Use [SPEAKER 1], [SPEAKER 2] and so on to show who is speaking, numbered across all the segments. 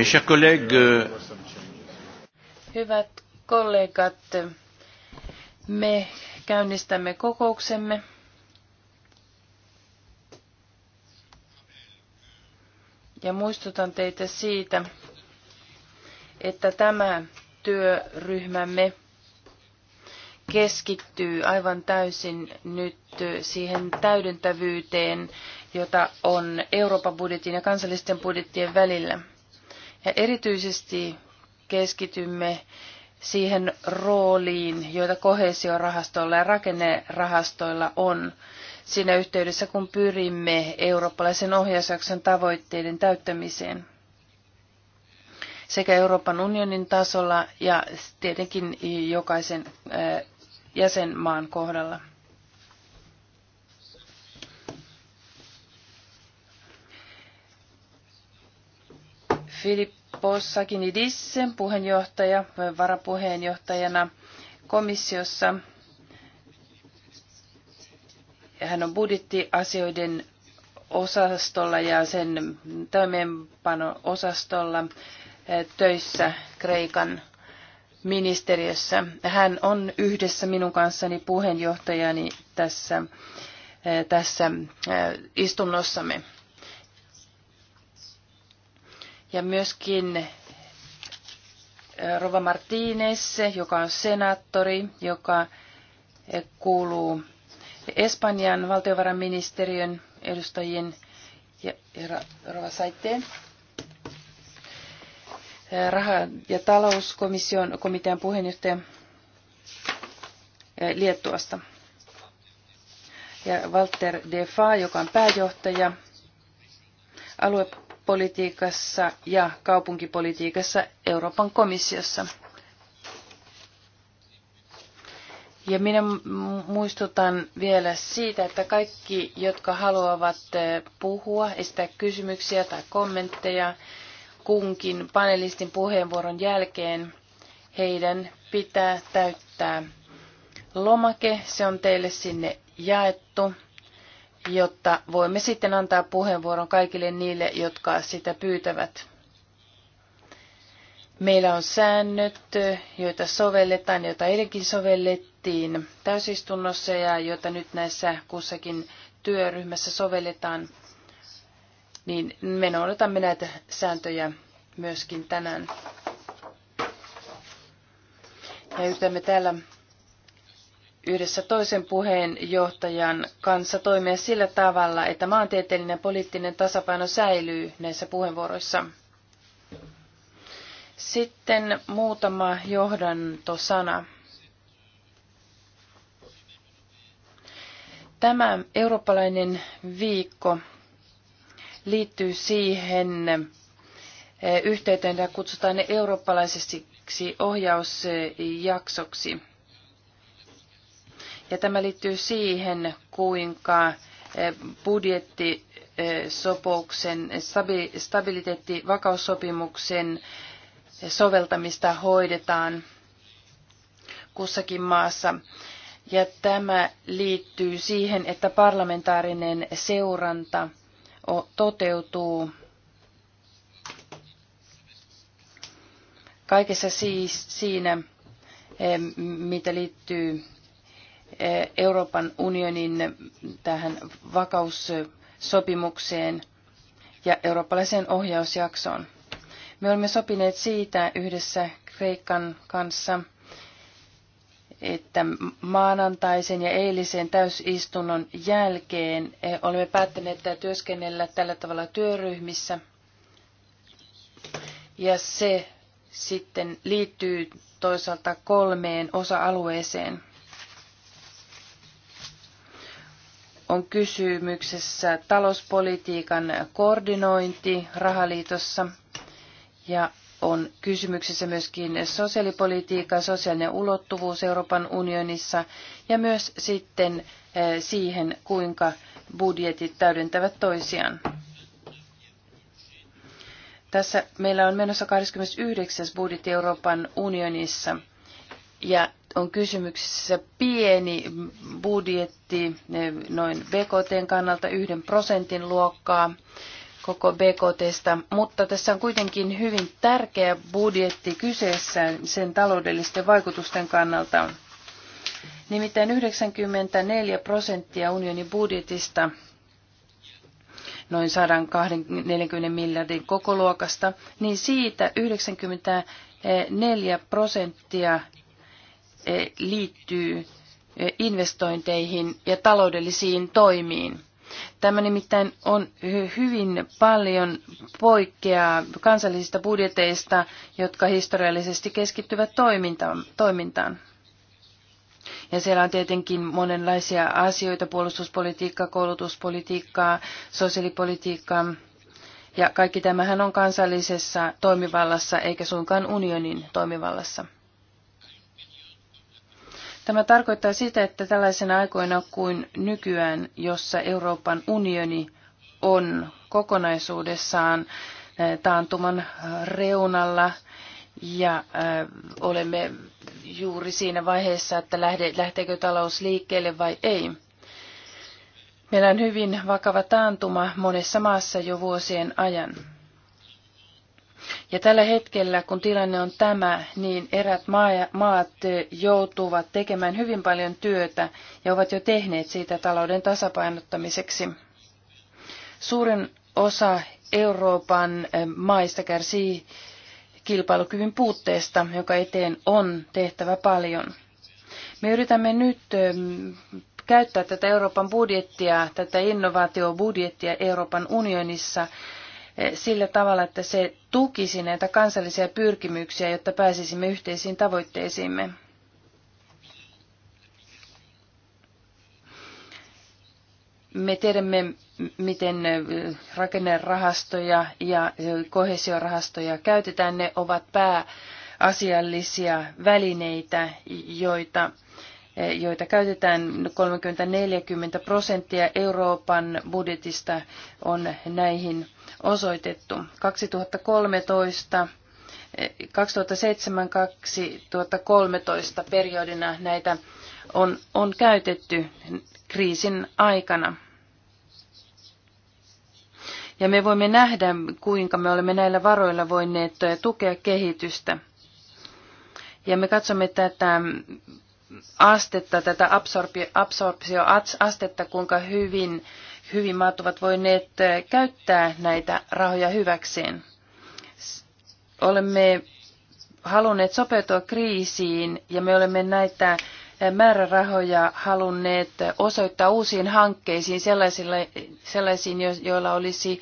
[SPEAKER 1] Euh, Hyvät kollegat, me käynnistämme kokouksemme. Ja muistutan teitä siitä, että tämä työryhmämme keskittyy aivan täysin nyt siihen täydentävyyteen, jota on Euroopan budjetin ja kansallisten budjettien välillä. Ja erityisesti keskitymme siihen rooliin, joita kohesiorahastoilla ja rakennerahastoilla on siinä yhteydessä, kun pyrimme eurooppalaisen ohjausjakson tavoitteiden täyttämiseen sekä Euroopan unionin tasolla ja tietenkin jokaisen jäsenmaan kohdalla. Filip Possakinidis, puheenjohtaja, varapuheenjohtajana komissiossa. hän on budjettiasioiden osastolla ja sen toimeenpano-osastolla eh, töissä Kreikan ministeriössä. Hän on yhdessä minun kanssani puheenjohtajani tässä, eh, tässä eh, istunnossamme. Ja myöskin eh, Rova Martínez, joka on senaattori, joka eh, kuuluu Espanjan valtiovarainministeriön edustajien ja Rova Saitteen eh, raha- ja talouskomission komitean puheenjohtaja Liettuasta. Ja Walter Defa, joka on pääjohtaja alue- politiikassa ja kaupunkipolitiikassa Euroopan komissiossa. Ja minä muistutan vielä siitä, että kaikki, jotka haluavat eh, puhua, esittää kysymyksiä tai kommentteja kunkin panelistin puheenvuoron jälkeen, heidän pitää täyttää lomake. Se on teille sinne jaettu jotta voimme sitten antaa puheenvuoron kaikille niille, jotka sitä pyytävät. Meillä on säännöt, joita sovelletaan, joita eilenkin sovellettiin täysistunnossa ja joita nyt näissä kussakin työryhmässä sovelletaan. Niin me noudatamme näitä sääntöjä myöskin tänään. Ja yritämme täällä yhdessä toisen puheenjohtajan kanssa toimia sillä tavalla, että maantieteellinen ja poliittinen tasapaino säilyy näissä puheenvuoroissa. Sitten muutama johdantosana. Tämä eurooppalainen viikko liittyy siihen eh, yhteyteen, jota kutsutaan eurooppalaisiksi ohjausjaksoksi. Ja tämä liittyy siihen, kuinka eh, budjetti eh, sopouksen, stabiliteetti, vakaussopimuksen eh, soveltamista hoidetaan kussakin maassa. Ja tämä liittyy siihen, että parlamentaarinen seuranta toteutuu kaikessa siis siinä, mitä liittyy Eh, Euroopan unionin tähän vakaussopimukseen ja eurooppalaiseen ohjausjaksoon. Me olemme sopineet siitä yhdessä Kreikan kanssa, että maanantaisen ja eilisen täysistunnon jälkeen eh, olemme päättäneet työskennellä tällä tavalla työryhmissä. Ja se sitten liittyy toisaalta kolmeen osa-alueeseen. on kysymyksessä talouspolitiikan koordinointi rahaliitossa ja on kysymyksessä myöskin sosiaalipolitiikka, sosiaalinen ulottuvuus Euroopan unionissa ja myös sitten eh, siihen, kuinka budjetit täydentävät toisiaan. Tässä meillä on menossa 29. budjetti Euroopan unionissa – ja on kysymyksessä pieni budjetti, noin BKTn kannalta yhden prosentin luokkaa koko BKTstä, mutta tässä on kuitenkin hyvin tärkeä budjetti kyseessä sen taloudellisten vaikutusten kannalta. Nimittäin 94 prosenttia unionin budjetista, noin 140 miljardin kokoluokasta, niin siitä 94 prosenttia Eh, liittyy eh, investointeihin ja taloudellisiin toimiin. Tämä nimittäin on hyvin paljon poikkeaa kansallisista budjeteista, jotka historiallisesti keskittyvät toimintaan. Ja siellä on tietenkin monenlaisia asioita, puolustuspolitiikkaa, koulutuspolitiikkaa, sosiaalipolitiikkaa. Ja kaikki tämähän on kansallisessa toimivallassa eikä suinkaan unionin toimivallassa. Tämä tarkoittaa sitä, että tällaisena aikoina kuin nykyään, jossa Euroopan unioni on kokonaisuudessaan taantuman reunalla ja olemme juuri siinä vaiheessa, että lähteekö talous liikkeelle vai ei. Meillä on hyvin vakava taantuma monessa maassa jo vuosien ajan. Ja tällä hetkellä, kun tilanne on tämä, niin erät maat joutuvat tekemään hyvin paljon työtä ja ovat jo tehneet siitä talouden tasapainottamiseksi. Suurin osa Euroopan eh, maista kärsii kilpailukyvyn puutteesta, joka eteen on tehtävä paljon. Me yritämme nyt eh, käyttää tätä Euroopan budjettia, tätä innovaatiobudjettia Euroopan unionissa Eh, sillä tavalla, että se tukisi näitä kansallisia pyrkimyksiä, jotta pääsisimme yhteisiin tavoitteisiimme. Me tiedämme, miten eh, rakennerahastoja ja eh, kohesiorahastoja käytetään. Ne ovat pääasiallisia välineitä, joita joita käytetään 30-40 prosenttia Euroopan budjetista on näihin osoitettu. 2013 2007-2013 periodina näitä on, on käytetty kriisin aikana. Ja me voimme nähdä, kuinka me olemme näillä varoilla voineet tukea kehitystä. Ja me katsomme tätä astetta, tätä absorptioastetta, kuinka hyvin hyvin maat ovat voineet eh, käyttää näitä rahoja hyväkseen. Olemme halunneet sopeutua kriisiin ja me olemme näitä eh, määrärahoja halunneet eh, osoittaa uusiin hankkeisiin sellaisille, sellaisiin, joilla olisi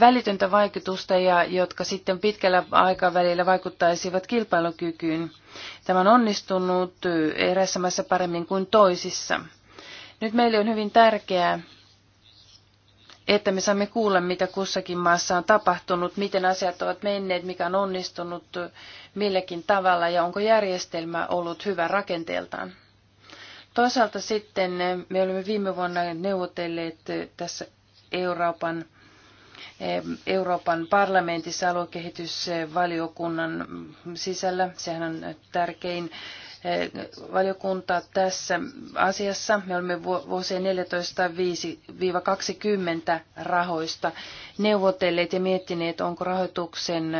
[SPEAKER 1] välitöntä vaikutusta ja jotka sitten pitkällä aikavälillä vaikuttaisivat kilpailukykyyn. Tämä on onnistunut eräissä maissa paremmin kuin toisissa. Nyt meille on hyvin tärkeää, että me saamme kuulla, mitä kussakin maassa on tapahtunut, miten asiat ovat menneet, mikä on onnistunut milläkin tavalla ja onko järjestelmä ollut hyvä rakenteeltaan. Toisaalta sitten me olemme viime vuonna neuvotelleet tässä Euroopan, Euroopan parlamentissa aluekehitysvaliokunnan sisällä. Sehän on tärkein valiokunta tässä asiassa. Me olemme vuosien 14-20 rahoista neuvotelleet ja miettineet, onko rahoituksen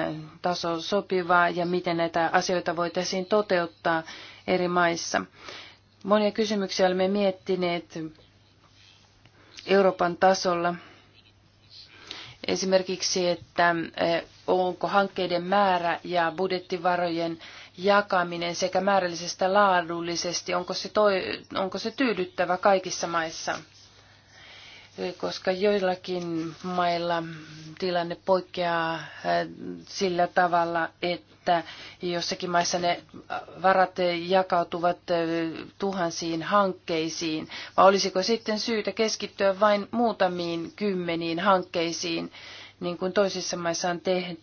[SPEAKER 1] taso sopivaa ja miten näitä asioita voitaisiin toteuttaa eri maissa. Monia kysymyksiä olemme miettineet Euroopan tasolla. Esimerkiksi, että eh, onko hankkeiden määrä ja budjettivarojen jakaminen sekä määrällisesti että laadullisesti, onko se, toi, onko se tyydyttävä kaikissa maissa? Koska joillakin mailla tilanne poikkeaa äh, sillä tavalla, että jossakin maissa ne varat jakautuvat äh, tuhansiin hankkeisiin. Vai olisiko sitten syytä keskittyä vain muutamiin kymmeniin hankkeisiin? niin kuin toisissa maissa on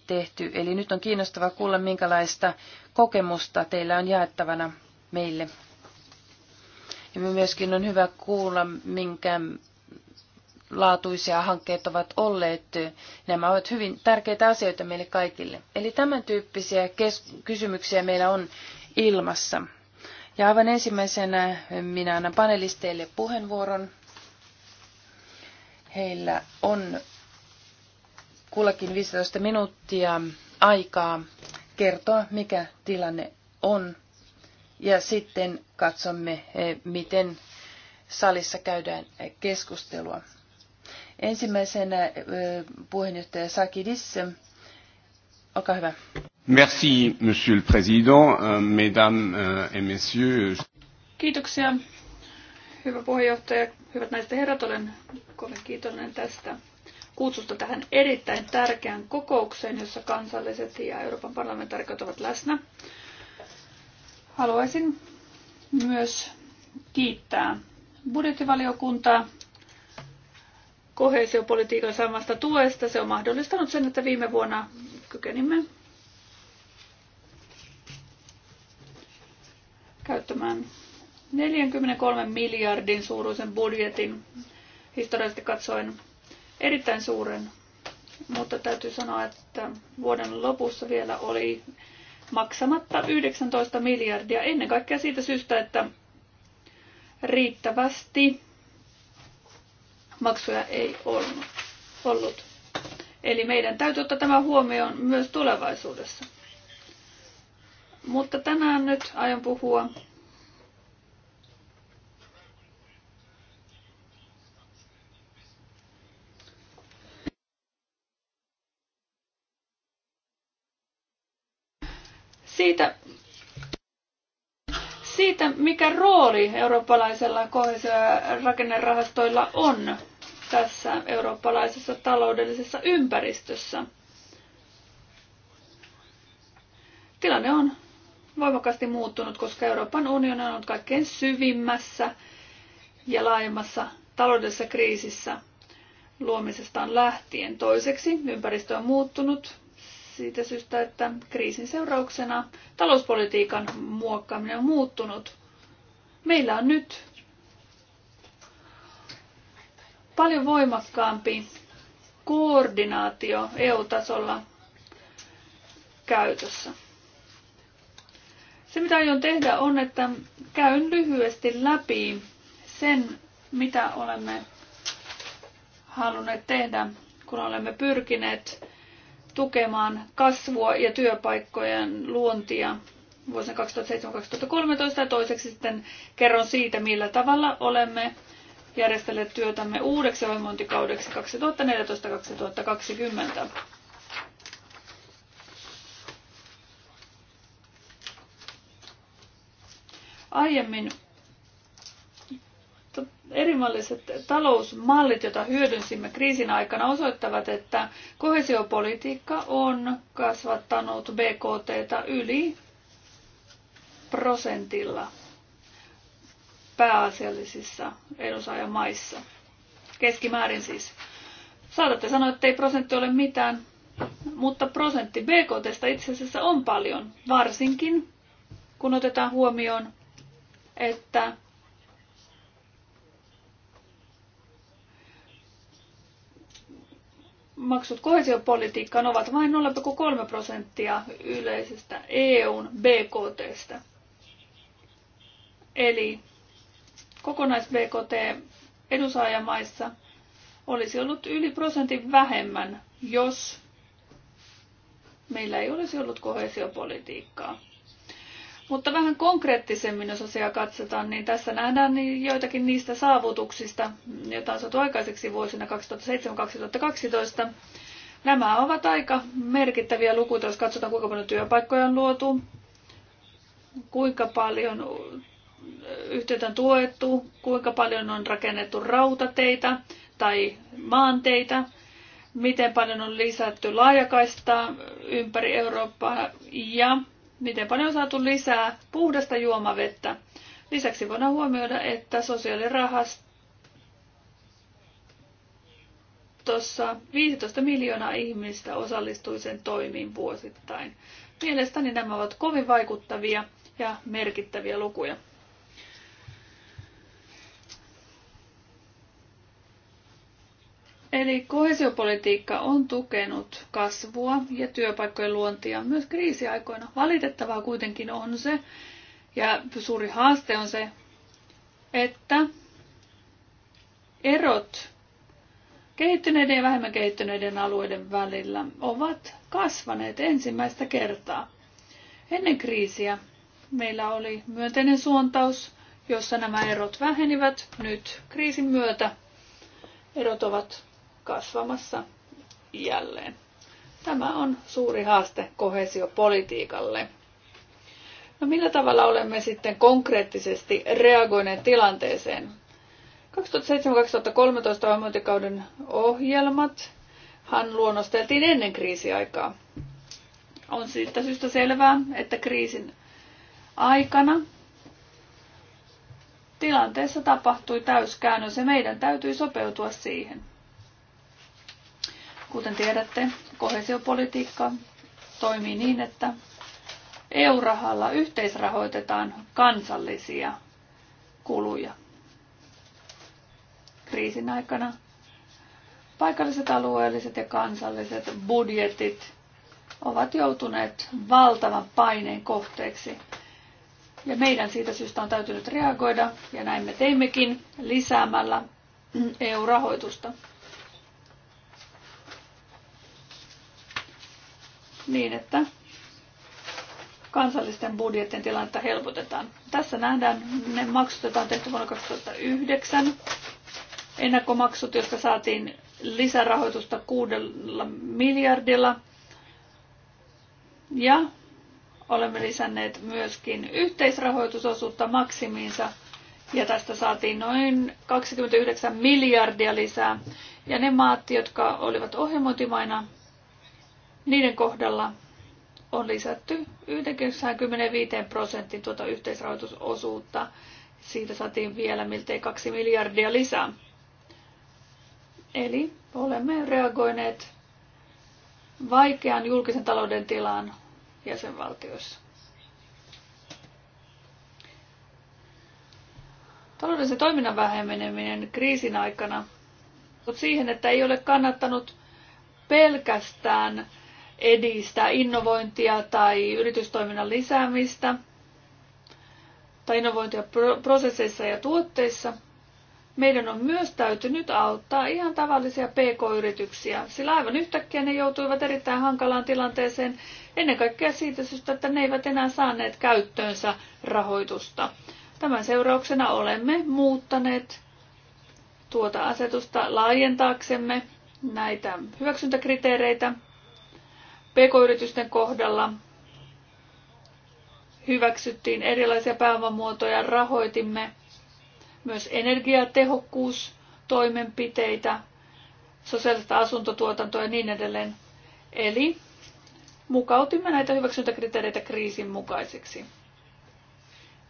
[SPEAKER 1] tehty. Eli nyt on kiinnostava kuulla, minkälaista kokemusta teillä on jaettavana meille. Ja myöskin on hyvä kuulla, minkä laatuisia hankkeet ovat olleet. Nämä ovat hyvin tärkeitä asioita meille kaikille. Eli tämän tyyppisiä kysymyksiä meillä on ilmassa. Ja aivan ensimmäisenä minä annan panelisteille puheenvuoron. Heillä on kullakin 15 minuuttia aikaa kertoa, mikä tilanne on. Ja sitten katsomme, eh, miten salissa käydään keskustelua. Ensimmäisenä eh, puheenjohtaja Sakidis, olkaa hyvä. Merci, monsieur le président, euh, mesdames euh, et messieurs. Kiitoksia,
[SPEAKER 2] hyvä puheenjohtaja, hyvät naiset ja herrat, olen kovin kiitollinen tästä kutsusta tähän erittäin tärkeään kokoukseen, jossa kansalliset ja Euroopan parlamentaarikot ovat läsnä. Haluaisin myös kiittää budjettivaliokuntaa kohesiopolitiikan samasta tuesta. Se on mahdollistanut sen, että viime vuonna kykenimme käyttämään 43 miljardin suuruisen budjetin historiallisesti katsoen erittäin suuren, mutta täytyy sanoa, että vuoden lopussa vielä oli maksamatta 19 miljardia ennen kaikkea siitä syystä, että riittävästi maksuja ei ollut. Eli meidän täytyy ottaa tämä huomioon myös tulevaisuudessa. Mutta tänään nyt aion puhua siitä, siitä, mikä rooli eurooppalaisella kohdisella rakennerahastoilla on tässä eurooppalaisessa taloudellisessa ympäristössä. Tilanne on voimakkaasti muuttunut, koska Euroopan unioni on ollut kaikkein syvimmässä ja laajemmassa taloudellisessa kriisissä luomisestaan lähtien. Toiseksi ympäristö on muuttunut, siitä syystä, että kriisin seurauksena talouspolitiikan muokkaaminen on muuttunut. Meillä on nyt paljon voimakkaampi koordinaatio EU-tasolla käytössä. Se, mitä aion tehdä, on, että käyn lyhyesti läpi sen, mitä olemme halunneet tehdä, kun olemme pyrkineet tukemaan kasvua ja työpaikkojen luontia vuosina 2007-2013 ja toiseksi sitten kerron siitä, millä tavalla olemme järjestelleet työtämme uudeksi ohjelmointikaudeksi 2014-2020. Aiemmin erimalliset talousmallit, joita hyödynsimme kriisin aikana, osoittavat, että kohesiopolitiikka on kasvattanut BKTtä yli prosentilla pääasiallisissa edunsaajamaissa. Keskimäärin siis. Saatatte sanoa, että ei prosentti ole mitään, mutta prosentti BKTstä itse asiassa on paljon, varsinkin kun otetaan huomioon, että maksut koheesiopolitiikkaan ovat vain 0,3 prosenttia yleisestä EUn BKTstä. Eli kokonais-BKT edunsaajamaissa olisi ollut yli prosentin vähemmän, jos meillä ei olisi ollut kohesiopolitiikkaa. Mutta vähän konkreettisemmin, jos asiaa katsotaan, niin tässä nähdään niin joitakin niistä saavutuksista, joita on saatu aikaiseksi vuosina 2007-2012. Nämä ovat aika merkittäviä lukuja, jos katsotaan kuinka paljon työpaikkoja on luotu, kuinka paljon yhtiötä on tuettu, kuinka paljon on rakennettu rautateitä tai maanteitä, miten paljon on lisätty laajakaistaa ympäri Eurooppaa ja miten paljon on saatu lisää puhdasta juomavettä. Lisäksi voidaan huomioida, että sosiaalirahastossa 15 miljoonaa ihmistä osallistui sen toimiin vuosittain. Mielestäni nämä ovat kovin vaikuttavia ja merkittäviä lukuja. Eli kohesiopolitiikka on tukenut kasvua ja työpaikkojen luontia myös kriisiaikoina. Valitettavaa kuitenkin on se, ja suuri haaste on se, että erot kehittyneiden ja vähemmän kehittyneiden alueiden välillä ovat kasvaneet ensimmäistä kertaa. Ennen kriisiä meillä oli myönteinen suuntaus, jossa nämä erot vähenivät. Nyt kriisin myötä erot ovat kasvamassa jälleen. Tämä on suuri haaste kohesiopolitiikalle. No millä tavalla olemme sitten konkreettisesti reagoineet tilanteeseen? 2007-2013 ohjelmointikauden hän luonnosteltiin ennen kriisiaikaa. On siitä syystä selvää, että kriisin aikana tilanteessa tapahtui täyskäännös ja meidän täytyy sopeutua siihen. Kuten tiedätte, kohesiopolitiikka toimii niin, että EU-rahalla yhteisrahoitetaan kansallisia kuluja. Kriisin aikana paikalliset, alueelliset ja kansalliset budjetit ovat joutuneet valtavan paineen kohteeksi. Ja meidän siitä syystä on täytynyt reagoida, ja näin me teimmekin lisäämällä EU-rahoitusta. niin, että kansallisten budjettien tilannetta helpotetaan. Tässä nähdään ne maksut, joita on tehty vuonna 2009. Ennakkomaksut, joista saatiin lisärahoitusta kuudella miljardilla. Ja olemme lisänneet myöskin yhteisrahoitusosuutta maksimiinsa ja tästä saatiin noin 29 miljardia lisää. Ja ne maat, jotka olivat ohjelmointimaina, niiden kohdalla on lisätty 95 prosentin tuota yhteisrahoitusosuutta. Siitä saatiin vielä miltei 2 miljardia lisää. Eli olemme reagoineet vaikean julkisen talouden tilaan jäsenvaltioissa. Taloudellisen toiminnan väheneminen kriisin aikana, mutta siihen, että ei ole kannattanut pelkästään edistää innovointia tai yritystoiminnan lisäämistä tai innovointia prosesseissa ja tuotteissa, meidän on myös täytynyt auttaa ihan tavallisia pk-yrityksiä, sillä aivan yhtäkkiä ne joutuivat erittäin hankalaan tilanteeseen ennen kaikkea siitä syystä, että ne eivät enää saaneet käyttöönsä rahoitusta. Tämän seurauksena olemme muuttaneet tuota asetusta laajentaaksemme näitä hyväksyntäkriteereitä PK-yritysten kohdalla hyväksyttiin erilaisia pääomamuotoja, rahoitimme myös energiatehokkuustoimenpiteitä, sosiaalista asuntotuotantoa ja niin edelleen. Eli mukautimme näitä hyväksyntäkriteereitä kriisin mukaisiksi.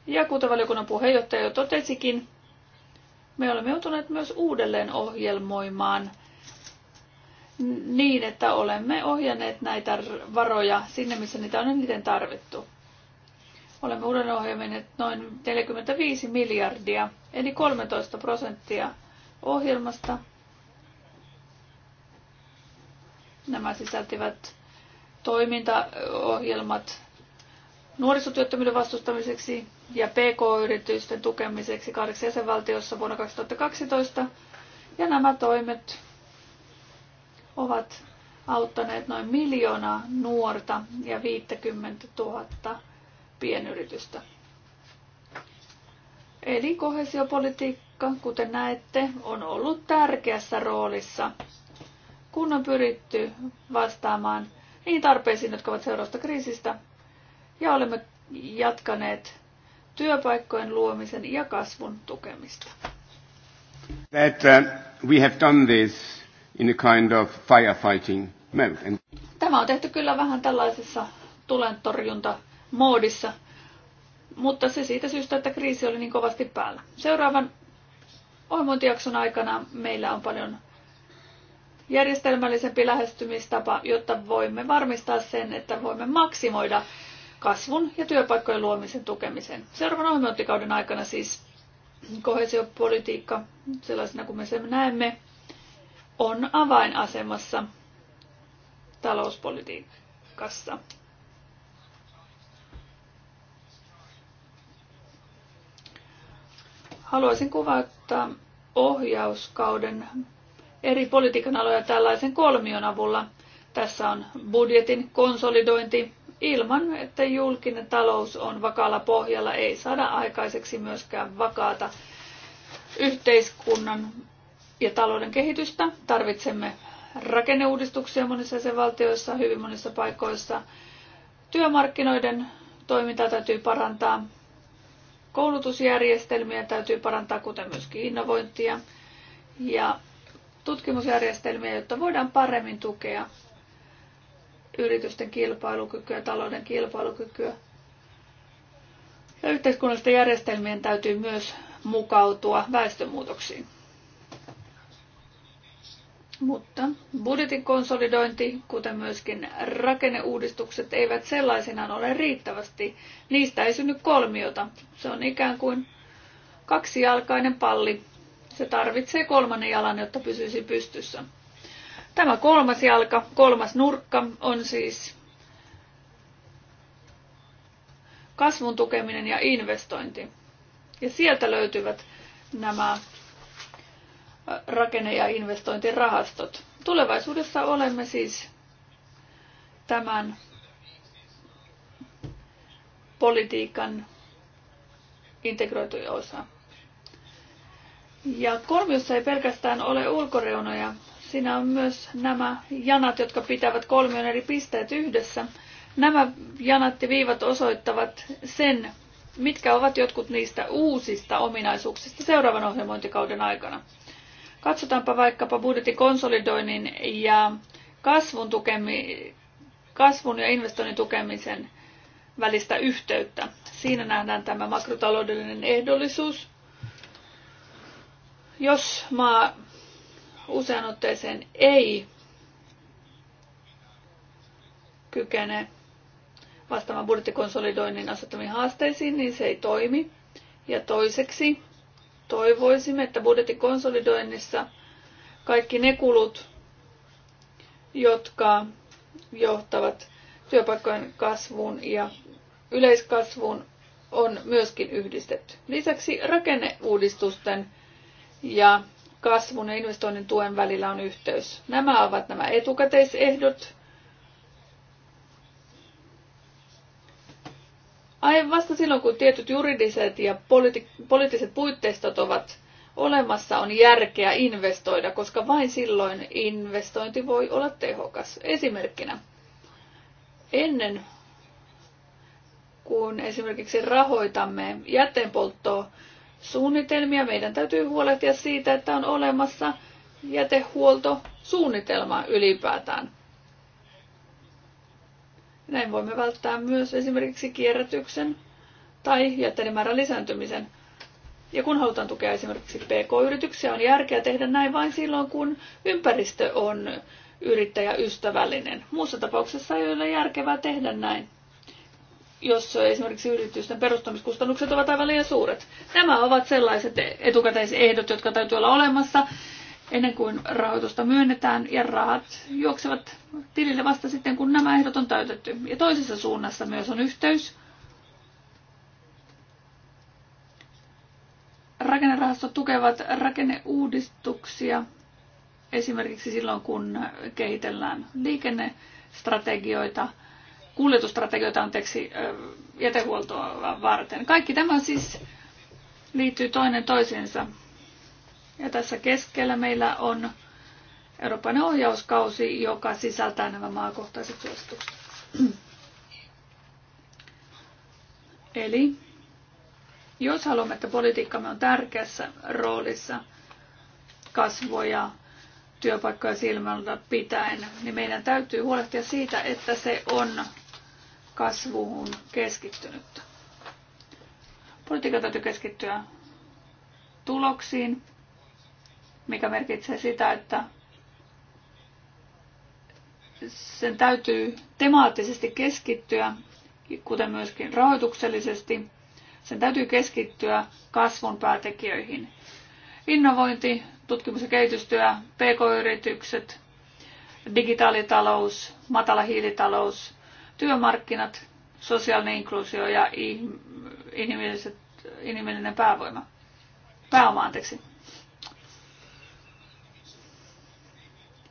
[SPEAKER 2] Ja kuten valiokunnan puheenjohtaja jo totesikin, me olemme joutuneet myös uudelleen ohjelmoimaan – niin, että olemme ohjanneet näitä varoja sinne, missä niitä on eniten tarvittu. Olemme uuden ohjelmineet noin 45 miljardia, eli 13 prosenttia ohjelmasta. Nämä sisältivät toimintaohjelmat nuorisotyöttömyyden vastustamiseksi ja PK-yritysten tukemiseksi kahdeksan jäsenvaltiossa vuonna 2012. Ja nämä toimet ovat auttaneet noin miljoonaa nuorta ja 50 000 pienyritystä. Eli kohesiopolitiikka, kuten näette, on ollut tärkeässä roolissa, kun on pyritty vastaamaan niin tarpeisiin, jotka ovat seurausta kriisistä, ja olemme jatkaneet työpaikkojen luomisen ja kasvun tukemista.
[SPEAKER 1] That, uh, we have done this in a kind of firefighting mode. And
[SPEAKER 2] Tämä on tehty kyllä vähän tällaisessa tulentorjunta-moodissa, mutta se siitä syystä, että kriisi oli niin kovasti päällä. Seuraavan ohjelmointijakson aikana meillä on paljon järjestelmällisempi lähestymistapa, jotta voimme varmistaa sen, että voimme maksimoida kasvun ja työpaikkojen luomisen tukemisen. Seuraavan ohjelmointikauden aikana siis kohesiopolitiikka sellaisena kuin me sen näemme on avainasemassa talouspolitiikassa. Haluaisin kuvata ohjauskauden eri politiikan aloja tällaisen kolmion avulla. Tässä on budjetin konsolidointi. Ilman, että julkinen talous on vakaalla pohjalla, ei saada aikaiseksi myöskään vakaata yhteiskunnan ja talouden kehitystä. Tarvitsemme rakenneuudistuksia monissa jäsenvaltioissa, hyvin monissa paikoissa. Työmarkkinoiden toimintaa täytyy parantaa. Koulutusjärjestelmiä täytyy parantaa, kuten myöskin innovointia ja tutkimusjärjestelmiä, jotta voidaan paremmin tukea yritysten kilpailukykyä, talouden kilpailukykyä. Ja yhteiskunnallisten järjestelmien täytyy myös mukautua väestömuutoksiin. Mutta budjetin konsolidointi, kuten myöskin rakenneuudistukset, eivät sellaisinaan ole riittävästi. Niistä ei synny kolmiota. Se on ikään kuin kaksijalkainen palli. Se tarvitsee kolmannen jalan, jotta pysyisi pystyssä. Tämä kolmas jalka, kolmas nurkka on siis kasvun tukeminen ja investointi. Ja sieltä löytyvät nämä rakenne- ja investointirahastot. Tulevaisuudessa olemme siis tämän politiikan integroituja osa. Ja kolmiossa ei pelkästään ole ulkoreunoja. Siinä on myös nämä janat, jotka pitävät kolmion eri pisteet yhdessä. Nämä janat ja viivat osoittavat sen, mitkä ovat jotkut niistä uusista ominaisuuksista seuraavan ohjelmointikauden aikana. Katsotaanpa vaikkapa budjetin konsolidoinnin ja kasvun, tukemi, kasvun ja investoinnin tukemisen välistä yhteyttä. Siinä nähdään tämä makrotaloudellinen ehdollisuus. Jos maa usean otteeseen ei kykene vastaamaan budjettikonsolidoinnin asettamiin haasteisiin, niin se ei toimi. Ja toiseksi Toivoisimme, että budjetin konsolidoinnissa kaikki ne kulut, jotka johtavat työpaikkojen kasvuun ja yleiskasvuun, on myöskin yhdistetty. Lisäksi rakenneuudistusten ja kasvun ja investoinnin tuen välillä on yhteys. Nämä ovat nämä etukäteisehdot, Ai vasta silloin, kun tietyt juridiset ja politi- poliittiset puitteistot ovat olemassa, on järkeä investoida, koska vain silloin investointi voi olla tehokas. Esimerkkinä ennen kuin esimerkiksi rahoitamme jätteenpolttoa suunnitelmia, meidän täytyy huolehtia siitä, että on olemassa jätehuoltosuunnitelma ylipäätään. Näin voimme välttää myös esimerkiksi kierrätyksen tai jätteiden määrän lisääntymisen. Ja kun halutaan tukea esimerkiksi PK-yrityksiä, on järkeä tehdä näin vain silloin, kun ympäristö on yrittäjäystävällinen. Muussa tapauksessa ei ole järkevää tehdä näin, jos esimerkiksi yritysten perustamiskustannukset ovat aivan liian suuret. Nämä ovat sellaiset etukäteisehdot, jotka täytyy olla olemassa ennen kuin rahoitusta myönnetään ja rahat juoksevat tilille vasta sitten, kun nämä ehdot on täytetty. Ja toisessa suunnassa myös on yhteys. Rakennerahastot tukevat rakenneuudistuksia esimerkiksi silloin, kun kehitellään liikennestrategioita, kuljetustrategioita anteeksi, jätehuoltoa varten. Kaikki tämä siis liittyy toinen toisiinsa. Ja tässä keskellä meillä on Euroopan ohjauskausi, joka sisältää nämä maakohtaiset suositukset. Eli jos haluamme, että politiikkamme on tärkeässä roolissa kasvoja, työpaikkoja silmällä pitäen, niin meidän täytyy huolehtia siitä, että se on kasvuun keskittynyt. Politiikka täytyy keskittyä tuloksiin, mikä merkitsee sitä, että sen täytyy temaattisesti keskittyä, kuten myöskin rahoituksellisesti. Sen täytyy keskittyä kasvun päätekijöihin. Innovointi, tutkimus- ja kehitystyö, pk-yritykset, digitaalitalous, matala hiilitalous, työmarkkinat, sosiaalinen inkluusio ja inhimilliset, inhimillinen päävoima. Pääoma, anteeksi.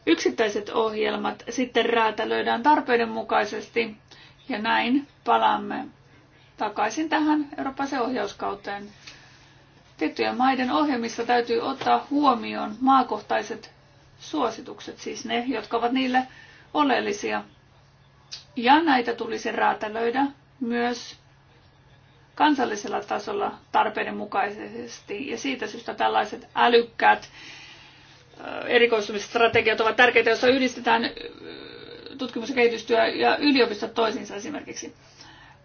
[SPEAKER 2] yksittäiset ohjelmat sitten räätälöidään tarpeidenmukaisesti ja näin palaamme takaisin tähän Euroopan ohjauskauteen. Tiettyjen maiden ohjelmissa täytyy ottaa huomioon maakohtaiset suositukset, siis ne, jotka ovat niille oleellisia. Ja näitä tulisi räätälöidä myös kansallisella tasolla tarpeiden mukaisesti. Ja siitä syystä tällaiset älykkäät Äh, erikoistumisstrategiat ovat tärkeitä, joissa yhdistetään äh, tutkimus- ja kehitystyö ja yliopistot toisiinsa esimerkiksi.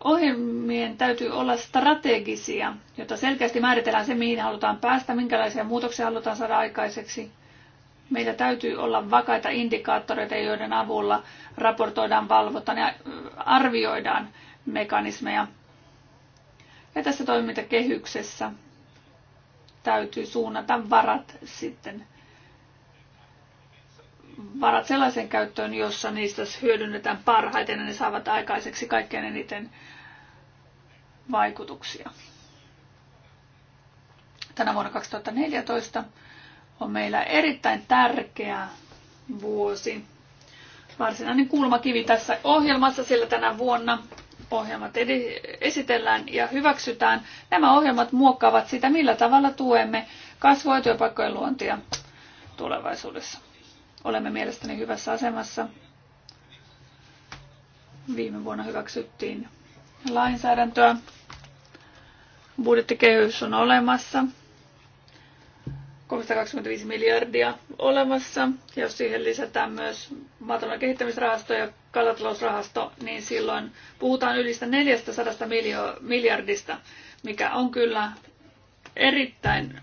[SPEAKER 2] Ohjelmien täytyy olla strategisia, jotta selkeästi määritellään se, mihin halutaan päästä, minkälaisia muutoksia halutaan saada aikaiseksi. Meillä täytyy olla vakaita indikaattoreita, joiden avulla raportoidaan, valvotaan ja äh, arvioidaan mekanismeja. Ja tässä toimintakehyksessä täytyy suunnata varat sitten varat sellaisen käyttöön, jossa niistä hyödynnetään parhaiten ja ne saavat aikaiseksi kaikkein eniten vaikutuksia. Tänä vuonna 2014 on meillä erittäin tärkeä vuosi. Varsinainen kulmakivi tässä ohjelmassa, sillä tänä vuonna ohjelmat esitellään ja hyväksytään. Nämä ohjelmat muokkaavat sitä, millä tavalla tuemme kasvua ja työpaikkojen luontia tulevaisuudessa. Olemme mielestäni hyvässä asemassa. Viime vuonna hyväksyttiin lainsäädäntöä. Budjettikehys on olemassa. 325 miljardia olemassa. Ja jos siihen lisätään myös maatalouden kehittämisrahasto ja kalatalousrahasto, niin silloin puhutaan yli 400 miljardista, mikä on kyllä erittäin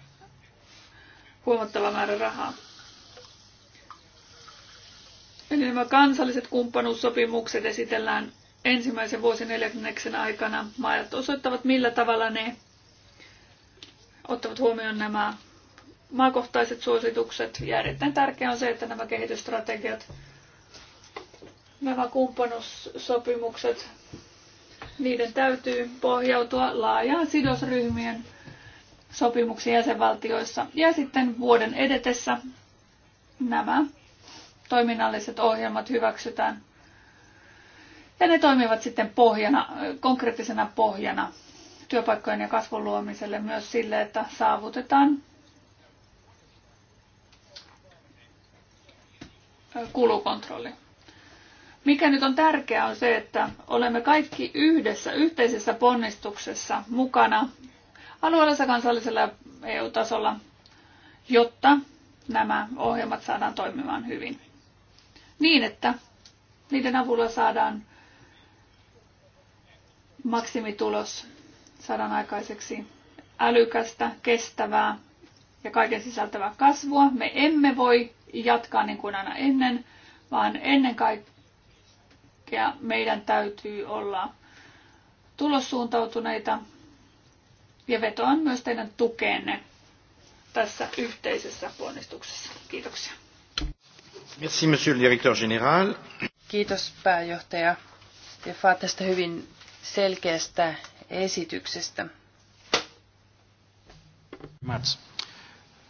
[SPEAKER 2] huomattava määrä rahaa. Eli nämä kansalliset kumppanuussopimukset esitellään ensimmäisen vuosineljänneksen aikana. Maat osoittavat, millä tavalla ne ottavat huomioon nämä maakohtaiset suositukset. Ja erittäin tärkeää on se, että nämä kehitysstrategiat, nämä kumppanuussopimukset, niiden täytyy pohjautua laajaan sidosryhmien sopimuksiin jäsenvaltioissa. Ja sitten vuoden edetessä nämä toiminnalliset ohjelmat hyväksytään. Ja ne toimivat sitten pohjana, konkreettisena pohjana työpaikkojen ja kasvun luomiselle myös sille, että saavutetaan kulukontrolli. Mikä nyt on tärkeää on se, että olemme kaikki yhdessä yhteisessä ponnistuksessa mukana alueellisella, kansallisella EU-tasolla, jotta nämä ohjelmat saadaan toimimaan hyvin niin, että niiden avulla saadaan maksimitulos, saadaan aikaiseksi älykästä, kestävää ja kaiken sisältävää kasvua. Me emme voi jatkaa niin kuin aina ennen, vaan ennen kaikkea meidän täytyy olla tulossuuntautuneita ja vetoan myös teidän tukeenne
[SPEAKER 1] tässä yhteisessä ponnistuksessa. Kiitoksia.
[SPEAKER 3] Merci, monsieur le directeur
[SPEAKER 1] général. Kiitos pääjohtaja Tefa tästä hyvin selkeästä esityksestä. Mats.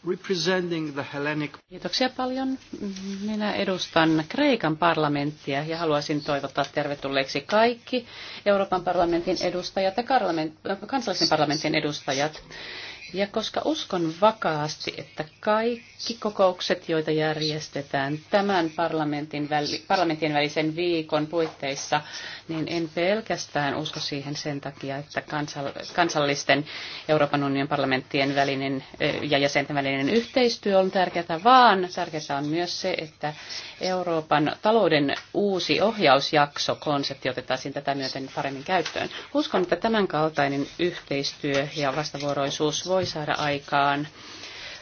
[SPEAKER 1] Representing the Hellenic...
[SPEAKER 3] Kiitoksia paljon. Minä edustan Kreikan parlamenttia ja haluaisin toivottaa tervetulleeksi kaikki Euroopan parlamentin edustajat ja kansallisen parlamentin edustajat. Ja koska uskon vakaasti, että kaikki kokoukset, joita järjestetään tämän parlamentin väli, parlamentin välisen viikon puitteissa, niin en pelkästään usko siihen sen takia, että kansallisten Euroopan unionin parlamenttien välinen ja jäsenten välinen yhteistyö on tärkeää, vaan tärkeää on myös se, että Euroopan talouden uusi ohjausjakso, konsepti otettaisiin tätä myöten paremmin käyttöön. Uskon, että tämän kaltainen yhteistyö ja vastavuoroisuus voi voi saada aikaan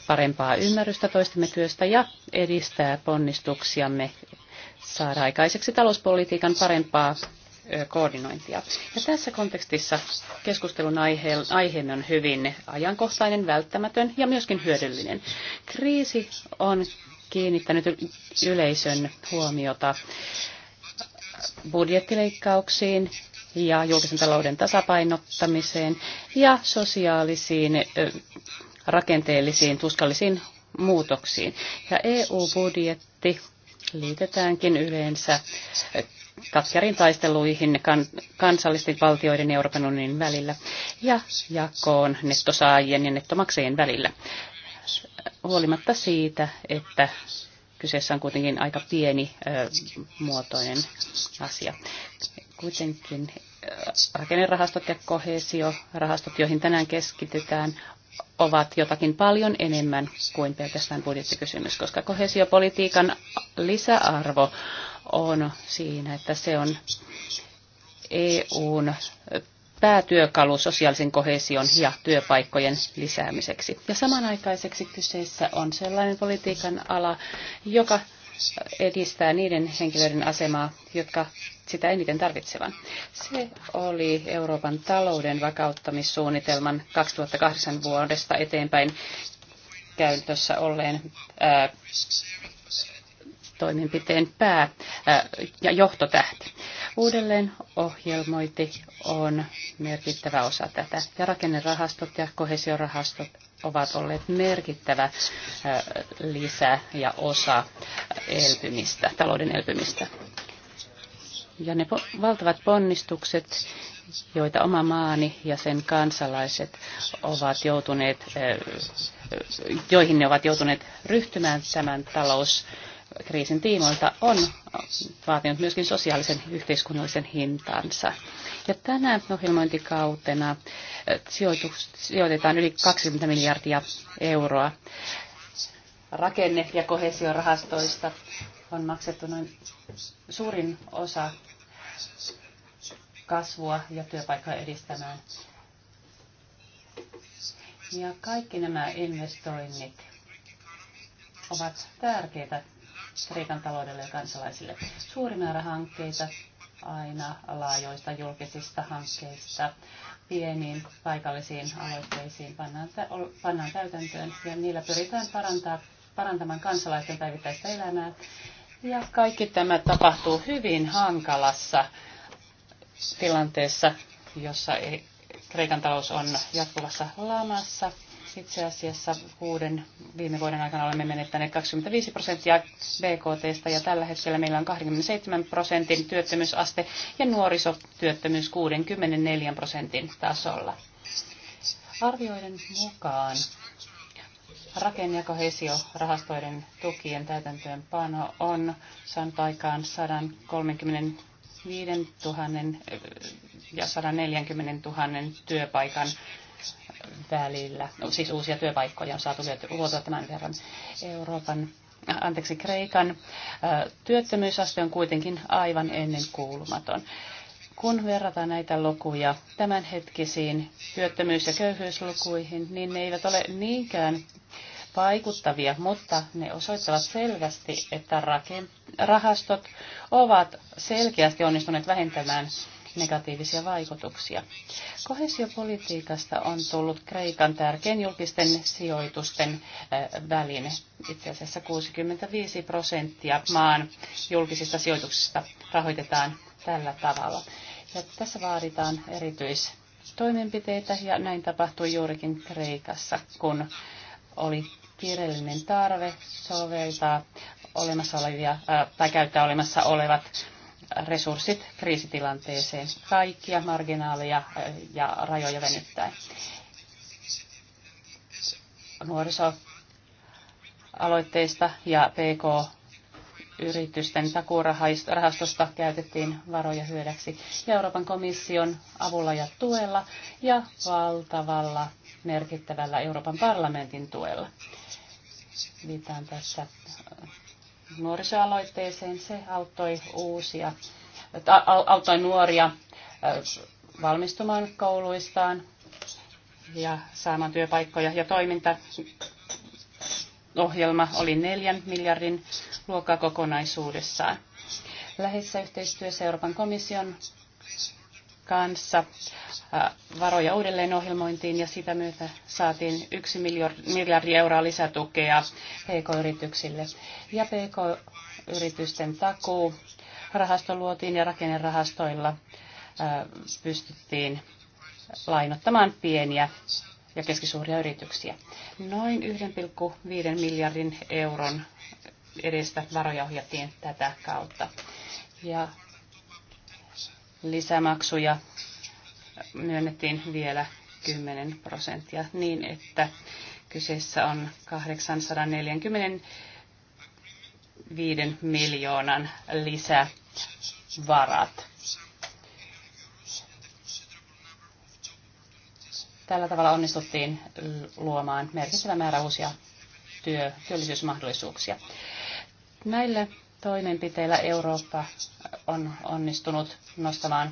[SPEAKER 3] parempaa ymmärrystä toistemme työstä ja edistää ponnistuksiamme saada aikaiseksi talouspolitiikan parempaa koordinointia. Ja tässä kontekstissa keskustelun aihe, aiheemme on hyvin ajankohtainen, välttämätön ja myöskin hyödyllinen. Kriisi on kiinnittänyt yleisön huomiota budjettileikkauksiin ja julkisen talouden tasapainottamiseen ja sosiaalisiin rakenteellisiin tuskallisiin muutoksiin. Ja EU-budjetti liitetäänkin yleensä katkerin taisteluihin kan, kansallisten valtioiden ja Euroopan unionin välillä ja jakoon nettosaajien ja nettomaksajien välillä. Huolimatta siitä, että kyseessä on kuitenkin aika pieni ö, muotoinen asia kuitenkin äh, rakennerahastot ja kohesiorahastot, joihin tänään keskitytään, ovat jotakin paljon enemmän kuin pelkästään budjettikysymys, koska kohesiopolitiikan lisäarvo on siinä, että se on EUn päätyökalu sosiaalisen kohesion ja työpaikkojen lisäämiseksi. Ja samanaikaiseksi kyseessä on sellainen politiikan ala, joka edistää niiden henkilöiden asemaa, jotka sitä eniten tarvitsevat. Se oli Euroopan talouden vakauttamissuunnitelman 2008 vuodesta eteenpäin käytössä olleen ää, toimenpiteen pää äh, ja johtotähti. Uudelleen ohjelmointi on merkittävä osa tätä ja rakennerahastot ja kohesiorahastot ovat olleet merkittävä äh, lisä ja osa elpymistä, talouden elpymistä. Ja ne valtavat ponnistukset, joita oma maani ja sen kansalaiset ovat joutuneet, äh, joihin ne ovat joutuneet ryhtymään tämän talous kriisin tiimoilta on vaatinut myöskin sosiaalisen yhteiskunnallisen hintansa. Ja tänään ohjelmointikautena eh, sijoitetaan yli 20 miljardia euroa rakenne- ja kohesiorahastoista on maksettu noin suurin osa kasvua ja työpaikkoja edistämään. Ja kaikki nämä investoinnit ovat tärkeitä Kreikan taloudelle ja kansalaisille. Suuri määrä hankkeita aina laajoista julkisista hankkeista pieniin paikallisiin aloitteisiin pannaan, pannaan täytäntöön ja niillä pyritään parantaa, parantamaan kansalaisten päivittäistä elämää. Ja kaikki tämä tapahtuu hyvin hankalassa tilanteessa, jossa Kreikan talous on jatkuvassa lamassa itse asiassa kuuden viime vuoden aikana olemme menettäneet 25 prosenttia BKTstä ja tällä hetkellä meillä on 27 prosentin työttömyysaste ja nuorisotyöttömyys 64 prosentin tasolla. Arvioiden mukaan rakenne- ja kohesiorahastoiden tukien täytäntöönpano on saanut aikaan 135 000 ja 140 000 työpaikan välillä. No, siis uusia työpaikkoja on saatu luotua tämän verran Euroopan anteeksi, Kreikan työttömyysaste on kuitenkin aivan ennen kuulumaton. Kun verrataan näitä lukuja tämänhetkisiin työttömyys- ja köyhyyslukuihin, niin ne eivät ole niinkään vaikuttavia, mutta ne osoittavat selvästi, että rahastot ovat selkeästi onnistuneet vähentämään negatiivisia vaikutuksia. Kohesiopolitiikasta on tullut Kreikan tärkein julkisten sijoitusten väline. Itse asiassa 65 prosenttia maan julkisista sijoituksista rahoitetaan tällä tavalla. Ja tässä vaaditaan erityistoimenpiteitä ja näin tapahtui juurikin Kreikassa, kun oli kiireellinen tarve soveltaa olemassa olevia, tai käyttää olemassa olevat resurssit kriisitilanteeseen kaikkia marginaaleja eh, ja rajoja venyttäen. Nuorisoaloitteista ja PK yritysten takuurahastosta käytettiin varoja hyödyksi ja Euroopan komission avulla ja tuella ja valtavalla merkittävällä Euroopan parlamentin tuella. Viitaan tässä nuorisoaloitteeseen. Se auttoi, uusia, auttoi nuoria valmistumaan kouluistaan ja saamaan työpaikkoja. Ja ohjelma oli neljän miljardin luokkaa kokonaisuudessaan. Läheisessä yhteistyössä Euroopan komission kanssa varoja uudelleenohjelmointiin ja sitä myötä saatiin 1 miljardi euroa lisätukea PK-yrityksille. Ja PK-yritysten takuu rahasto luotiin ja rakennerahastoilla pystyttiin lainottamaan pieniä ja keskisuuria yrityksiä. Noin 1,5 miljardin euron edestä varoja ohjattiin tätä kautta. Ja lisämaksuja myönnettiin vielä 10 prosenttia niin, että kyseessä on 845 miljoonan lisävarat. Tällä tavalla onnistuttiin luomaan merkittävä määrä uusia työ, työllisyysmahdollisuuksia. Näillä toimenpiteillä Eurooppa on onnistunut nostamaan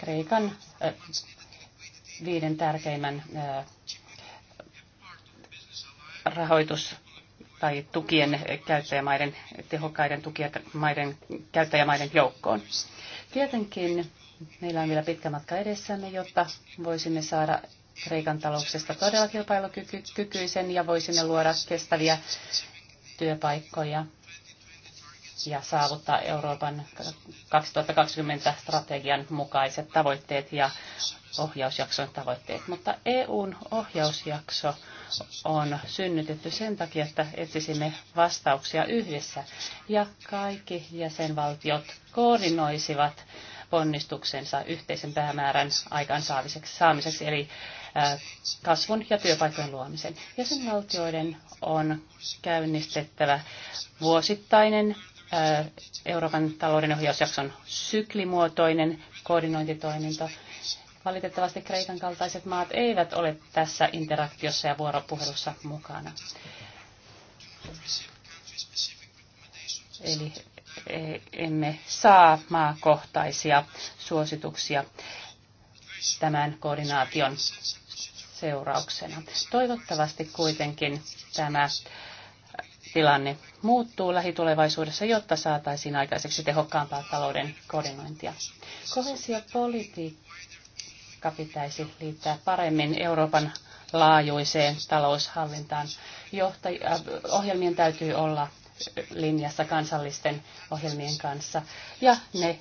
[SPEAKER 3] Kreikan eh, viiden tärkeimmän eh, rahoitus- tai tukien käyttäjämaiden, tehokkaiden tukijamaiden käyttäjämaiden joukkoon. Tietenkin meillä on vielä pitkä matka edessämme, jotta voisimme saada Kreikan talouksesta todella kilpailukykyisen ja voisimme luoda kestäviä työpaikkoja ja saavuttaa Euroopan 2020 strategian mukaiset tavoitteet ja ohjausjakson tavoitteet. Mutta EUn ohjausjakso on synnytetty sen takia, että etsisimme vastauksia yhdessä ja kaikki jäsenvaltiot koordinoisivat ponnistuksensa yhteisen päämäärän aikaansaamiseksi, eli kasvun ja työpaikkojen luomisen. Jäsenvaltioiden on käynnistettävä vuosittainen Euroopan talouden ohjausjakson syklimuotoinen koordinointitoiminto. Valitettavasti Kreikan kaltaiset maat eivät ole tässä interaktiossa ja vuoropuhelussa mukana. Eli e, emme saa maakohtaisia suosituksia tämän koordinaation seurauksena. Toivottavasti kuitenkin tämä tilanne muuttuu lähitulevaisuudessa, jotta saataisiin aikaiseksi tehokkaampaa talouden koordinointia. Kohesiopolitiikka pitäisi liittää paremmin Euroopan laajuiseen taloushallintaan. Johtaj- äh, ohjelmien täytyy olla linjassa kansallisten ohjelmien kanssa ja ne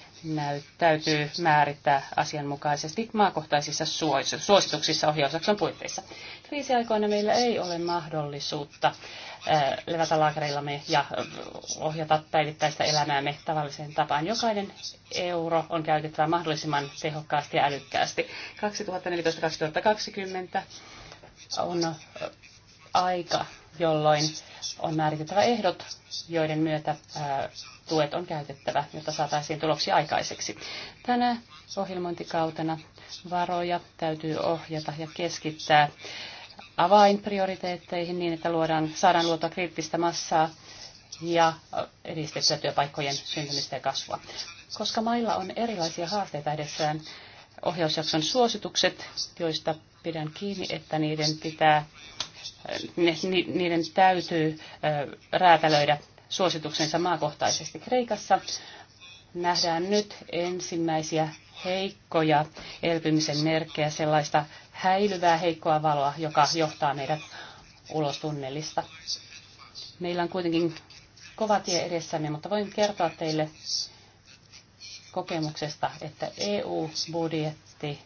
[SPEAKER 3] täytyy määrittää asianmukaisesti maakohtaisissa suosituksissa ohjausjakson puitteissa. Kriisiaikoina meillä ei ole mahdollisuutta levätä laakereillamme ja ohjata päivittäistä elämäämme tavalliseen tapaan. Jokainen euro on käytettävä mahdollisimman tehokkaasti ja älykkäästi. 2014-2020 on aika, jolloin on määritettävä ehdot, joiden myötä tuet on käytettävä, jotta saataisiin tuloksia aikaiseksi. Tänä ohjelmointikautena varoja täytyy ohjata ja keskittää avainprioriteetteihin niin, että luodaan, saadaan luotua kriittistä massaa ja edistettyä työpaikkojen syntymistä ja kasvua. Koska mailla on erilaisia haasteita edessään, ohjausjakson suositukset, joista pidän kiinni, että niiden pitää, niiden täytyy räätälöidä suosituksensa maakohtaisesti Kreikassa. Nähdään nyt ensimmäisiä heikkoja elpymisen merkkejä, sellaista häilyvää heikkoa valoa, joka johtaa meidät ulos tunnelista. Meillä on kuitenkin kova tie edessämme, mutta voin kertoa teille kokemuksesta, että EU-budjetti,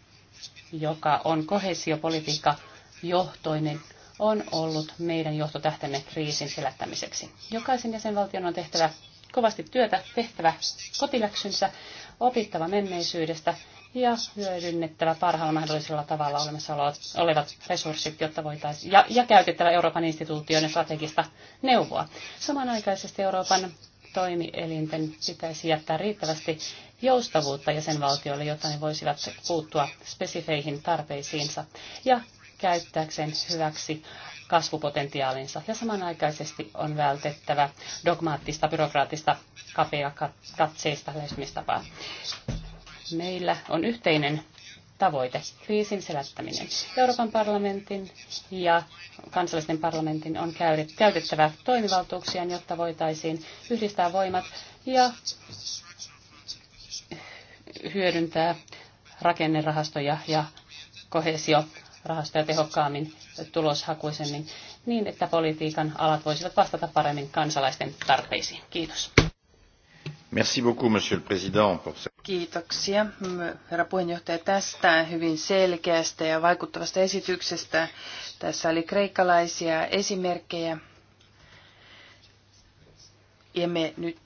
[SPEAKER 3] joka on kohesiopolitiikka johtoinen, on ollut meidän johtotähtemme kriisin selättämiseksi. Jokaisen jäsenvaltion on tehtävä kovasti työtä, tehtävä kotiläksynsä, opittava menneisyydestä ja hyödynnettävä parhaalla mahdollisella tavalla olemassa olevat resurssit, jotta voitaisiin, ja, ja käytettävä Euroopan instituutioiden strategista neuvoa. Samanaikaisesti Euroopan toimielinten pitäisi jättää riittävästi joustavuutta jäsenvaltioille, jotta ne voisivat puuttua spesifeihin tarpeisiinsa ja käyttääkseen hyväksi kasvupotentiaalinsa. Ja samanaikaisesti on vältettävä dogmaattista, byrokraattista, kapea katseista lähestymistapaa meillä on yhteinen tavoite, kriisin selättäminen. Euroopan parlamentin ja kansallisten parlamentin on käytettävä toimivaltuuksia, jotta voitaisiin yhdistää voimat ja hyödyntää rakennerahastoja ja kohesiorahastoja tehokkaammin tuloshakuisemmin niin, että politiikan alat voisivat vastata paremmin kansalaisten tarpeisiin. Kiitos
[SPEAKER 2] monsieur le président.
[SPEAKER 1] Kiitoksia, herra puheenjohtaja, tästä hyvin selkeästä ja vaikuttavasta esityksestä. Tässä oli kreikkalaisia esimerkkejä. Ja me nyt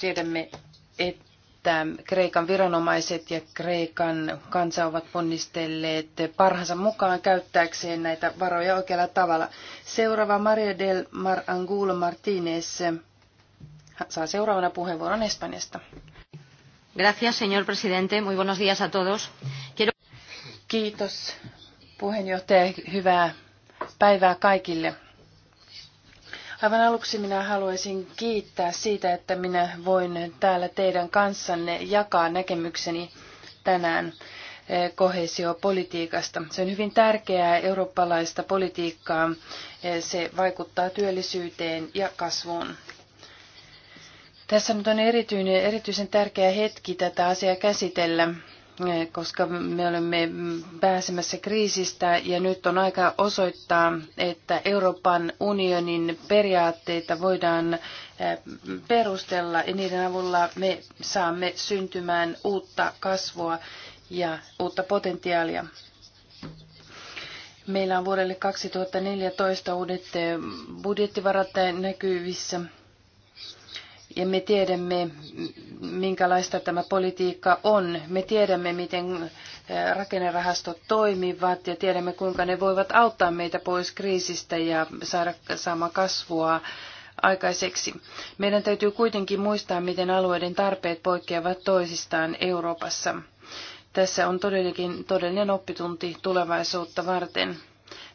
[SPEAKER 1] tiedämme, että Kreikan viranomaiset ja Kreikan kansa ovat ponnistelleet parhansa mukaan käyttääkseen näitä varoja oikealla tavalla. Seuraava Maria del Mar Angulo Martinez. Hän saa seuraavana puheenvuoron Espanjasta. Gracias, señor presidente. Muy buenos días a todos. Quiero... Kiitos puheenjohtaja. Hyvää päivää kaikille. Aivan aluksi minä haluaisin kiittää siitä, että minä voin täällä teidän kanssanne jakaa näkemykseni tänään eh, kohesiopolitiikasta. Se on hyvin tärkeää eurooppalaista politiikkaa. Eh, se vaikuttaa työllisyyteen ja kasvuun. Tässä nyt on erityinen, erityisen tärkeä hetki tätä asiaa käsitellä, eh, koska me olemme pääsemässä kriisistä ja nyt on aika osoittaa, että Euroopan unionin periaatteita voidaan eh, perustella ja niiden avulla me saamme syntymään uutta kasvua ja uutta potentiaalia. Meillä on vuodelle 2014 uudet eh, budjettivarat näkyvissä ja me tiedämme, minkälaista tämä politiikka on. Me tiedämme, miten rakennerahastot toimivat ja tiedämme, kuinka ne voivat auttaa meitä pois kriisistä ja saada saamaan kasvua aikaiseksi. Meidän täytyy kuitenkin muistaa, miten alueiden tarpeet poikkeavat toisistaan Euroopassa. Tässä on todellakin todellinen oppitunti tulevaisuutta varten.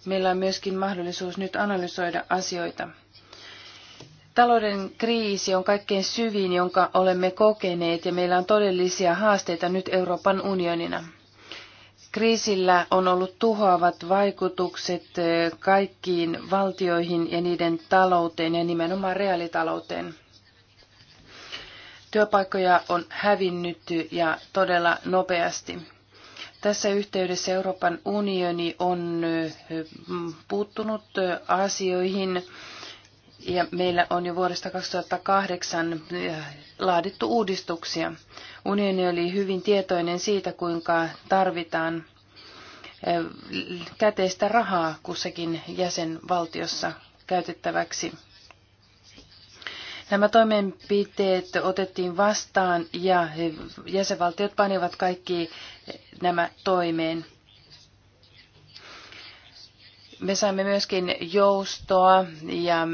[SPEAKER 1] Meillä on myöskin mahdollisuus nyt analysoida asioita. Talouden kriisi on kaikkein syvin, jonka olemme kokeneet, ja meillä on todellisia haasteita nyt Euroopan unionina. Kriisillä on ollut tuhoavat vaikutukset eh, kaikkiin valtioihin ja niiden talouteen ja nimenomaan reaalitalouteen. Työpaikkoja on hävinnyt ja todella nopeasti. Tässä yhteydessä Euroopan unioni on eh, puuttunut eh, asioihin ja meillä on jo vuodesta 2008 äh, laadittu uudistuksia. Unioni oli hyvin tietoinen siitä, kuinka tarvitaan äh, käteistä rahaa kussakin jäsenvaltiossa käytettäväksi. Nämä toimenpiteet otettiin vastaan ja jäsenvaltiot panivat kaikki nämä toimeen. Me saimme myöskin joustoa ja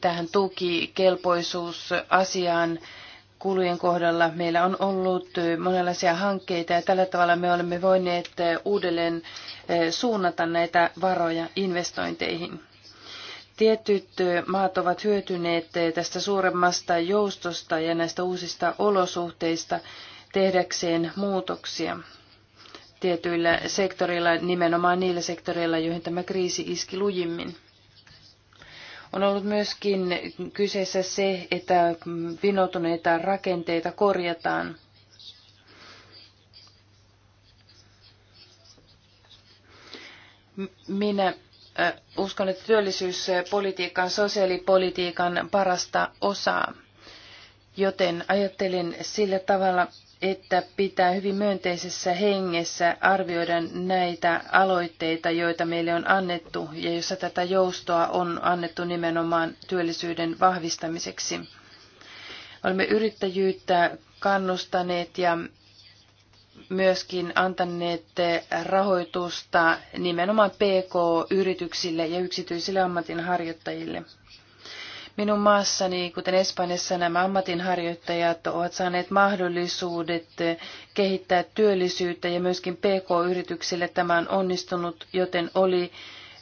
[SPEAKER 1] tähän tukikelpoisuusasiaan kulujen kohdalla meillä on ollut monenlaisia hankkeita ja tällä tavalla me olemme voineet uudelleen eh, suunnata näitä varoja investointeihin. Tietyt eh, maat ovat hyötyneet eh, tästä suuremmasta joustosta ja näistä uusista olosuhteista tehdäkseen muutoksia tietyillä sektoreilla, nimenomaan niillä sektoreilla, joihin tämä kriisi iski lujimmin. On ollut myöskin kyseessä se, että vinoutuneita rakenteita korjataan. Minä uskon, että työllisyyspolitiikka on sosiaalipolitiikan parasta osaa, joten ajattelin sillä tavalla, että pitää hyvin myönteisessä hengessä arvioida näitä aloitteita, joita meille on annettu ja jossa tätä joustoa on annettu nimenomaan työllisyyden vahvistamiseksi. Olemme yrittäjyyttä kannustaneet ja myöskin antaneet rahoitusta nimenomaan PK-yrityksille ja yksityisille ammatinharjoittajille. Minun maassani, kuten Espanjassa, nämä ammatinharjoittajat ovat saaneet mahdollisuudet kehittää työllisyyttä ja myöskin PK-yrityksille tämä on onnistunut, joten oli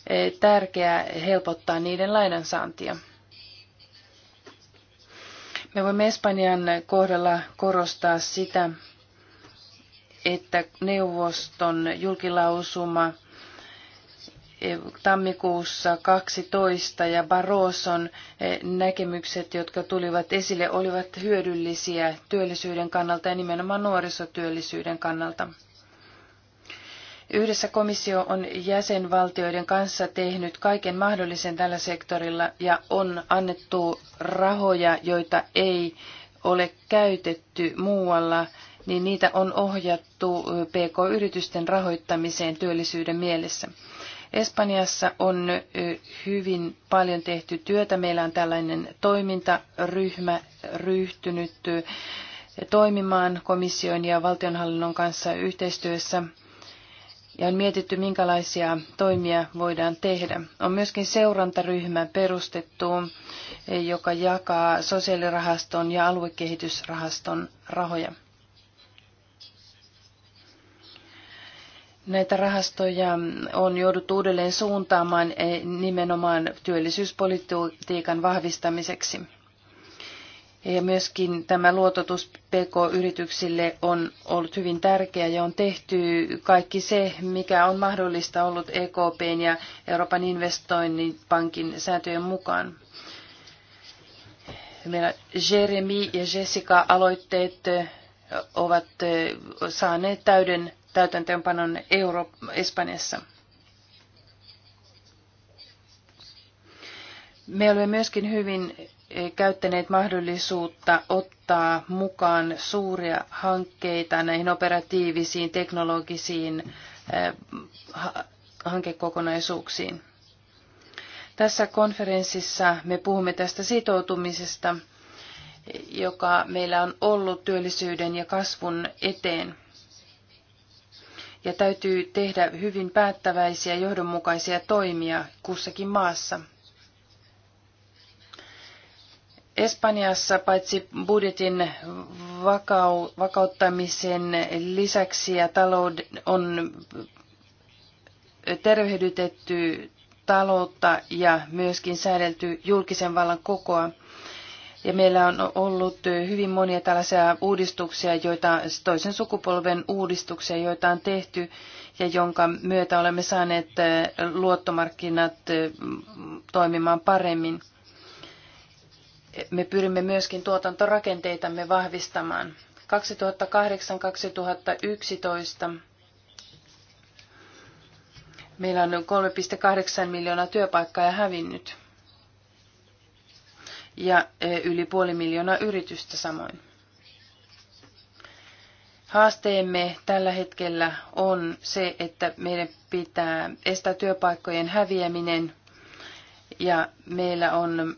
[SPEAKER 1] eh, tärkeää helpottaa niiden lainansaantia. Me voimme Espanjan kohdalla korostaa sitä, että neuvoston julkilausuma – tammikuussa 12 ja Barroson eh, näkemykset, jotka tulivat esille, olivat hyödyllisiä työllisyyden kannalta ja nimenomaan nuorisotyöllisyyden kannalta. Yhdessä komissio on jäsenvaltioiden kanssa tehnyt kaiken mahdollisen tällä sektorilla ja on annettu rahoja, joita ei ole käytetty muualla, niin niitä on ohjattu eh, PK-yritysten rahoittamiseen työllisyyden mielessä. Espanjassa on hyvin paljon tehty työtä. Meillä on tällainen toimintaryhmä ryhtynyt toimimaan komission ja valtionhallinnon kanssa yhteistyössä ja on mietitty, minkälaisia toimia voidaan tehdä. On myöskin seurantaryhmä perustettu, joka jakaa sosiaalirahaston ja aluekehitysrahaston rahoja. Näitä rahastoja on jouduttu uudelleen suuntaamaan eh, nimenomaan työllisyyspolitiikan vahvistamiseksi. Ja myöskin tämä luototus PK-yrityksille on ollut hyvin tärkeä ja on tehty kaikki se, mikä on mahdollista ollut EKPn ja Euroopan investoinnin pankin sääntöjen mukaan. Meillä Jeremy ja Jessica aloitteet eh, ovat eh, saaneet täyden täytäntöönpanon Euro- Espanjassa. Me olemme myöskin hyvin eh, käyttäneet mahdollisuutta ottaa mukaan suuria hankkeita näihin operatiivisiin teknologisiin eh, hankekokonaisuuksiin. Tässä konferenssissa me puhumme tästä sitoutumisesta, joka meillä on ollut työllisyyden ja kasvun eteen ja täytyy tehdä hyvin päättäväisiä johdonmukaisia toimia kussakin maassa. Espanjassa paitsi budjetin vakau, vakauttamisen lisäksi ja taloud, on tervehdytetty taloutta ja myöskin säädelty julkisen vallan kokoa. Ja meillä on ollut hyvin monia tällaisia uudistuksia, joita, toisen sukupolven uudistuksia, joita on tehty ja jonka myötä olemme saaneet äh, luottomarkkinat äh, toimimaan paremmin. Me pyrimme myöskin tuotantorakenteitamme vahvistamaan. 2008-2011 meillä on 3,8 miljoonaa työpaikkaa ja hävinnyt ja e, yli puoli miljoonaa yritystä samoin. Haasteemme tällä hetkellä on se, että meidän pitää estää työpaikkojen häviäminen ja meillä on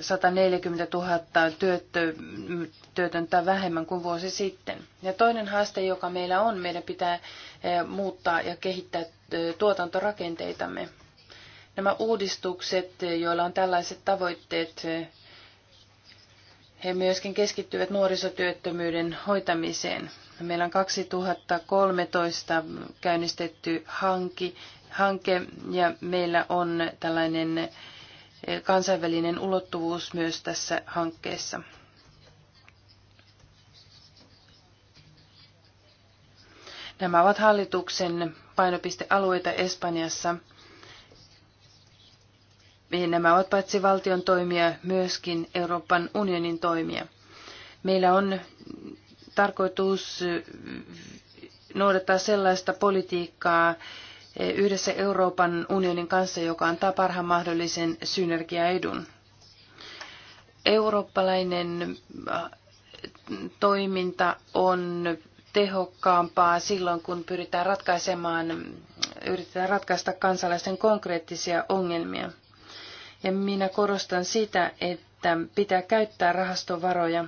[SPEAKER 1] 140 000 työttö, työtöntä vähemmän kuin vuosi sitten. Ja toinen haaste, joka meillä on, meidän pitää e, muuttaa ja kehittää e, tuotantorakenteitamme. Nämä uudistukset, joilla on tällaiset tavoitteet, he myöskin keskittyvät nuorisotyöttömyyden hoitamiseen. Meillä on 2013 käynnistetty hanki, hanke ja meillä on tällainen eh, kansainvälinen ulottuvuus myös tässä hankkeessa. Nämä ovat hallituksen painopistealueita Espanjassa – Nämä ovat paitsi valtion toimia, myöskin Euroopan unionin toimia. Meillä on tarkoitus noudattaa sellaista politiikkaa yhdessä Euroopan unionin kanssa, joka antaa parhaan mahdollisen synergiaedun. Eurooppalainen toiminta on tehokkaampaa silloin, kun pyritään ratkaisemaan, yritetään ratkaista kansalaisten konkreettisia ongelmia. Ja minä korostan sitä, että pitää käyttää rahastovaroja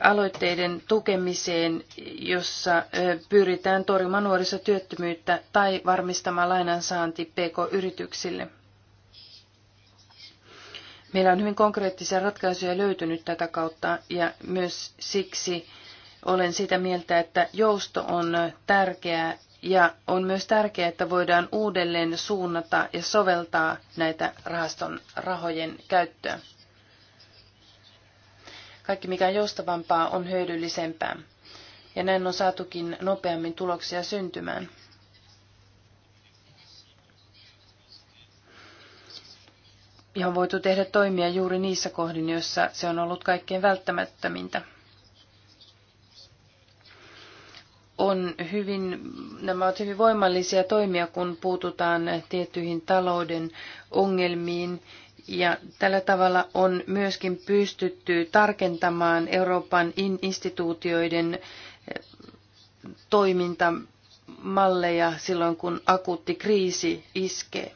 [SPEAKER 1] aloitteiden tukemiseen, jossa pyritään torjumaan nuorisotyöttömyyttä tai varmistamaan lainansaanti PK-yrityksille. Meillä on hyvin konkreettisia ratkaisuja löytynyt tätä kautta ja myös siksi olen sitä mieltä, että jousto on tärkeää ja on myös tärkeää, että voidaan uudelleen suunnata ja soveltaa näitä rahaston rahojen käyttöä. Kaikki mikä on joustavampaa on hyödyllisempää. Ja näin on saatukin nopeammin tuloksia syntymään. Ja on voitu tehdä toimia juuri niissä kohdin, joissa se on ollut kaikkein välttämättömintä. on hyvin, nämä ovat hyvin voimallisia toimia, kun puututaan tiettyihin talouden ongelmiin. Ja tällä tavalla on myöskin pystytty tarkentamaan Euroopan instituutioiden eh, toimintamalleja silloin, kun akuutti kriisi iskee.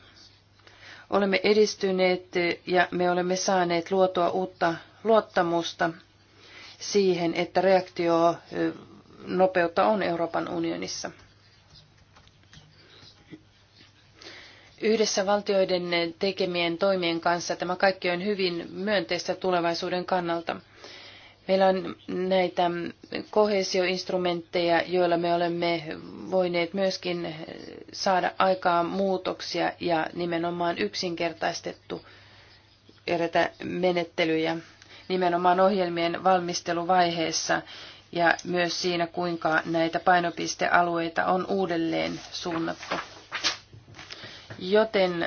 [SPEAKER 1] Olemme edistyneet eh, ja me olemme saaneet luotua uutta luottamusta siihen, että reaktio eh, nopeutta on Euroopan unionissa. Yhdessä valtioiden tekemien toimien kanssa tämä kaikki on hyvin myönteistä tulevaisuuden kannalta. Meillä on näitä kohesioinstrumentteja, joilla me olemme voineet myöskin saada aikaan muutoksia ja nimenomaan yksinkertaistettu erätä menettelyjä nimenomaan ohjelmien valmisteluvaiheessa ja myös siinä, kuinka näitä painopistealueita on uudelleen suunnattu. Joten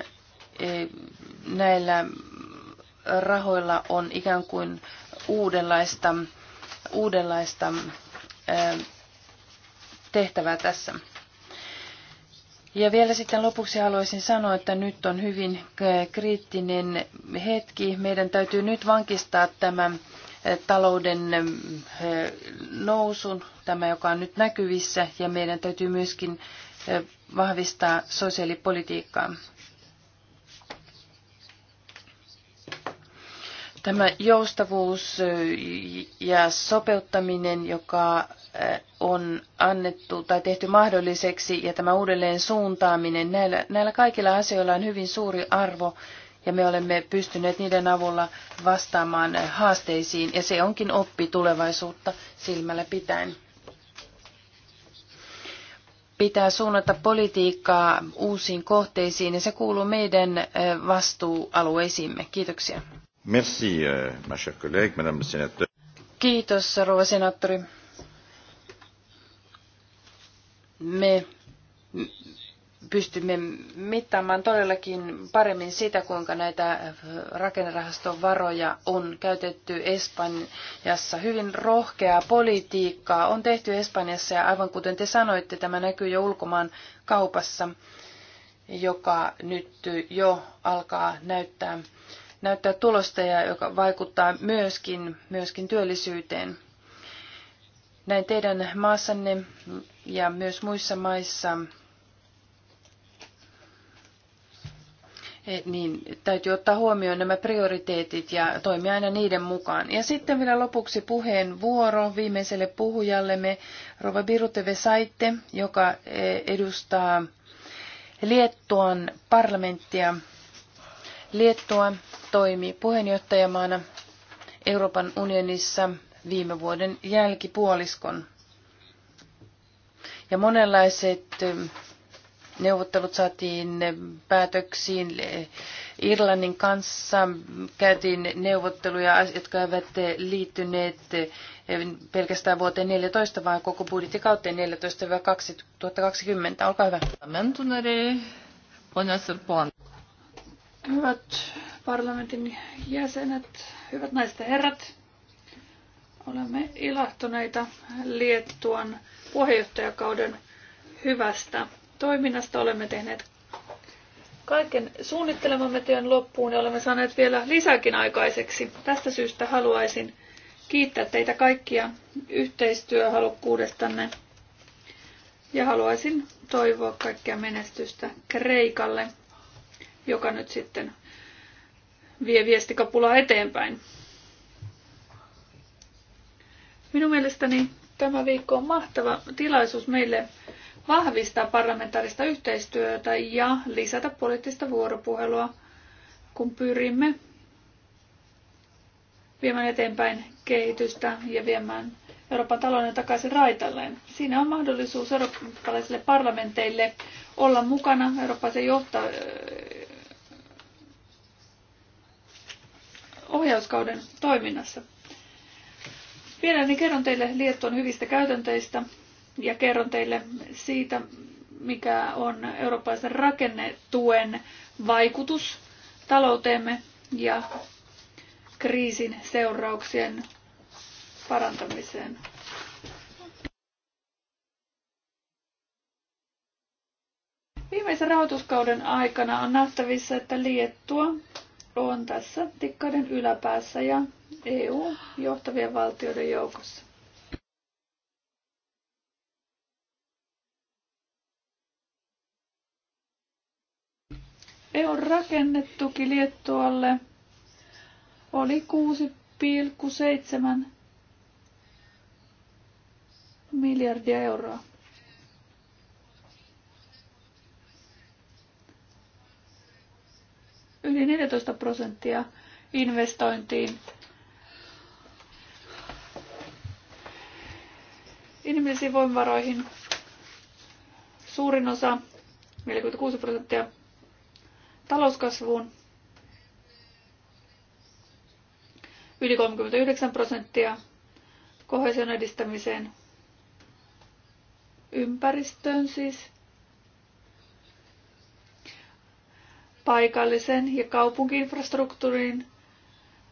[SPEAKER 1] e, näillä rahoilla on ikään kuin uudenlaista, uudenlaista e, tehtävää tässä. Ja vielä sitten lopuksi haluaisin sanoa, että nyt on hyvin e, kriittinen hetki. Meidän täytyy nyt vankistaa tämä talouden nousun, tämä joka on nyt näkyvissä, ja meidän täytyy myöskin vahvistaa sosiaalipolitiikkaa. Tämä joustavuus ja sopeuttaminen, joka on annettu tai tehty mahdolliseksi, ja tämä uudelleen suuntaaminen, näillä, näillä kaikilla asioilla on hyvin suuri arvo ja me olemme pystyneet niiden avulla vastaamaan haasteisiin ja se onkin oppi tulevaisuutta silmällä pitäen. Pitää suunnata politiikkaa uusiin kohteisiin ja se kuuluu meidän vastuualueisiimme. Kiitoksia.
[SPEAKER 2] Merci, ma chère collègue, madame le sénateur.
[SPEAKER 1] Kiitos, rouva senaattori. Me pystymme mittaamaan todellakin paremmin sitä, kuinka näitä rakennerahaston varoja on käytetty Espanjassa. Hyvin rohkeaa politiikkaa on tehty Espanjassa ja aivan kuten te sanoitte, tämä näkyy jo ulkomaan kaupassa, joka nyt jo alkaa näyttää, näyttää tulosta ja joka vaikuttaa myöskin, myöskin työllisyyteen. Näin teidän maassanne ja myös muissa maissa Eh, niin täytyy ottaa huomioon nämä prioriteetit ja toimia aina niiden mukaan. Ja sitten vielä lopuksi puheenvuoro viimeiselle puhujallemme, Rova Biruteve Saitte, joka eh, edustaa Liettuan parlamenttia. Liettua toimi puheenjohtajamaana Euroopan unionissa viime vuoden jälkipuoliskon. Ja monenlaiset eh, neuvottelut saatiin päätöksiin Irlannin kanssa. Käytiin neuvotteluja, jotka eivät liittyneet pelkästään vuoteen 14, vaan koko budjettikauteen 14-2020. Olkaa hyvä.
[SPEAKER 2] Hyvät parlamentin jäsenet, hyvät naiset ja herrat, olemme ilahtuneita Liettuan puheenjohtajakauden hyvästä toiminnasta. Olemme tehneet kaiken suunnittelemamme työn loppuun ja olemme saaneet vielä lisääkin aikaiseksi. Tästä syystä haluaisin kiittää teitä kaikkia yhteistyöhalukkuudestanne ja haluaisin toivoa kaikkea menestystä Kreikalle, joka nyt sitten vie viestikapulaa eteenpäin. Minun mielestäni tämä viikko on mahtava tilaisuus meille vahvistaa parlamentaarista yhteistyötä ja lisätä poliittista vuoropuhelua, kun pyrimme viemään eteenpäin kehitystä ja viemään Euroopan talouden takaisin raitalleen. Siinä on mahdollisuus eurooppalaisille parlamenteille olla mukana eurooppalaisen johta- ohjauskauden toiminnassa. Mielelläni kerron teille Liettuan hyvistä käytänteistä ja kerron teille siitä, mikä on eurooppalaisen rakennetuen vaikutus talouteemme ja kriisin seurauksien parantamiseen. Viimeisen rahoituskauden aikana on nähtävissä, että Liettua on tässä tikkaiden yläpäässä ja EU-johtavien valtioiden joukossa. on rakennettu kiljettualle oli 6,7 miljardia euroa. Yli 14 prosenttia investointiin. Inhimillisiin voimavaroihin suurin osa, 46 prosenttia, talouskasvuun. Yli 39 prosenttia kohesion edistämiseen ympäristöön siis. Paikallisen ja kaupunkiinfrastruktuuriin,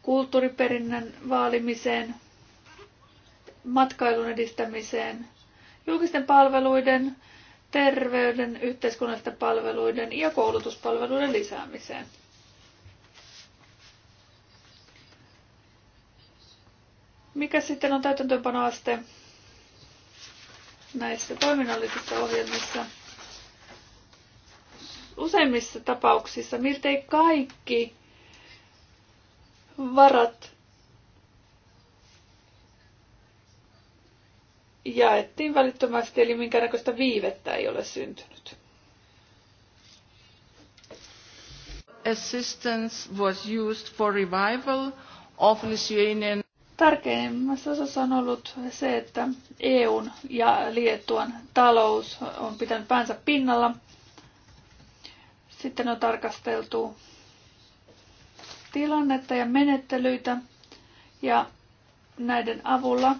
[SPEAKER 2] kulttuuriperinnön vaalimiseen, matkailun edistämiseen, julkisten palveluiden terveyden, yhteiskunnallisten palveluiden ja koulutuspalveluiden lisäämiseen. Mikä sitten on täytäntöönpanoaste näissä toiminnallisissa ohjelmissa? Useimmissa tapauksissa miltei kaikki varat jaettiin välittömästi, eli näköistä viivettä ei ole syntynyt.
[SPEAKER 1] Assistance was used for revival of Lithuanian
[SPEAKER 2] tärkeimmässä osassa on ollut se, että EUn ja Liettuan talous on pitänyt päänsä pinnalla. Sitten on tarkasteltu tilannetta ja menettelyitä ja näiden avulla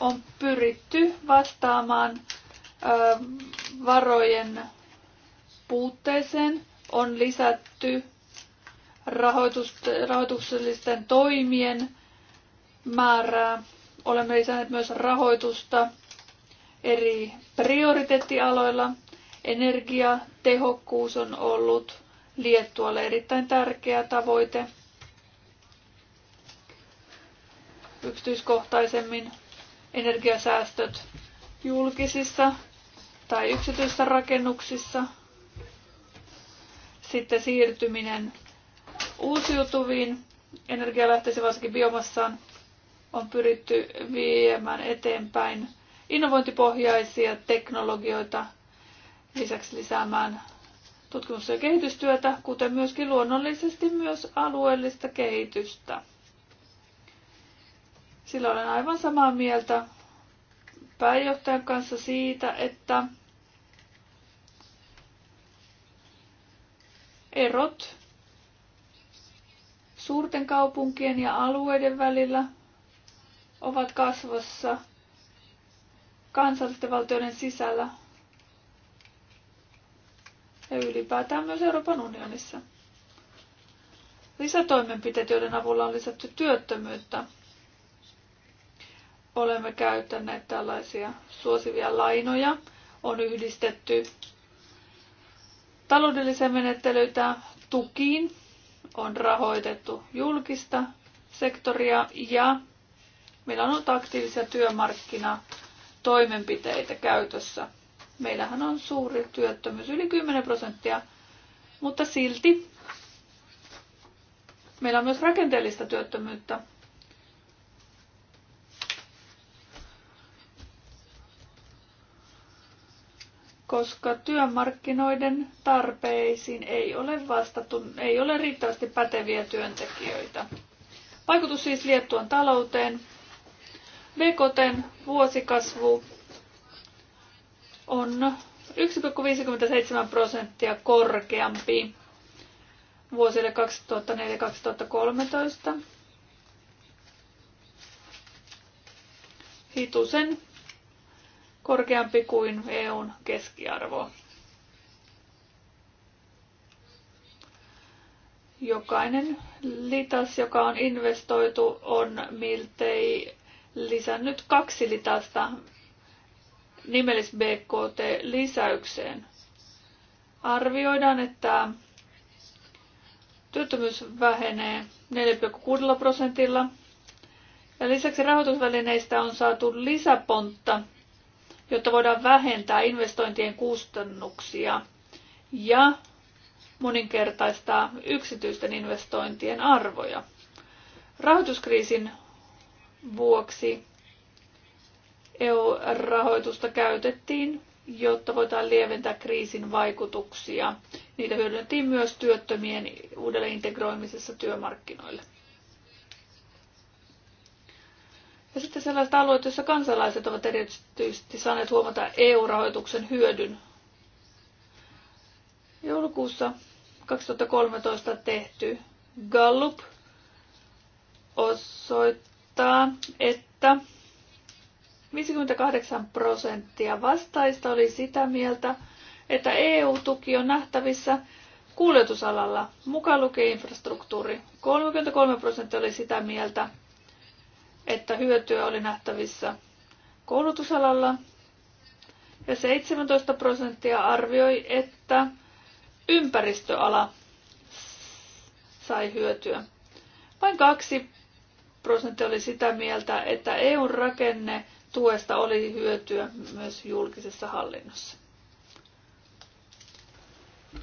[SPEAKER 2] on pyritty vastaamaan varojen puutteeseen, on lisätty rahoituksellisten toimien määrää. Olemme lisänneet myös rahoitusta eri prioriteettialoilla. Energiatehokkuus on ollut Liettualle erittäin tärkeä tavoite. Yksityiskohtaisemmin energiasäästöt julkisissa tai yksityisissä rakennuksissa, sitten siirtyminen uusiutuviin energialähteisiin, varsinkin biomassaan, on pyritty viemään eteenpäin innovointipohjaisia teknologioita, lisäksi lisäämään tutkimus- ja kehitystyötä, kuten myöskin luonnollisesti myös alueellista kehitystä. Sillä olen aivan samaa mieltä pääjohtajan kanssa siitä, että erot suurten kaupunkien ja alueiden välillä ovat kasvossa kansallisten valtioiden sisällä ja ylipäätään myös Euroopan unionissa. Lisätoimenpiteet, joiden avulla on lisätty työttömyyttä, olemme käyttäneet tällaisia suosivia lainoja. On yhdistetty taloudellisia menettelyitä tukiin, on rahoitettu julkista sektoria ja meillä on ollut aktiivisia työmarkkinatoimenpiteitä käytössä. Meillähän on suuri työttömyys, yli 10 prosenttia, mutta silti meillä on myös rakenteellista työttömyyttä, koska työmarkkinoiden tarpeisiin ei ole vastattu, ei ole riittävästi päteviä työntekijöitä. Vaikutus siis Liettuan talouteen. BKTn vuosikasvu on 1,57 prosenttia korkeampi vuosille 2004-2013. Hitusen korkeampi kuin EUn keskiarvo. Jokainen litas, joka on investoitu, on miltei lisännyt kaksi litasta nimellis BKT-lisäykseen. Arvioidaan, että työttömyys vähenee 4,6 prosentilla ja lisäksi rahoitusvälineistä on saatu lisäpontta jotta voidaan vähentää investointien kustannuksia ja moninkertaistaa yksityisten investointien arvoja. Rahoituskriisin vuoksi EU-rahoitusta käytettiin, jotta voidaan lieventää kriisin vaikutuksia. Niitä hyödynnettiin myös työttömien uudelleen integroimisessa työmarkkinoille. Ja sitten sellaiset alueet, joissa kansalaiset ovat erityisesti saaneet huomata EU-rahoituksen hyödyn. Joulukuussa 2013 tehty Gallup osoittaa, että 58 prosenttia vastaista oli sitä mieltä, että EU-tuki on nähtävissä kuljetusalalla, mukaan lukee infrastruktuuri. 33 prosenttia oli sitä mieltä, että hyötyä oli nähtävissä koulutusalalla. Ja 17 prosenttia arvioi, että ympäristöala sai hyötyä. Vain kaksi prosenttia oli sitä mieltä, että EUn rakenne tuesta oli hyötyä myös julkisessa hallinnossa.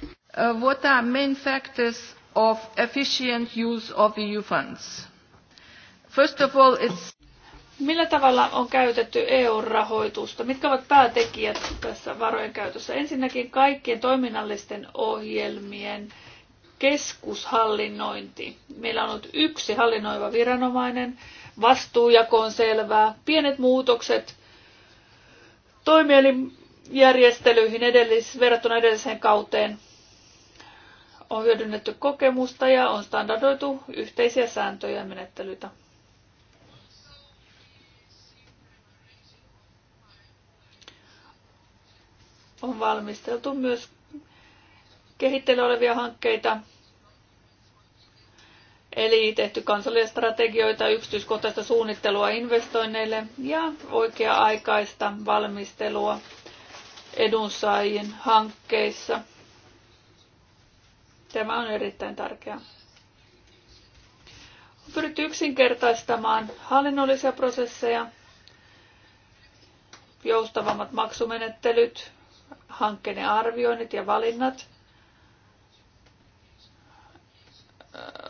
[SPEAKER 2] Uh, what are main factors of efficient use of EU funds? First of all, it's... Millä tavalla on käytetty EU-rahoitusta? Mitkä ovat päätekijät tässä varojen käytössä? Ensinnäkin kaikkien toiminnallisten ohjelmien keskushallinnointi. Meillä on ollut yksi hallinnoiva viranomainen, vastuujako on selvää, pienet muutokset toimielinjärjestelyihin edellis, verrattuna edelliseen kauteen on hyödynnetty kokemusta ja on standardoitu yhteisiä sääntöjä ja menettelyitä. on valmisteltu myös kehitteillä olevia hankkeita, eli tehty kansallisia strategioita, yksityiskohtaista suunnittelua investoinneille ja oikea-aikaista valmistelua edunsaajien hankkeissa. Tämä on erittäin tärkeää. On pyritty yksinkertaistamaan hallinnollisia prosesseja, joustavammat maksumenettelyt, hankkeiden arvioinnit ja valinnat,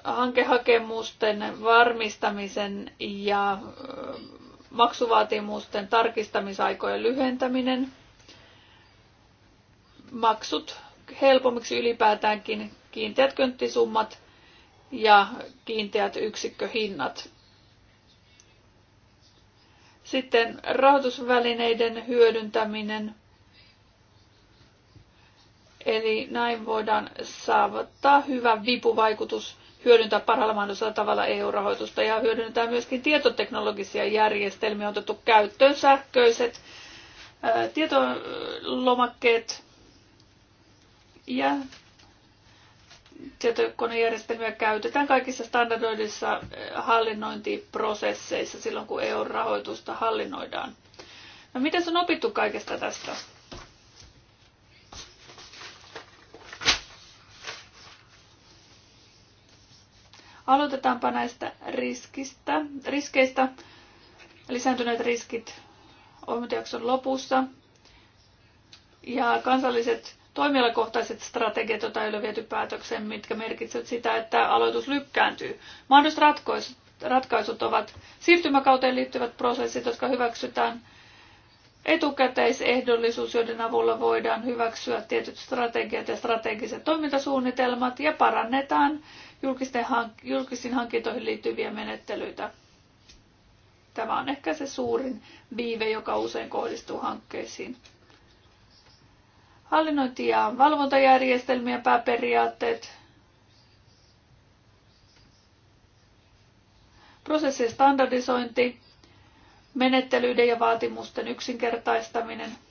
[SPEAKER 2] hankehakemusten varmistamisen ja maksuvaatimusten tarkistamisaikojen lyhentäminen, maksut helpommiksi ylipäätäänkin, kiinteät könttisummat ja kiinteät yksikköhinnat. Sitten rahoitusvälineiden hyödyntäminen – Eli näin voidaan saavuttaa hyvä vipuvaikutus, hyödyntää parhaalla mahdollisella tavalla EU-rahoitusta ja hyödyntää myöskin tietoteknologisia järjestelmiä, on otettu käyttöön sähköiset ää, tietolomakkeet ja tietokonejärjestelmiä käytetään kaikissa standardoidissa hallinnointiprosesseissa silloin, kun EU-rahoitusta hallinnoidaan. No, miten on opittu kaikesta tästä? Aloitetaanpa näistä riskistä, riskeistä. Lisääntyneet riskit ohjelmatyöksön lopussa. Ja kansalliset toimialakohtaiset strategiat, joita ei ole viety päätökseen, mitkä merkitsevät sitä, että aloitus lykkääntyy. Mahdolliset ratkaisut, ratkaisut ovat siirtymäkauteen liittyvät prosessit, jotka hyväksytään etukäteisehdollisuus, joiden avulla voidaan hyväksyä tietyt strategiat ja strategiset toimintasuunnitelmat ja parannetaan julkisten hank- julkisiin hankintoihin liittyviä menettelyitä. Tämä on ehkä se suurin viive, joka usein kohdistuu hankkeisiin. Hallinnointi- ja valvontajärjestelmien pääperiaatteet. Prosessien standardisointi, menettelyiden ja vaatimusten yksinkertaistaminen –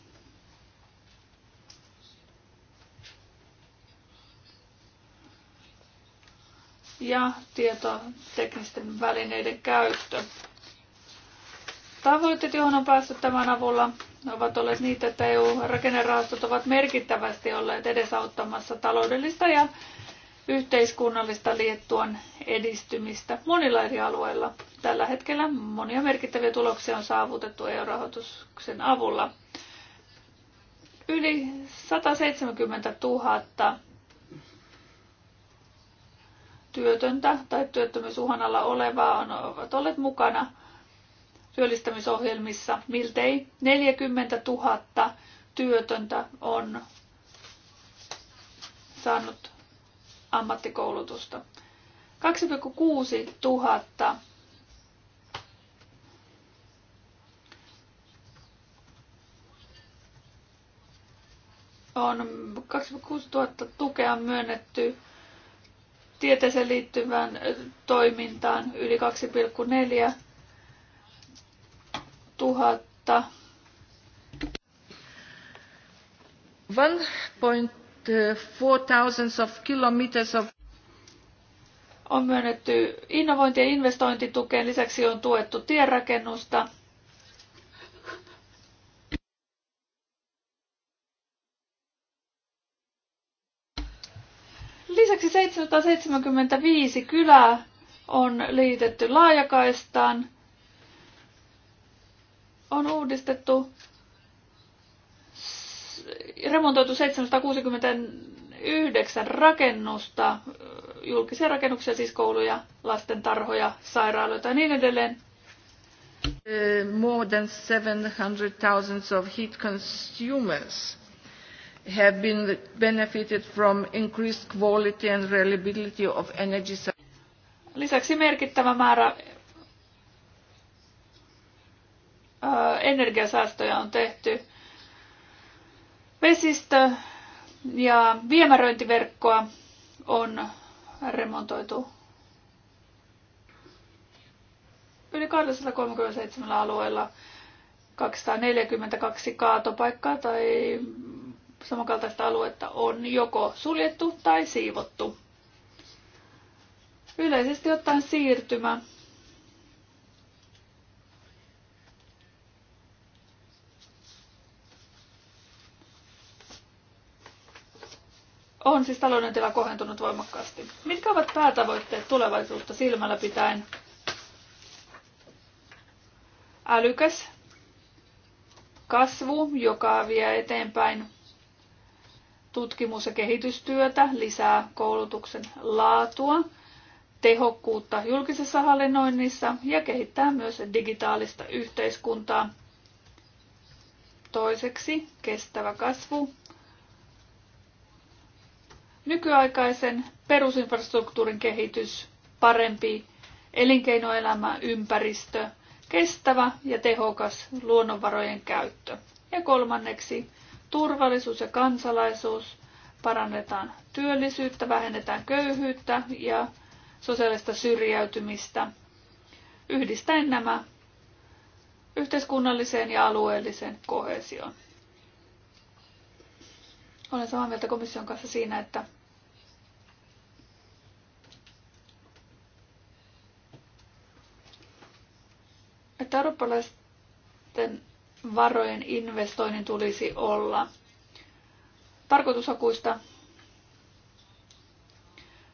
[SPEAKER 2] ja tietoteknisten välineiden käyttö. Tavoitteet, johon on päästy tämän avulla, ovat olleet niitä, että EU-rakennerahastot ovat merkittävästi olleet edesauttamassa taloudellista ja yhteiskunnallista liettuan edistymistä monilla eri alueilla. Tällä hetkellä monia merkittäviä tuloksia on saavutettu EU-rahoituksen avulla. Yli 170 000 työtöntä tai työttömyysuhan alla olevaa on, ovat olleet mukana työllistämisohjelmissa. Miltei 40 000 työtöntä on saanut ammattikoulutusta. 2,6 tuhatta on 26 000 tukea myönnetty tieteeseen liittyvään toimintaan yli 2,4 tuhatta. 1.4 of kilometers of on myönnetty innovointi- ja investointitukeen. Lisäksi on tuettu tienrakennusta Lisäksi 775 kylää on liitetty laajakaistaan. On uudistettu, remontoitu 769 rakennusta, julkisia rakennuksia, siis kouluja, lastentarhoja, sairaaloita ja niin edelleen. Uh, more than 700,000 of heat consumers have been benefited from increased quality and reliability of energy Lisäksi merkittävä määrä energiasäästöjä on tehty. Vesistö ja viemäröintiverkkoa on remontoitu yli 237 alueella 242 kaatopaikkaa tai samankaltaista aluetta on joko suljettu tai siivottu. Yleisesti ottaen siirtymä on siis talouden tila kohentunut voimakkaasti. Mitkä ovat päätavoitteet tulevaisuutta silmällä pitäen? Älykäs kasvu, joka vie eteenpäin tutkimus- ja kehitystyötä, lisää koulutuksen laatua, tehokkuutta julkisessa hallinnoinnissa ja kehittää myös digitaalista yhteiskuntaa. Toiseksi kestävä kasvu nykyaikaisen perusinfrastruktuurin kehitys, parempi elinkeinoelämä, ympäristö, kestävä ja tehokas luonnonvarojen käyttö. Ja kolmanneksi turvallisuus ja kansalaisuus, parannetaan työllisyyttä, vähennetään köyhyyttä ja sosiaalista syrjäytymistä, yhdistäen nämä yhteiskunnalliseen ja alueelliseen kohesioon. Olen samaa mieltä komission kanssa siinä, että että eurooppalaisten varojen investoinnin tulisi olla tarkoitushakuista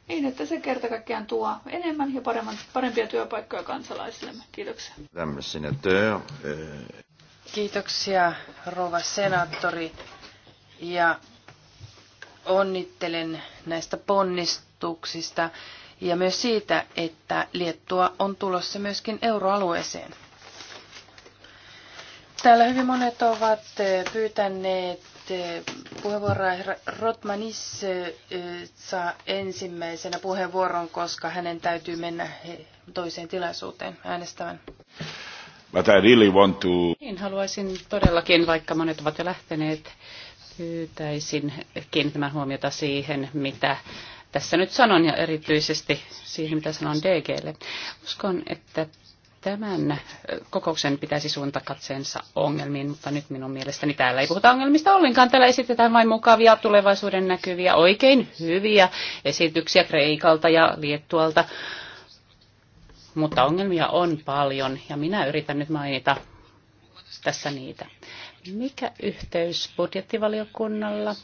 [SPEAKER 2] niin, että se kerta kaikkiaan tuo enemmän ja paremman, parempia työpaikkoja
[SPEAKER 1] kansalaisillemme. Kiitoksia.
[SPEAKER 2] Eh.
[SPEAKER 1] Kiitoksia, rouva senaattori. Ja onnittelen näistä ponnistuksista ja myös siitä, että Liettua on tulossa myöskin euroalueeseen. Täällä hyvin monet ovat eh, pyytäneet eh, puheenvuoroa. Herra Rotmanis eh, saa ensimmäisenä puheenvuoron, koska hänen täytyy mennä toiseen tilaisuuteen äänestämään.
[SPEAKER 2] But I really want to...
[SPEAKER 3] Niin, haluaisin todellakin, vaikka monet ovat jo lähteneet, pyytäisin kiinnittämään huomiota siihen, mitä tässä nyt sanon ja erityisesti siihen, mitä sanon DGlle. Uskon, että tämän kokouksen pitäisi suunta katseensa ongelmiin, mutta nyt minun mielestäni täällä ei puhuta ongelmista ollenkaan. Täällä esitetään vain mukavia tulevaisuuden näkyviä, oikein hyviä esityksiä Kreikalta ja Liettualta. Mutta ongelmia on paljon ja minä yritän nyt mainita tässä niitä. Mikä yhteys budjettivaliokunnalla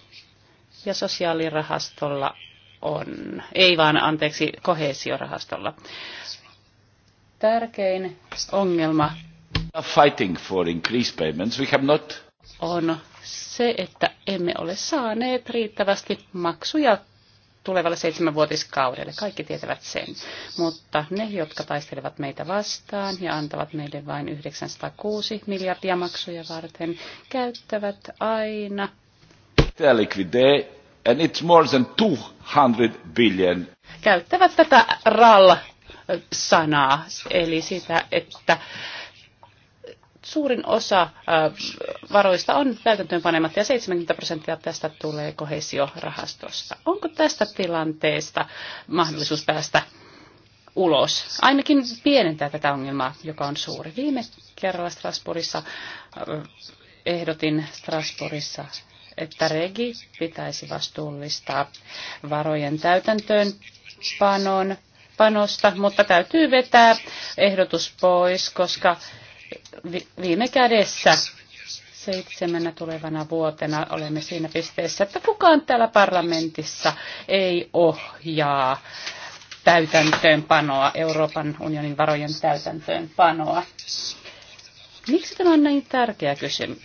[SPEAKER 3] ja sosiaalirahastolla on? Ei vaan, anteeksi, kohesiorahastolla tärkein ongelma
[SPEAKER 2] fighting for increased payments. We have not...
[SPEAKER 3] on se, että emme ole saaneet riittävästi maksuja tulevalle seitsemänvuotiskaudelle. Kaikki tietävät sen. Mutta ne, jotka taistelevat meitä vastaan ja antavat meille vain 906 miljardia maksuja varten, käyttävät aina
[SPEAKER 1] and it's more than 200 billion.
[SPEAKER 3] Käyttävät tätä RAL sanaa, eli sitä, että suurin osa äh, varoista on täytäntöönpanematta ja 70 prosenttia tästä tulee kohesiorahastosta. Onko tästä tilanteesta mahdollisuus päästä ulos? Ainakin pienentää tätä ongelmaa, joka on suuri. Viime kerralla Strasbourgissa äh, ehdotin Strasbourgissa että regi pitäisi vastuullistaa varojen täytäntöönpanon panosta, mutta täytyy vetää ehdotus pois, koska viime kädessä seitsemänä tulevana vuotena olemme siinä pisteessä, että kukaan täällä parlamentissa ei ohjaa täytäntöönpanoa, Euroopan unionin varojen täytäntöönpanoa. Miksi tämä on näin tärkeä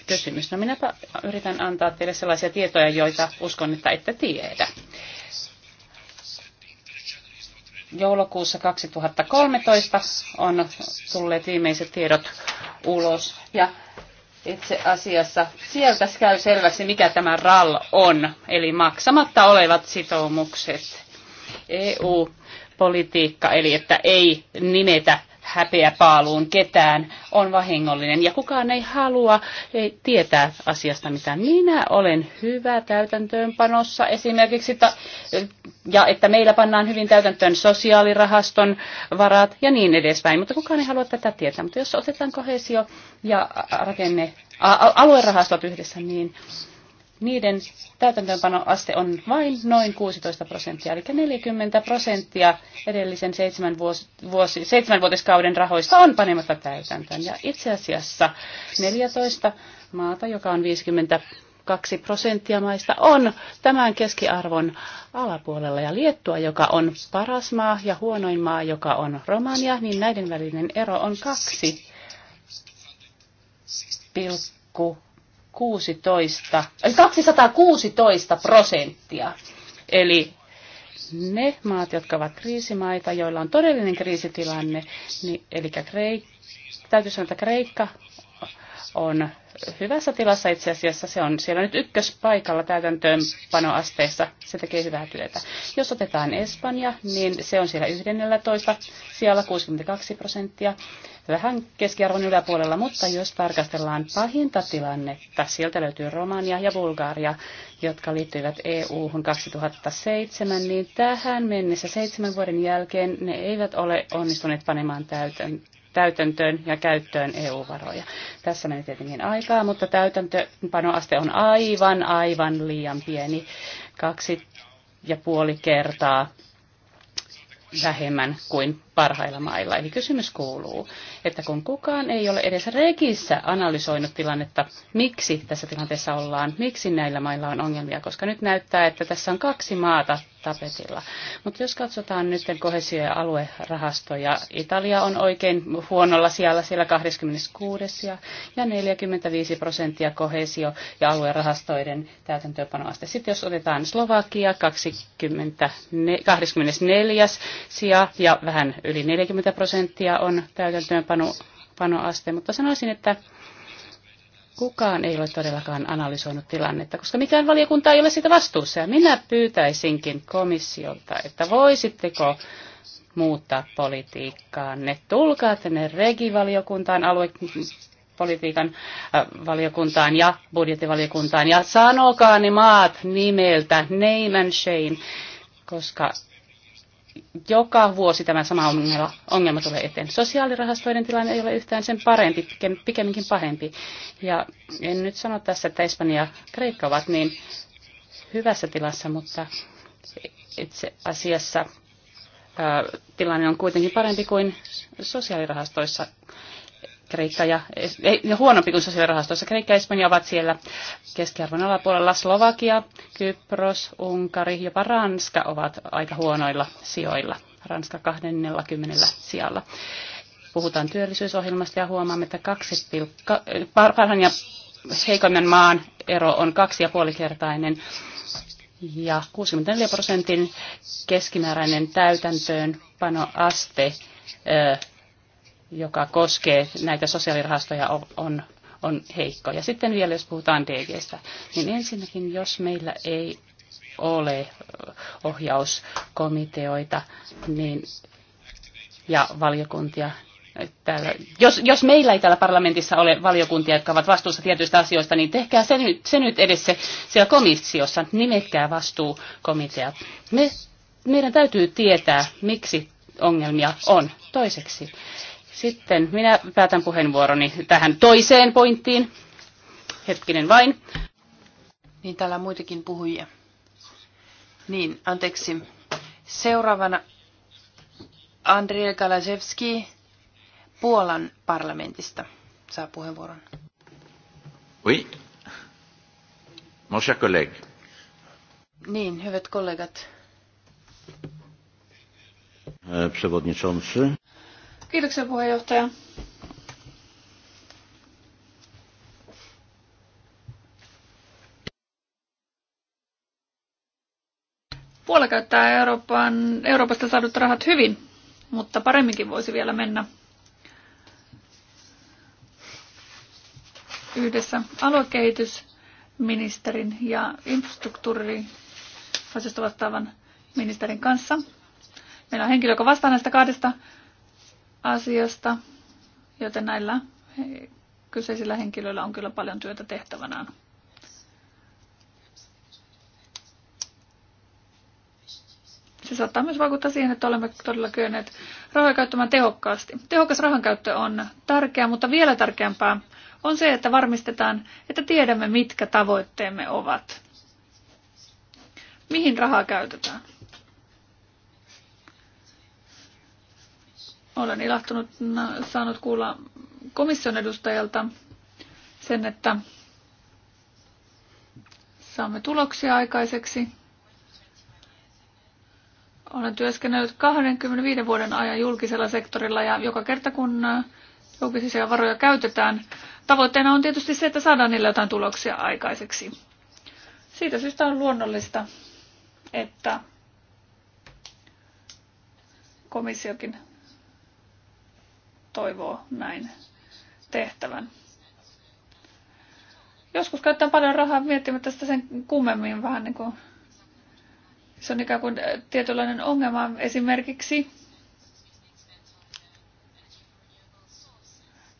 [SPEAKER 3] kysymys? No minäpä yritän antaa teille sellaisia tietoja, joita uskon, että ette tiedä joulukuussa 2013 on tulleet viimeiset tiedot ulos. Ja itse asiassa sieltä käy selväksi, mikä tämä RAL on, eli maksamatta olevat sitoumukset. EU-politiikka, eli että ei nimetä häpeä paaluun ketään, on vahingollinen ja kukaan ei halua ei tietää asiasta mitä Minä olen hyvä täytäntöönpanossa esimerkiksi ta- ja että meillä pannaan hyvin täytäntöön sosiaalirahaston varat ja niin edespäin, mutta kukaan ei halua tätä tietää. Mutta jos otetaan kohesio ja rakenne, a- aluerahastot yhdessä, niin niiden täytäntöönpanoaste on vain noin 16 prosenttia, eli 40 prosenttia edellisen seitsemän vuosi, vuosi, seitsemänvuotiskauden rahoista on panematta täytäntöön. Ja itse asiassa 14 maata, joka on 52 prosenttia maista, on tämän keskiarvon alapuolella. Ja Liettua, joka on paras maa ja huonoin maa, joka on Romania, niin näiden välinen ero on kaksi 16, 216 äh, prosenttia. Eli ne maat, jotka ovat kriisimaita, joilla on todellinen kriisitilanne, niin, eli Kreik, täytyy sanoa, että Kreikka on hyvässä tilassa itse asiassa. Se on siellä nyt ykköspaikalla täytäntöönpanoasteessa. Se tekee hyvää työtä. Jos otetaan Espanja, niin se on siellä 11, siellä 62 prosenttia. Vähän keskiarvon yläpuolella, mutta jos tarkastellaan pahinta tilannetta, sieltä löytyy Romania ja Bulgaria, jotka liittyivät EU-hun 2007, niin tähän mennessä seitsemän vuoden jälkeen ne eivät ole onnistuneet panemaan täytäntöön täytäntöön ja käyttöön EU-varoja. Tässä meni tietenkin aikaa, mutta täytäntöpanoaste on aivan, aivan liian pieni. Kaksi ja puoli kertaa vähemmän kuin parhailla mailla. Eli kysymys kuuluu, että kun kukaan ei ole edes rekissä analysoinut tilannetta, miksi tässä tilanteessa ollaan, miksi näillä mailla on ongelmia, koska nyt näyttää, että tässä on kaksi maata tapetilla. Mutta jos katsotaan nyt kohesio- ja aluerahastoja, Italia on oikein huonolla siellä, siellä 26 ja, ja 45 prosenttia kohesio- ja aluerahastoiden täytäntöönpanoaste. Sitten jos otetaan Slovakia 20, 24 sija ja vähän yli 40 prosenttia on täytäntöönpanoaste, mutta sanoisin, että Kukaan ei ole todellakaan analysoinut tilannetta, koska mikään valiokunta ei ole sitä vastuussa. Ja minä pyytäisinkin komissiolta, että voisitteko muuttaa politiikkaa, Ne tulkaa tänne regivaliokuntaan, aluepolitiikan äh, valiokuntaan ja budjettivaliokuntaan. Ja sanokaa ne maat nimeltä, name and shame, koska joka vuosi tämä sama ongelma, ongelma tulee eteen. Sosiaalirahastoiden tilanne ei ole yhtään sen parempi, pikemminkin pahempi. Ja en nyt sano tässä, että Espanja ja Kreikka ovat niin hyvässä tilassa, mutta itse asiassa ää, tilanne on kuitenkin parempi kuin sosiaalirahastoissa. Kreikka ja, ei, ne huonompi kuin sosiaalirahastoissa. Kreikka ja Espanja ovat siellä keskiarvon alapuolella. Slovakia, Kypros, Unkari, jopa Ranska ovat aika huonoilla sijoilla. Ranska 20 sijalla. Puhutaan työllisyysohjelmasta ja huomaamme, että kaksi pilkka, parhaan ja heikoimman maan ero on kaksi ja puolikertainen. Ja 64 prosentin keskimääräinen täytäntöönpanoaste joka koskee näitä sosiaalirahastoja, on, on heikko. Ja sitten vielä, jos puhutaan DGstä, niin ensinnäkin, jos meillä ei ole ohjauskomiteoita niin, ja valiokuntia, Täällä, jos, jos meillä ei täällä parlamentissa ole valiokuntia, jotka ovat vastuussa tietyistä asioista, niin tehkää se nyt, se nyt edes se, siellä komissiossa, nimetkää vastuukomiteat. Me, meidän täytyy tietää, miksi ongelmia on. Toiseksi, sitten minä päätän puheenvuoroni tähän toiseen pointtiin. Hetkinen vain.
[SPEAKER 1] Niin täällä on muitakin puhujia. Niin, anteeksi. Seuraavana Andrzej Kalasewski Puolan parlamentista saa puheenvuoron. Oui. Mon cher collègue. Niin, hyvät kollegat.
[SPEAKER 2] Przewodniczący.
[SPEAKER 1] Kiitoksia puheenjohtaja.
[SPEAKER 2] Puola käyttää Euroopan, Euroopasta saadut rahat hyvin, mutta paremminkin voisi vielä mennä. Yhdessä aluekehitysministerin ja infrastruktuuriasioista vastaavan ministerin kanssa. Meillä on henkilö, joka vastaa näistä kahdesta asiasta, joten näillä kyseisillä henkilöillä on kyllä paljon työtä tehtävänään. Se saattaa myös vaikuttaa siihen, että olemme todella kyenneet rahoja käyttämään tehokkaasti. Tehokas rahankäyttö on tärkeää, mutta vielä tärkeämpää on se, että varmistetaan, että tiedämme, mitkä tavoitteemme ovat. Mihin rahaa käytetään? Olen ilahtunut saanut kuulla komission edustajalta sen, että saamme tuloksia aikaiseksi. Olen työskennellyt 25 vuoden ajan julkisella sektorilla ja joka kerta kun julkisia varoja käytetään, tavoitteena on tietysti se, että saadaan niillä jotain tuloksia aikaiseksi. Siitä syystä on luonnollista, että komissiokin toivoo näin tehtävän. Joskus käyttää paljon rahaa miettimättä sitä sen kummemmin vähän niin kuin se on ikään kuin äh, tietynlainen ongelma esimerkiksi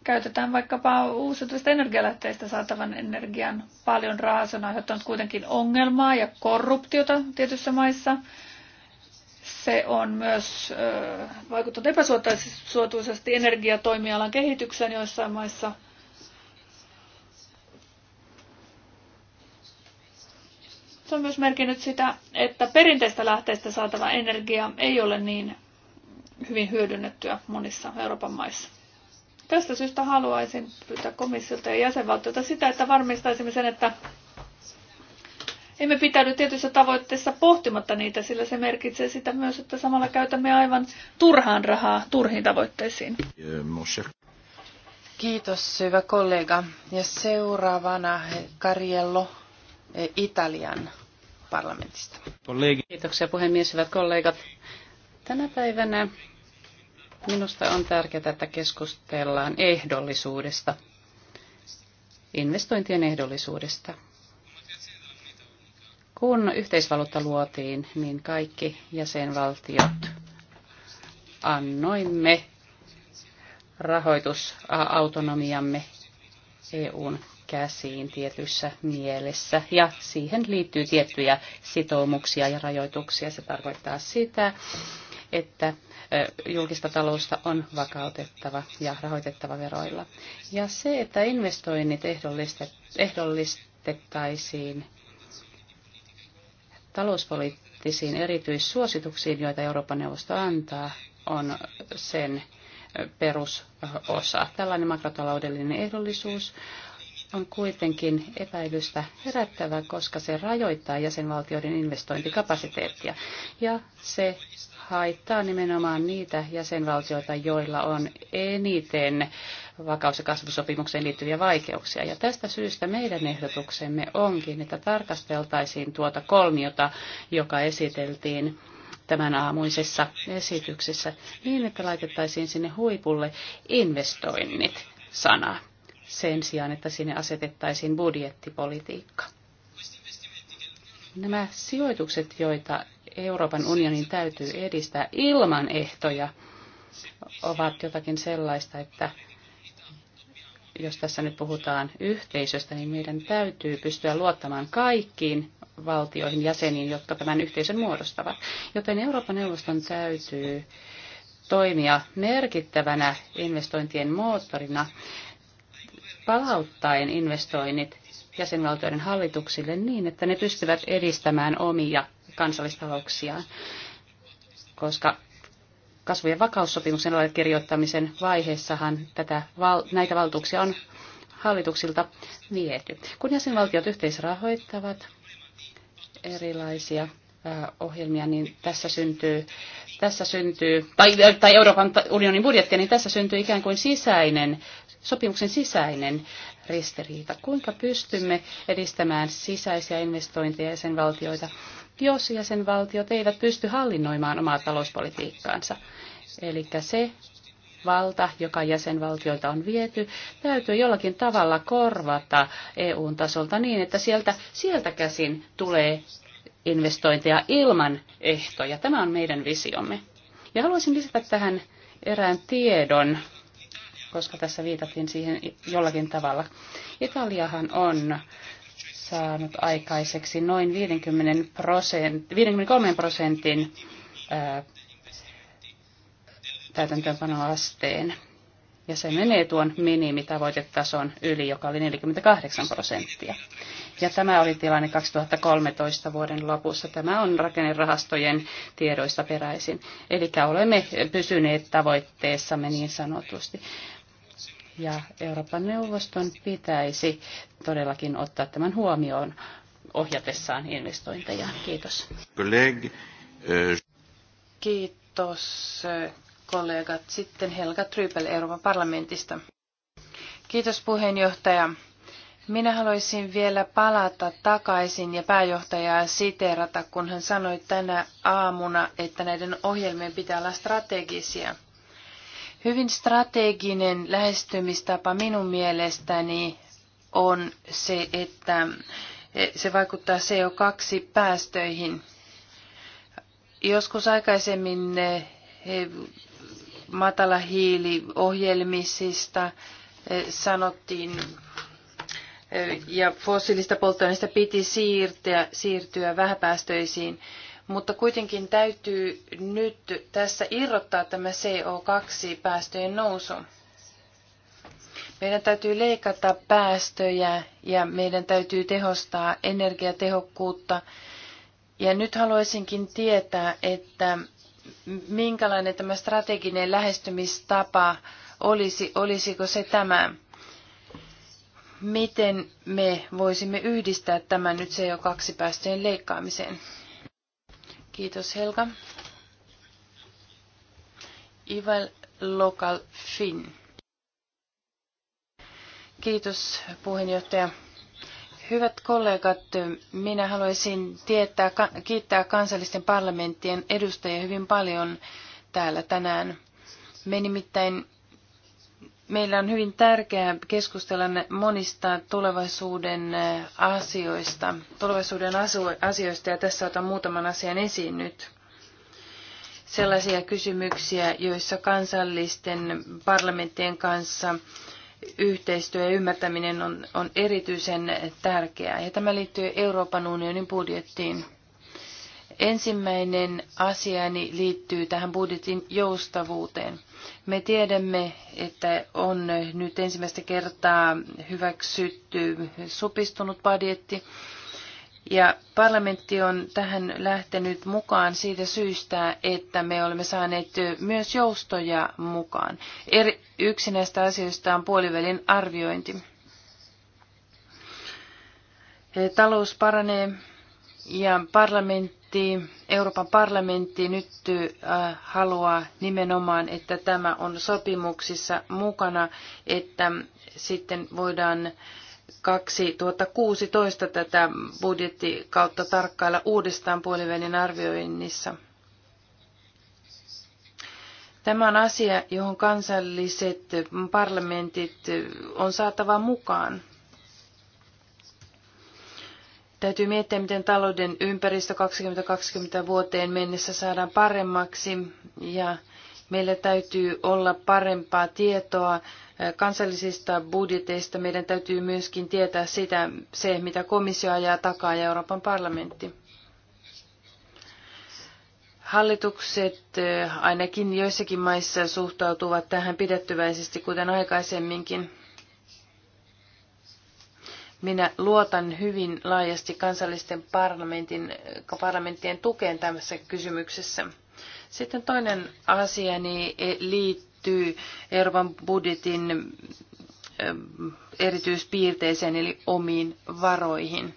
[SPEAKER 2] käytetään vaikkapa uusiutuvista energialähteistä saatavan energian paljon rahaa. Se on aiheuttanut kuitenkin ongelmaa ja korruptiota tietyissä maissa. Se on myös vaikuttanut epäsuotuisesti energiatoimialan kehitykseen joissain maissa. Se on myös merkinnyt sitä, että perinteistä lähteistä saatava energia ei ole niin hyvin hyödynnettyä monissa Euroopan maissa. Tästä syystä haluaisin pyytää komissiolta ja jäsenvaltiolta sitä, että varmistaisimme sen, että emme pitäydy tietyissä tavoitteissa pohtimatta niitä, sillä se merkitsee sitä myös, että samalla käytämme aivan turhaan rahaa turhiin tavoitteisiin.
[SPEAKER 1] Kiitos, hyvä kollega. Ja seuraavana Kariello eh, Italian parlamentista. Kiitoksia puhemies, hyvät
[SPEAKER 3] kollegat. Tänä päivänä minusta on tärkeää, että keskustellaan ehdollisuudesta, investointien ehdollisuudesta. Kun yhteisvaluutta luotiin, niin kaikki jäsenvaltiot annoimme rahoitusautonomiamme EUn käsiin tietyssä mielessä. Ja siihen liittyy tiettyjä sitoumuksia ja rajoituksia. Se tarkoittaa sitä, että julkista talousta on vakautettava ja rahoitettava veroilla. Ja se, että investoinnit ehdollistettaisiin talouspoliittisiin erityissuosituksiin, joita Euroopan neuvosto antaa, on sen perusosa. Tällainen makrotaloudellinen ehdollisuus on kuitenkin epäilystä herättävä, koska se rajoittaa jäsenvaltioiden investointikapasiteettia ja se haittaa nimenomaan niitä jäsenvaltioita, joilla on eniten vakaus- ja kasvusopimukseen liittyviä vaikeuksia. Ja tästä syystä meidän ehdotuksemme onkin, että tarkasteltaisiin tuota kolmiota, joka esiteltiin tämän aamuisessa esityksessä, niin että laitettaisiin sinne huipulle investoinnit sana sen sijaan, että sinne asetettaisiin budjettipolitiikka. Nämä sijoitukset, joita Euroopan unionin täytyy edistää ilman ehtoja, ovat jotakin sellaista, että jos tässä nyt puhutaan yhteisöstä, niin meidän täytyy pystyä luottamaan kaikkiin valtioihin, jäseniin, jotka tämän yhteisön muodostavat. Joten Euroopan neuvoston täytyy toimia merkittävänä investointien moottorina palauttaen investoinnit jäsenvaltioiden hallituksille niin, että ne pystyvät edistämään omia kansallistalouksiaan, koska kasvu- ja vakaussopimuksen kirjoittamisen vaiheessahan tätä, näitä valtuuksia on hallituksilta viety. Kun jäsenvaltiot yhteisrahoittavat erilaisia ohjelmia, niin tässä syntyy tässä syntyy, tai, tai Euroopan unionin budjettia, niin tässä syntyy ikään kuin sisäinen, sopimuksen sisäinen ristiriita. Kuinka pystymme edistämään sisäisiä investointeja jäsenvaltioita, jos jäsenvaltiot eivät pysty hallinnoimaan omaa talouspolitiikkaansa? Eli se valta, joka jäsenvaltioilta on viety, täytyy jollakin tavalla korvata EUn tasolta niin, että sieltä, sieltä käsin tulee investointeja ilman ehtoja. Tämä on meidän visiomme. Ja haluaisin lisätä tähän erään tiedon, koska tässä viitattiin siihen jollakin tavalla. Italiahan on saanut aikaiseksi noin 50 prosent, 53 prosentin täytäntöönpanoasteen. Ja se menee tuon minimitavoitetason yli, joka oli 48 prosenttia. Ja tämä oli tilanne 2013 vuoden lopussa. Tämä on rakennerahastojen tiedoista peräisin. Eli olemme pysyneet tavoitteessamme niin sanotusti. Ja Euroopan neuvoston pitäisi todellakin ottaa tämän huomioon ohjatessaan investointeja. Kiitos. Eh,
[SPEAKER 1] Kiitos kollegat. Sitten Helga Trypel Euroopan parlamentista. Kiitos puheenjohtaja. Minä haluaisin vielä palata takaisin ja pääjohtajaa siteerata, kun hän sanoi tänä aamuna, että näiden ohjelmien pitää olla strategisia. Hyvin strateginen lähestymistapa minun mielestäni on se, että se vaikuttaa CO2-päästöihin. Joskus aikaisemmin eh, matalahiiliohjelmisista eh, sanottiin ja fossiilista polttoaineista piti siirtyä, siirtyä vähäpäästöisiin. Mutta kuitenkin täytyy nyt tässä irrottaa tämä CO2-päästöjen nousu. Meidän täytyy leikata päästöjä ja meidän täytyy tehostaa energiatehokkuutta. Ja nyt haluaisinkin tietää, että minkälainen tämä strateginen lähestymistapa olisi, olisiko se tämä miten me voisimme yhdistää tämän nyt CO2-päästöjen leikkaamiseen. Kiitos Helga. Ival Local Fin. Kiitos puheenjohtaja. Hyvät kollegat, minä haluaisin tietää, kiittää kansallisten parlamenttien edustajia hyvin paljon täällä tänään. Me nimittäin Meillä on hyvin tärkeää keskustella monista tulevaisuuden äh, asioista, tulevaisuuden asioista ja tässä otan muutaman asian esiin nyt. Sellaisia kysymyksiä, joissa kansallisten parlamenttien kanssa yhteistyö ja ymmärtäminen on, on erityisen tärkeää. Ja tämä liittyy Euroopan unionin budjettiin. Ensimmäinen asiani liittyy tähän budjetin joustavuuteen. Me tiedämme, että on nyt ensimmäistä kertaa hyväksytty supistunut budjetti. Ja parlamentti on tähän lähtenyt mukaan siitä syystä, että me olemme saaneet myös joustoja mukaan. Eri, yksi näistä asioista on puolivälin arviointi. Talous paranee ja parlamentti parlamentti, Euroopan parlamentti nyt äh, haluaa nimenomaan, että tämä on sopimuksissa mukana, että sitten voidaan 2016 tätä budjettikautta tarkkailla uudestaan puolivälin arvioinnissa. Tämä on asia, johon kansalliset parlamentit on saatava mukaan. Täytyy miettiä, miten talouden ympäristö 2020 vuoteen mennessä saadaan paremmaksi ja meillä täytyy olla parempaa tietoa eh, kansallisista budjeteista. Meidän täytyy myöskin tietää sitä, se, mitä komissio ajaa takaa ja Euroopan parlamentti. Hallitukset eh, ainakin joissakin maissa suhtautuvat tähän pidettyväisesti, kuten aikaisemminkin. Minä luotan hyvin laajasti kansallisten parlamentin, parlamenttien tukeen tässä kysymyksessä. Sitten toinen asia niin liittyy Euroopan budjetin ähm, erityispiirteeseen eli omiin varoihin.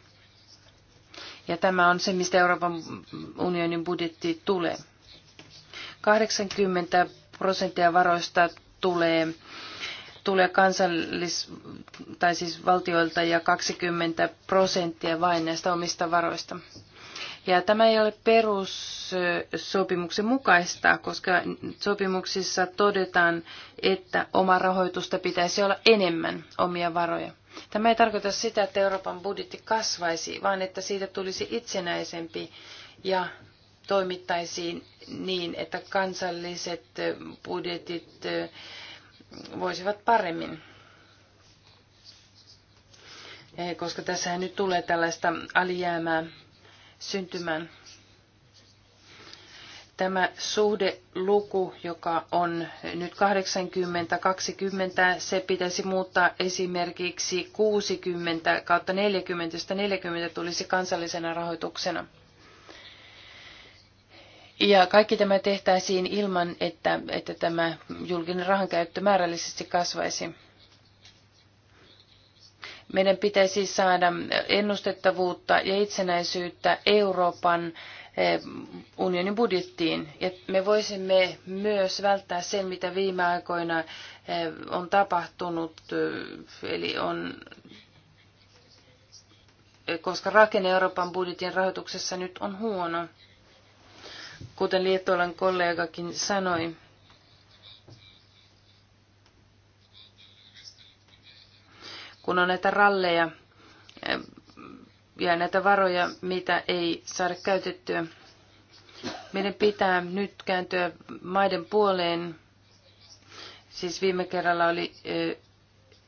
[SPEAKER 1] Ja tämä on se, mistä Euroopan unionin budjetti tulee. 80 prosenttia varoista tulee tulee kansallis- tai siis valtioilta ja 20 prosenttia vain näistä omista varoista. Ja tämä ei ole perussopimuksen mukaista, koska sopimuksissa todetaan, että oma rahoitusta pitäisi olla enemmän omia varoja. Tämä ei tarkoita sitä, että Euroopan budjetti kasvaisi, vaan että siitä tulisi itsenäisempi ja toimittaisiin niin, että kansalliset budjetit voisivat paremmin. Eh, koska tässä nyt tulee tällaista alijäämää syntymään. Tämä suhdeluku, joka on nyt 80-20, se pitäisi muuttaa esimerkiksi 60 kautta 40, 40 tulisi kansallisena rahoituksena. Ja kaikki tämä tehtäisiin ilman, että, että tämä julkinen rahankäyttö määrällisesti kasvaisi. Meidän pitäisi saada ennustettavuutta ja itsenäisyyttä Euroopan eh, unionin budjettiin. Ja me voisimme myös välttää sen, mitä viime aikoina eh, on tapahtunut, eh, eli on koska rakenne Euroopan budjetin rahoituksessa nyt on huono kuten Liettualan kollegakin sanoi. Kun on näitä ralleja eh, ja näitä varoja, mitä ei saada käytettyä, meidän pitää nyt kääntyä maiden puoleen. Siis viime kerralla oli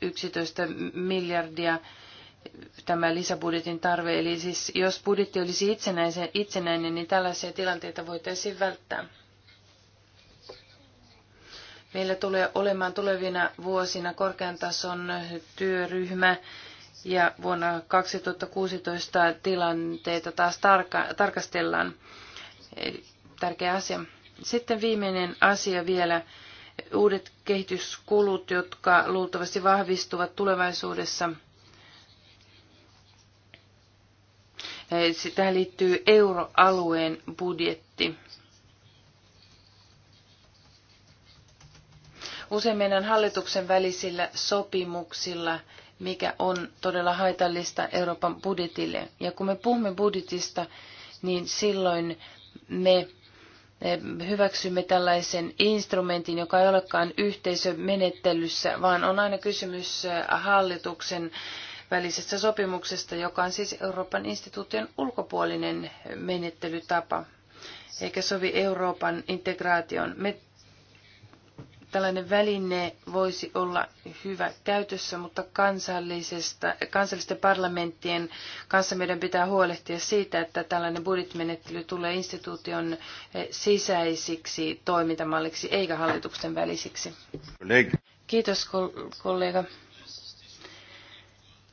[SPEAKER 1] 11 eh, miljardia tämä lisäbudjetin tarve. Eli siis jos budjetti olisi itsenäisen, itsenäinen, niin tällaisia tilanteita voitaisiin välttää. Meillä tulee olemaan tulevina vuosina korkean tason työryhmä ja vuonna 2016 tilanteita taas tarka, tarkastellaan. Tärkeä asia. Sitten viimeinen asia vielä. Uudet kehityskulut, jotka luultavasti vahvistuvat tulevaisuudessa – Eh, tähän liittyy euroalueen budjetti. Usein meidän hallituksen välisillä sopimuksilla, mikä on todella haitallista Euroopan budjetille. Ja kun me puhumme budjetista, niin silloin me eh, hyväksymme tällaisen instrumentin, joka ei olekaan yhteisömenettelyssä, vaan on aina kysymys eh, hallituksen välisestä sopimuksesta, joka on siis Euroopan instituution ulkopuolinen menettelytapa, eikä sovi Euroopan integraation. Me tällainen väline voisi olla hyvä käytössä, mutta kansallisesta, kansallisten parlamenttien kanssa meidän pitää huolehtia siitä, että tällainen budjettimenettely tulee instituution eh, sisäisiksi toimintamalliksi eikä hallituksen välisiksi. Kiitos kollega.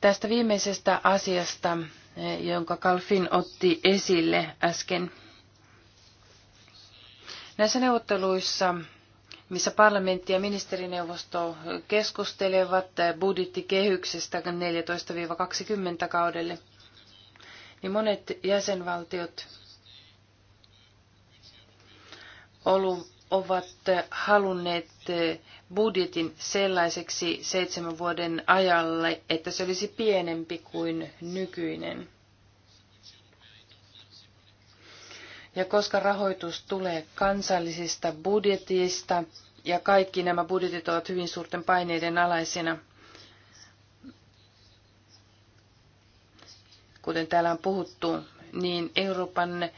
[SPEAKER 1] Tästä viimeisestä asiasta, eh, jonka Kalfin otti esille äsken. Näissä neuvotteluissa, missä parlamentti ja ministerineuvosto keskustelevat eh, budjettikehyksestä 14-20 kaudelle, niin monet jäsenvaltiot ovat halunneet eh, budjetin sellaiseksi seitsemän vuoden ajalle, että se olisi pienempi kuin nykyinen. Ja koska rahoitus tulee kansallisista budjetista ja kaikki nämä budjetit ovat hyvin suurten paineiden alaisina, kuten täällä on puhuttu, niin Euroopan eh,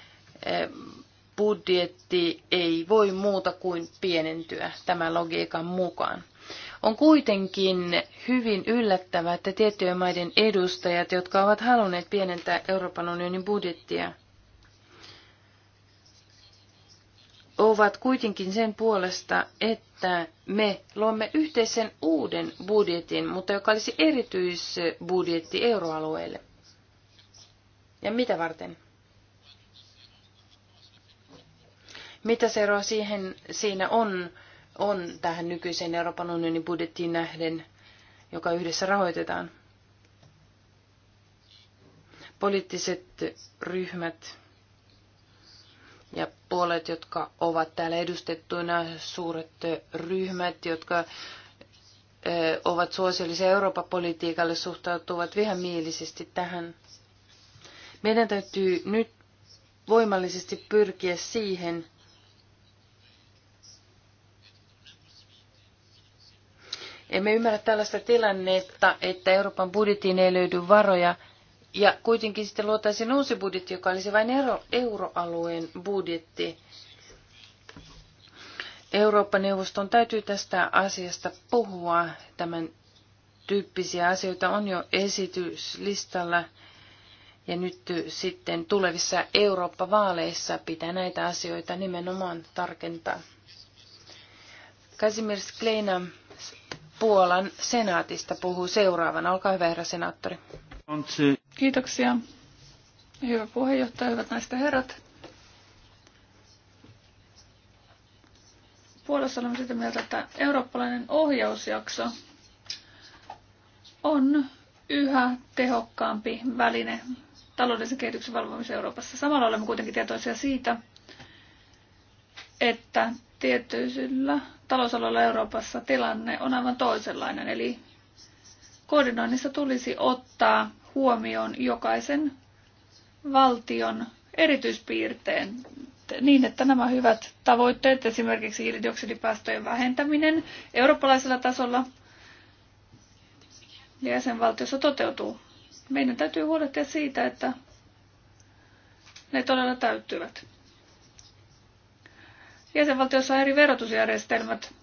[SPEAKER 1] budjetti ei voi muuta kuin pienentyä tämän logiikan mukaan. On kuitenkin hyvin yllättävää, että tiettyjen maiden edustajat, jotka ovat halunneet pienentää Euroopan unionin budjettia, ovat kuitenkin sen puolesta, että me luomme yhteisen uuden budjetin, mutta joka olisi erityisbudjetti euroalueelle. Ja mitä varten? Mitä se eroa siihen, siinä on, on tähän nykyiseen Euroopan unionin budjettiin nähden, joka yhdessä rahoitetaan? Poliittiset ryhmät ja puolet, jotka ovat täällä edustettuina, suuret ryhmät, jotka ovat suosiollisia Euroopan politiikalle, suhtautuvat vihamielisesti tähän. Meidän täytyy nyt voimallisesti pyrkiä siihen, Emme ymmärrä tällaista tilannetta, että Euroopan budjettiin ei löydy varoja, ja kuitenkin sitten luotaisiin uusi budjetti, joka olisi vain euroalueen budjetti. Eurooppa-neuvoston täytyy tästä asiasta puhua. Tämän tyyppisiä asioita on jo esityslistalla. Ja nyt sitten tulevissa Eurooppa-vaaleissa pitää näitä asioita nimenomaan tarkentaa. Kasimir Skleina Puolan senaatista puhuu seuraavan Olkaa hyvä, herra senaattori. Kiitoksia. Hyvä puheenjohtaja, hyvät naiset ja herrat.
[SPEAKER 2] Puolassa olemme sitä mieltä, että eurooppalainen ohjausjakso on yhä tehokkaampi väline taloudellisen kehityksen valvomiseen Euroopassa. Samalla olemme kuitenkin tietoisia siitä, että tietyillä talousalueilla Euroopassa tilanne on aivan toisenlainen. Eli koordinoinnissa tulisi ottaa huomioon jokaisen valtion erityispiirteen niin, että nämä hyvät tavoitteet, esimerkiksi hiilidioksidipäästöjen vähentäminen eurooppalaisella tasolla ja jäsenvaltiossa toteutuu. Meidän täytyy huolehtia siitä, että ne todella täyttyvät. Jäsenvaltiossa on eri verotusjärjestelmät.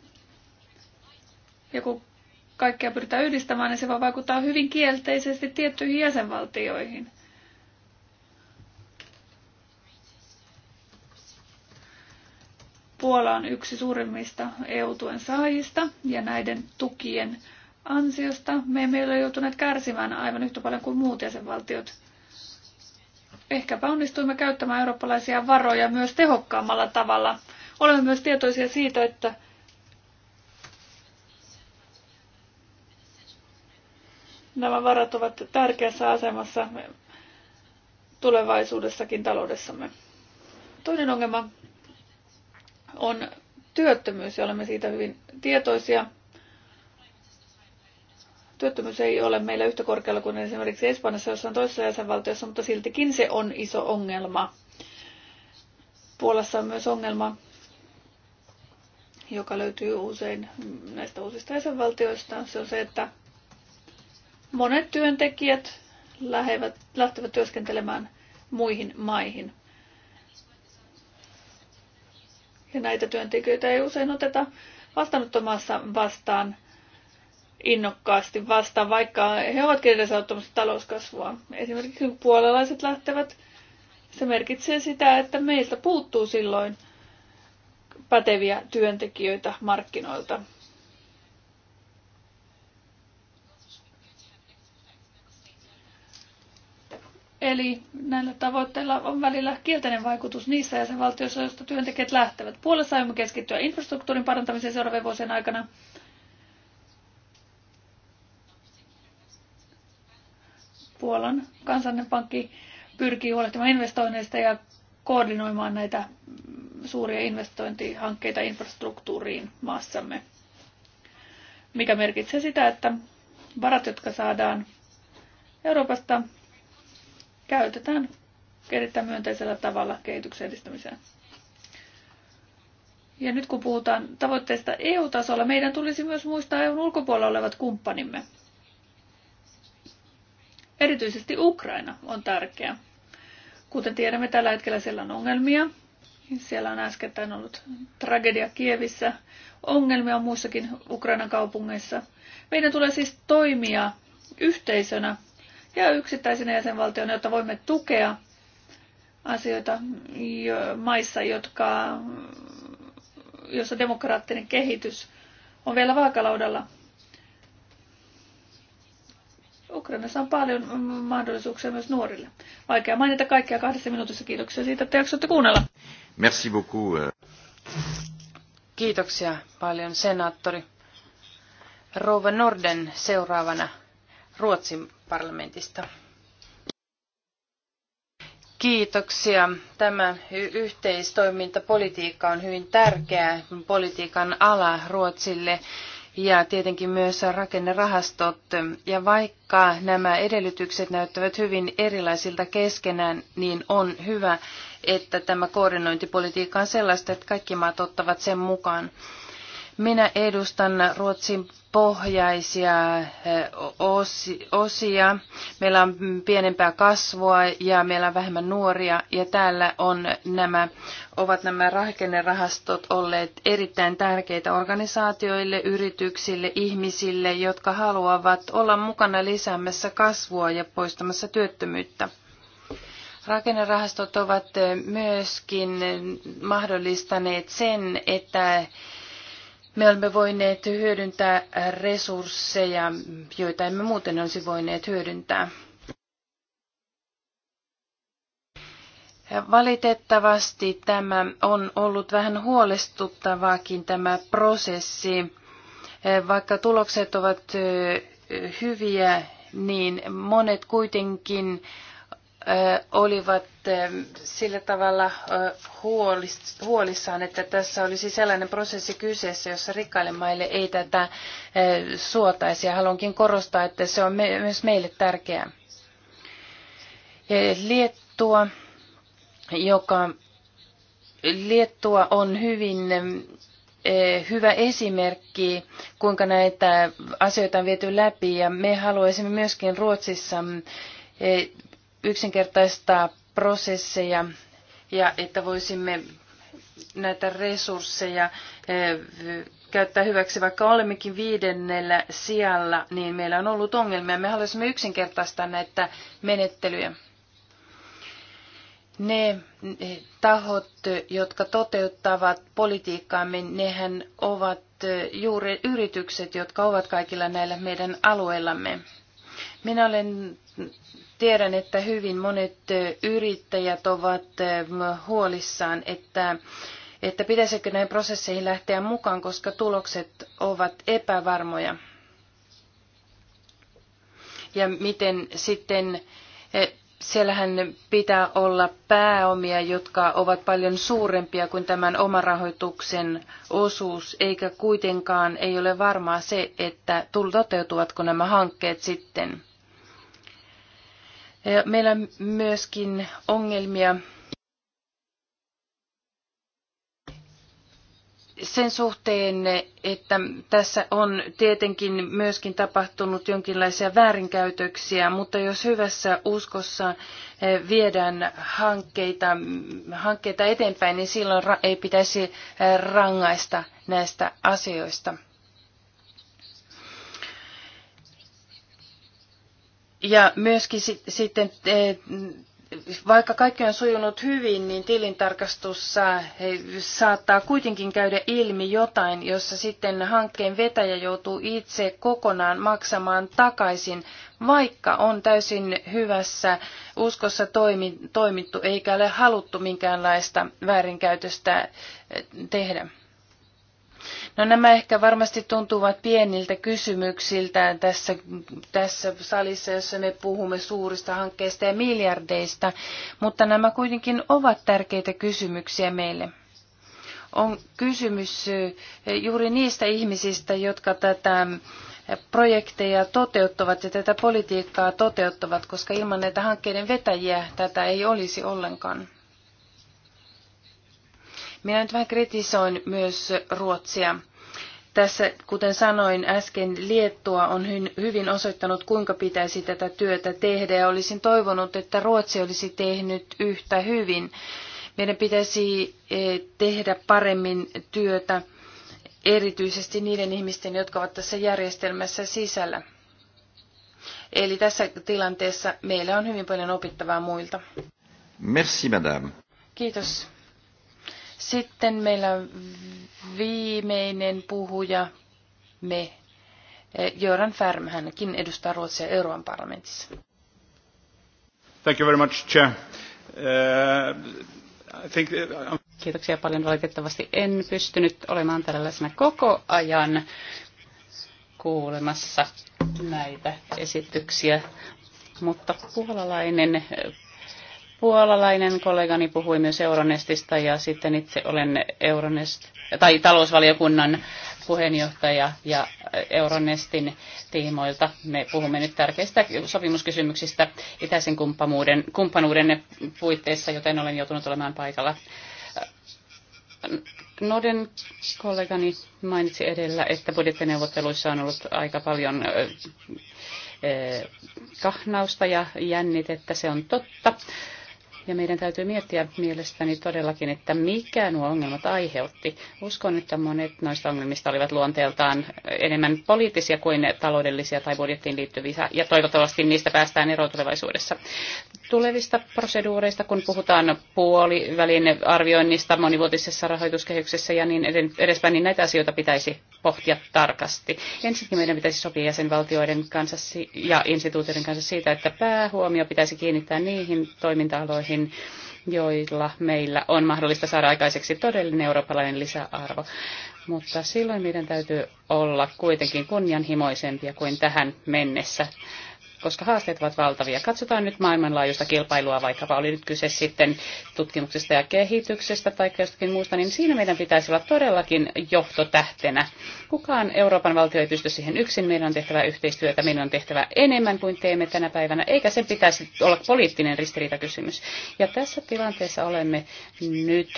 [SPEAKER 2] Ja kun kaikkea pyritään yhdistämään, niin se voi vaikuttaa hyvin kielteisesti tiettyihin jäsenvaltioihin. Puola on yksi suurimmista EU-tuen saajista ja näiden tukien ansiosta me emme ole joutuneet kärsimään aivan yhtä paljon kuin muut jäsenvaltiot. Ehkäpä onnistuimme käyttämään eurooppalaisia varoja myös tehokkaammalla tavalla Olemme myös tietoisia siitä, että nämä varat ovat tärkeässä asemassa tulevaisuudessakin taloudessamme. Toinen ongelma on työttömyys, ja olemme siitä hyvin tietoisia. Työttömyys ei ole meillä yhtä korkealla kuin esimerkiksi Espanjassa on toisessa jäsenvaltiossa, mutta siltikin se on iso ongelma. Puolassa on myös ongelma joka löytyy usein näistä uusista jäsenvaltioista, se on se, että monet työntekijät lähtevät, lähtevät työskentelemään muihin maihin. Ja näitä työntekijöitä ei usein oteta vastaanottomassa vastaan innokkaasti vastaan, vaikka he ovatkin edesauttamassa talouskasvua. Esimerkiksi kun puolalaiset lähtevät, se merkitsee sitä, että meiltä puuttuu silloin – päteviä työntekijöitä markkinoilta. Eli näillä tavoitteilla on välillä kielteinen vaikutus niissä jäsenvaltioissa, joista työntekijät lähtevät. Puolessa aiomme keskittyä infrastruktuurin parantamiseen seuraavien vuosien aikana. Puolan kansallinen pankki pyrkii huolehtimaan investoinneista ja koordinoimaan näitä suuria investointihankkeita infrastruktuuriin maassamme, mikä merkitsee sitä, että varat, jotka saadaan Euroopasta, käytetään erittäin myönteisellä tavalla kehityksen edistämiseen. Ja nyt kun puhutaan tavoitteista EU-tasolla, meidän tulisi myös muistaa EUn ulkopuolella olevat kumppanimme. Erityisesti Ukraina on tärkeä. Kuten tiedämme, tällä hetkellä siellä on ongelmia siellä on äskettäin ollut tragedia Kievissä, ongelmia on muissakin Ukrainan kaupungeissa. Meidän tulee siis toimia yhteisönä ja yksittäisenä jäsenvaltiona, jotta voimme tukea asioita maissa, jotka, jossa demokraattinen kehitys on vielä vaakalaudalla. Ukrainassa on paljon mahdollisuuksia myös nuorille. Vaikea mainita kaikkia kahdessa minuutissa. Kiitoksia siitä, että jaksoitte kuunnella.
[SPEAKER 1] Merci beaucoup. Euh. Kiitoksia paljon, senaattori. Rouva Norden seuraavana Ruotsin parlamentista. Kiitoksia. Tämä yhteistoimintapolitiikka on hyvin tärkeä politiikan ala Ruotsille ja tietenkin myös rakennerahastot. Ja vaikka nämä edellytykset näyttävät hyvin erilaisilta keskenään, niin on hyvä, että tämä koordinointipolitiikka on sellaista, että kaikki maat ottavat sen mukaan. Minä edustan Ruotsin pohjaisia eh, osia. Meillä on pienempää kasvua ja meillä on vähemmän nuoria ja täällä on nämä, ovat nämä rakennerahastot olleet erittäin tärkeitä organisaatioille, yrityksille, ihmisille, jotka haluavat olla mukana lisäämässä kasvua ja poistamassa työttömyyttä. Rakennerahastot ovat eh, myöskin mahdollistaneet sen, että me olemme voineet hyödyntää resursseja, joita emme muuten olisi voineet hyödyntää. Valitettavasti tämä on ollut vähän huolestuttavaakin tämä prosessi. Eh, vaikka tulokset ovat eh, hyviä, niin monet kuitenkin olivat sillä tavalla huolissaan, että tässä olisi sellainen prosessi kyseessä, jossa rikkaille maille ei tätä suotaisi. haluankin korostaa, että se on myös meille tärkeää. Ja Liettua, joka Liettua on hyvin hyvä esimerkki, kuinka näitä asioita on viety läpi ja me haluaisimme myöskin Ruotsissa yksinkertaistaa prosesseja ja että voisimme näitä resursseja eh, käyttää hyväksi, vaikka olemmekin viidennellä sijalla, niin meillä on ollut ongelmia. Me haluaisimme yksinkertaistaa näitä menettelyjä. Ne tahot, jotka toteuttavat politiikkaamme, nehän ovat juuri yritykset, jotka ovat kaikilla näillä meidän alueillamme. Minä olen Tiedän, että hyvin monet yrittäjät ovat huolissaan, että, että pitäisikö näihin prosesseihin lähteä mukaan, koska tulokset ovat epävarmoja. Ja miten sitten, siellähän pitää olla pääomia, jotka ovat paljon suurempia kuin tämän omarahoituksen osuus, eikä kuitenkaan ei ole varmaa se, että toteutuvatko nämä hankkeet sitten. Meillä on myöskin ongelmia sen suhteen, että tässä on tietenkin myöskin tapahtunut jonkinlaisia väärinkäytöksiä, mutta jos hyvässä uskossa eh, viedään hankkeita, hankkeita eteenpäin, niin silloin ei pitäisi eh, rangaista näistä asioista. Ja myöskin sitten, eh, vaikka kaikki on sujunut hyvin, niin tilintarkastussa saattaa kuitenkin käydä ilmi jotain, jossa sitten hankkeen vetäjä joutuu itse kokonaan maksamaan takaisin, vaikka on täysin hyvässä uskossa toimittu eikä ole haluttu minkäänlaista väärinkäytöstä eh, tehdä. No nämä ehkä varmasti tuntuvat pieniltä kysymyksiltä tässä, tässä salissa, jossa me puhumme suurista hankkeista ja miljardeista, mutta nämä kuitenkin ovat tärkeitä kysymyksiä meille. On kysymys eh, juuri niistä ihmisistä, jotka tätä eh, projekteja toteuttavat ja tätä politiikkaa toteuttavat, koska ilman näitä hankkeiden vetäjiä tätä ei olisi ollenkaan. Minä nyt vähän kritisoin myös Ruotsia. Tässä, kuten sanoin äsken, Liettua on hyvin osoittanut, kuinka pitäisi tätä työtä tehdä, ja olisin toivonut, että Ruotsi olisi tehnyt yhtä hyvin. Meidän pitäisi e, tehdä paremmin työtä, erityisesti niiden ihmisten, jotka ovat tässä järjestelmässä sisällä. Eli tässä tilanteessa meillä on hyvin paljon opittavaa muilta.
[SPEAKER 2] Merci, madame.
[SPEAKER 1] Kiitos. Sitten meillä on viimeinen puhuja, me, eh, Göran Färm, hänkin edustaa Ruotsia Euroopan parlamentissa. Thank you very much,
[SPEAKER 3] Chair. Uh, I think, uh, Kiitoksia paljon. Valitettavasti en pystynyt olemaan tällaisena koko ajan kuulemassa näitä esityksiä, mutta puolalainen puolalainen kollegani puhui myös Euronestista ja sitten itse olen Euronest, tai talousvaliokunnan puheenjohtaja ja Euronestin tiimoilta. Me puhumme nyt tärkeistä sopimuskysymyksistä itäisen kumppanuuden, puitteissa, joten olen joutunut olemaan paikalla. Noden kollegani mainitsi edellä, että budjettineuvotteluissa on ollut aika paljon kahnausta ja jännitettä, se on totta. Ja meidän täytyy miettiä mielestäni todellakin, että mikä nuo ongelmat aiheutti. Uskon, että monet noista ongelmista olivat luonteeltaan enemmän poliittisia kuin taloudellisia tai budjettiin liittyviä, ja toivottavasti niistä päästään eroon tulevaisuudessa. Tulevista proseduureista, kun puhutaan puolivälin arvioinnista monivuotisessa rahoituskehyksessä ja niin edespäin, niin näitä asioita pitäisi pohtia tarkasti. Ensinnäkin meidän pitäisi sopia jäsenvaltioiden kanssa ja instituutioiden kanssa siitä, että päähuomio pitäisi kiinnittää niihin toiminta-aloihin, joilla meillä on mahdollista saada aikaiseksi todellinen eurooppalainen lisäarvo. Mutta silloin meidän täytyy olla kuitenkin kunnianhimoisempia kuin tähän mennessä koska haasteet ovat valtavia. Katsotaan nyt maailmanlaajuista kilpailua, vaikkapa oli nyt kyse sitten tutkimuksesta ja kehityksestä tai jostakin muusta, niin siinä meidän pitäisi olla todellakin johtotähtenä. Kukaan Euroopan valtio ei pysty siihen yksin. Meidän on tehtävä yhteistyötä, meidän on tehtävä enemmän kuin teemme tänä päivänä, eikä sen pitäisi olla poliittinen ristiriitakysymys. Ja tässä tilanteessa olemme nyt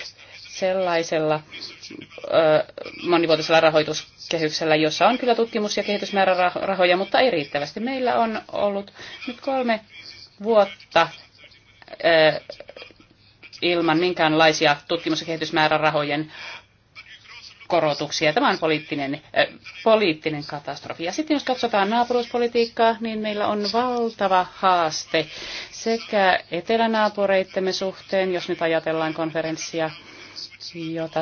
[SPEAKER 3] sellaisella monivuotisella rahoituskehyksellä, jossa on kyllä tutkimus- ja kehitysmäärärahoja, mutta ei riittävästi. Meillä on ollut nyt kolme vuotta ilman minkäänlaisia tutkimus- ja kehitysmäärärahojen korotuksia. Tämä on poliittinen, äh, poliittinen katastrofi. Ja sitten jos katsotaan naapuruuspolitiikkaa, niin meillä on valtava haaste sekä etelänaapureittemme suhteen, jos nyt ajatellaan konferenssia jota,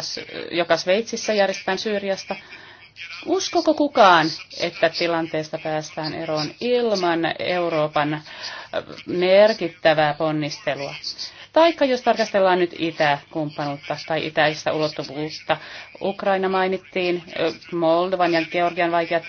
[SPEAKER 3] joka Sveitsissä järjestetään Syyriasta. Uskoko kukaan, että tilanteesta päästään eroon ilman Euroopan merkittävää ponnistelua? Taikka jos tarkastellaan nyt itäkumppanuutta tai itäistä ulottuvuutta, Ukraina mainittiin, Moldovan ja Georgian vaikeat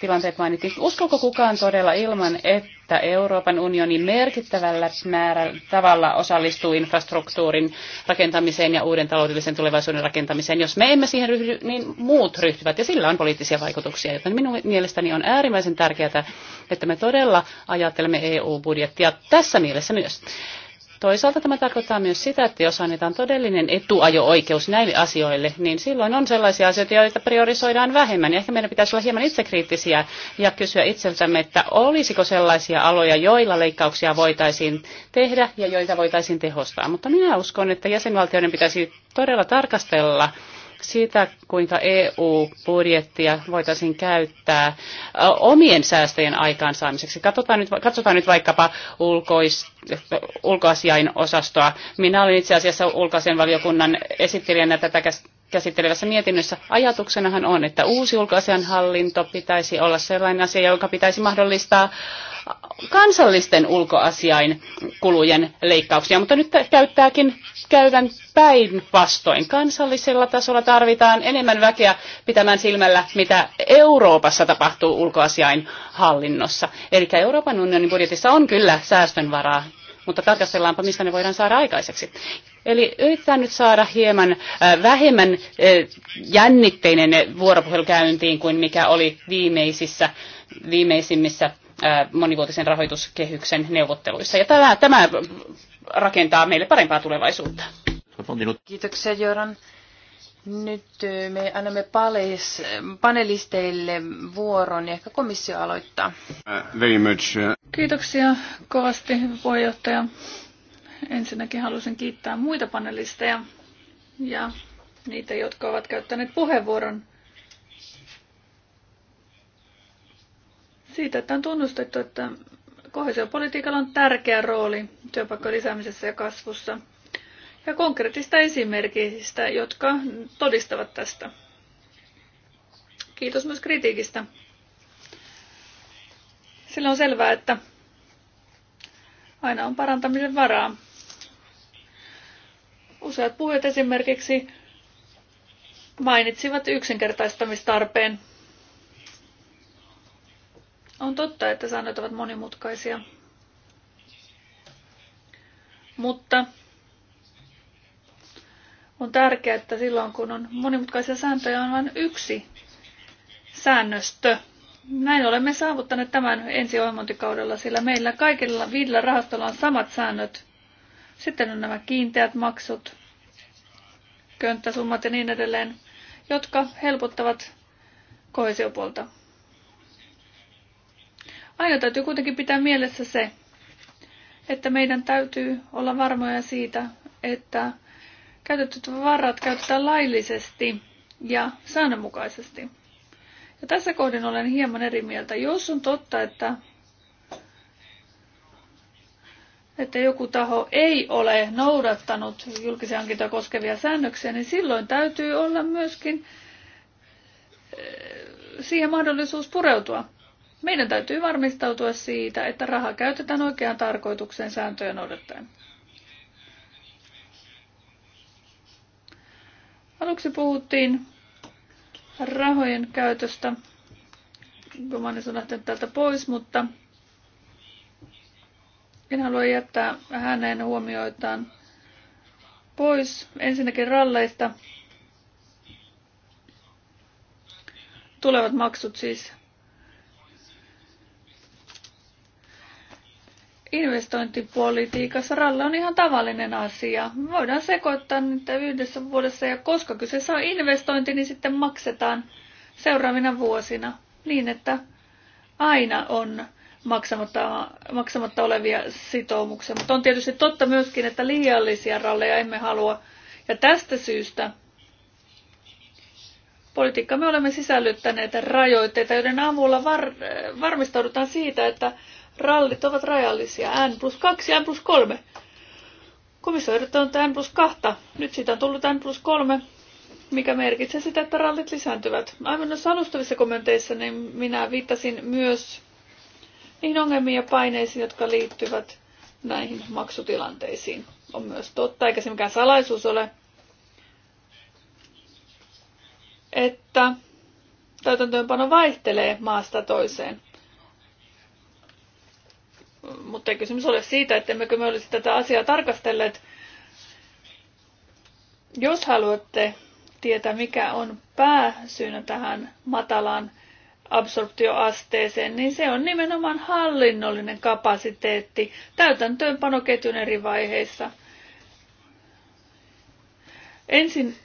[SPEAKER 3] tilanteet mainittiin. Uskoko kukaan todella ilman, että Euroopan unioni merkittävällä määrällä tavalla osallistuu infrastruktuurin rakentamiseen ja uuden taloudellisen tulevaisuuden rakentamiseen? Jos me emme siihen ryhdy, niin muut ryhtyvät ja sillä on poliittisia vaikutuksia, joten minun mielestäni on äärimmäisen tärkeää, että me todella ajattelemme EU-budjettia tässä mielessä myös. Toisaalta tämä tarkoittaa myös sitä, että jos annetaan todellinen etuajo-oikeus näille asioille, niin silloin on sellaisia asioita, joita priorisoidaan vähemmän. Ja ehkä meidän pitäisi olla hieman itsekriittisiä ja kysyä itseltämme, että olisiko sellaisia aloja, joilla leikkauksia voitaisiin tehdä ja joita voitaisiin tehostaa. Mutta minä uskon, että jäsenvaltioiden pitäisi todella tarkastella siitä, kuinka EU-budjettia voitaisiin käyttää omien säästöjen aikaansaamiseksi. Katsotaan nyt, katsotaan nyt vaikkapa ulkois, ulkoasiain osastoa. Minä olin itse asiassa ulkoasian valiokunnan esittelijänä tätä käsittelevässä mietinnössä ajatuksenahan on, että uusi ulkoasianhallinto pitäisi olla sellainen asia, joka pitäisi mahdollistaa kansallisten ulkoasiain kulujen leikkauksia, mutta nyt käyttääkin käyvän päinvastoin. Kansallisella tasolla tarvitaan enemmän väkeä pitämään silmällä, mitä Euroopassa tapahtuu ulkoasiain hallinnossa. Eli Euroopan unionin budjetissa on kyllä säästönvaraa, mutta tarkastellaanpa, mistä ne voidaan saada aikaiseksi. Eli yritetään nyt saada hieman äh, vähemmän äh, jännitteinen vuoropuhelu käyntiin kuin mikä oli viimeisissä, viimeisimmissä äh, monivuotisen rahoituskehyksen neuvotteluissa. Ja tämä, tämä rakentaa meille parempaa tulevaisuutta.
[SPEAKER 1] Kiitoksia Joran. Nyt me annamme palis, panelisteille vuoron ja ehkä komissio aloittaa. Uh, very uh, Kiitoksia kovasti puheenjohtaja.
[SPEAKER 2] Ensinnäkin halusin kiittää muita panelisteja ja niitä, jotka ovat käyttäneet puheenvuoron siitä, että on tunnustettu, että koheesiopolitiikalla on tärkeä rooli työpaikkojen lisäämisessä ja kasvussa ja konkreettista esimerkistä, jotka todistavat tästä. Kiitos myös kritiikistä. Sillä on selvää, että aina on parantamisen varaa. Useat puhujat esimerkiksi mainitsivat yksinkertaistamistarpeen. On totta, että säännöt ovat monimutkaisia. Mutta on tärkeää, että silloin kun on monimutkaisia sääntöjä, on vain yksi säännöstö. Näin olemme saavuttaneet tämän ensi ohjelmointikaudella, sillä meillä kaikilla viidellä rahastolla on samat säännöt. Sitten on nämä kiinteät maksut, könttäsummat ja niin edelleen, jotka helpottavat kohesiopuolta. Aina täytyy kuitenkin pitää mielessä se, että meidän täytyy olla varmoja siitä, että käytetyt varat käytetään laillisesti ja säännönmukaisesti. Ja tässä kohdin olen hieman eri mieltä. Jos on totta, että, että joku taho ei ole noudattanut julkisia hankintoja koskevia säännöksiä, niin silloin täytyy olla myöskin eh, siihen mahdollisuus pureutua. Meidän täytyy varmistautua siitä, että raha käytetään oikeaan tarkoitukseen sääntöjä noudattaen.
[SPEAKER 1] Aluksi puhuttiin
[SPEAKER 2] rahojen käytöstä. Gomanis on lähtenyt täältä pois, mutta en halua jättää hänen huomioitaan pois. Ensinnäkin ralleista tulevat maksut siis Investointipolitiikassa ralle on ihan tavallinen asia. Voidaan sekoittaa niitä yhdessä vuodessa ja koska kyseessä on investointi, niin sitten maksetaan seuraavina vuosina niin, että aina on maksamatta, maksamatta olevia sitoumuksia. Mutta on tietysti totta myöskin, että liiallisia ralleja emme halua. Ja tästä syystä politiikka me olemme sisällyttäneet rajoitteita, joiden avulla var, varmistaudutaan siitä, että rallit ovat rajallisia. N plus 2 N plus 3. Komissio on N plus 2. Nyt siitä on tullut N plus 3, mikä merkitsee sitä, että rallit lisääntyvät. Aivan noissa alustavissa kommenteissa niin minä viittasin myös niihin ongelmiin ja paineisiin, jotka liittyvät näihin maksutilanteisiin. On myös totta, eikä se mikään salaisuus ole, että täytäntöönpano vaihtelee maasta toiseen. Mutta ei kysymys ole siitä, ettemmekö me olisi tätä asiaa tarkastelleet. Jos haluatte tietää, mikä on pääsyynä tähän matalaan absorptioasteeseen, niin se on nimenomaan hallinnollinen kapasiteetti täytäntöönpanoketjun eri vaiheissa. Ensin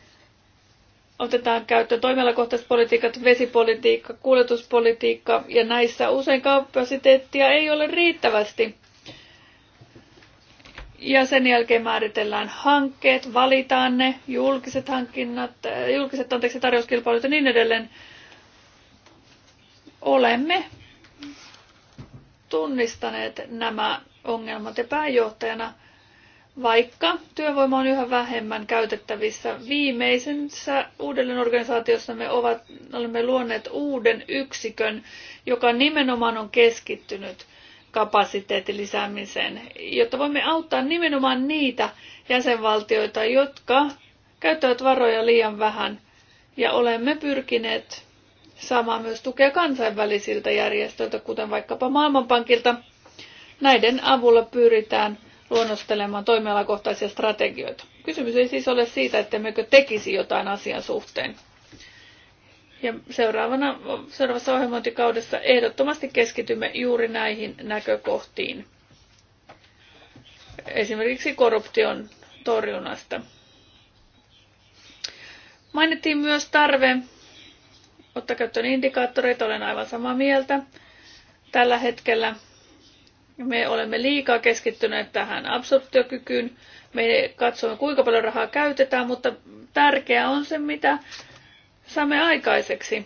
[SPEAKER 2] otetaan käyttöön toimialakohtaiset politiikat, vesipolitiikka, kuljetuspolitiikka ja näissä usein kapasiteettia ei ole riittävästi. Ja sen jälkeen määritellään hankkeet, valitaan ne, julkiset hankinnat, äh, julkiset anteeksi, tarjouskilpailut ja niin edelleen. Olemme tunnistaneet nämä ongelmat ja pääjohtajana vaikka työvoima on yhä vähemmän käytettävissä, viimeisessä uudelleenorganisaatiossamme ovat, olemme luoneet uuden yksikön, joka nimenomaan on keskittynyt kapasiteetin lisäämiseen, jotta voimme auttaa nimenomaan niitä jäsenvaltioita, jotka käyttävät varoja liian vähän. Ja olemme pyrkineet saamaan myös tukea kansainvälisiltä järjestöiltä, kuten vaikkapa Maailmanpankilta. Näiden avulla pyritään luonnostelemaan toimialakohtaisia strategioita. Kysymys ei siis ole siitä, että mekö tekisi jotain asian suhteen. Ja seuraavana, seuraavassa ohjelmointikaudessa ehdottomasti keskitymme juuri näihin näkökohtiin. Esimerkiksi korruption torjunnasta. Mainittiin myös tarve ottaa käyttöön indikaattoreita, olen aivan samaa mieltä. Tällä hetkellä me olemme liikaa keskittyneet tähän absorptiokykyyn. Me katsomme, kuinka paljon rahaa käytetään, mutta tärkeää on se, mitä saamme aikaiseksi.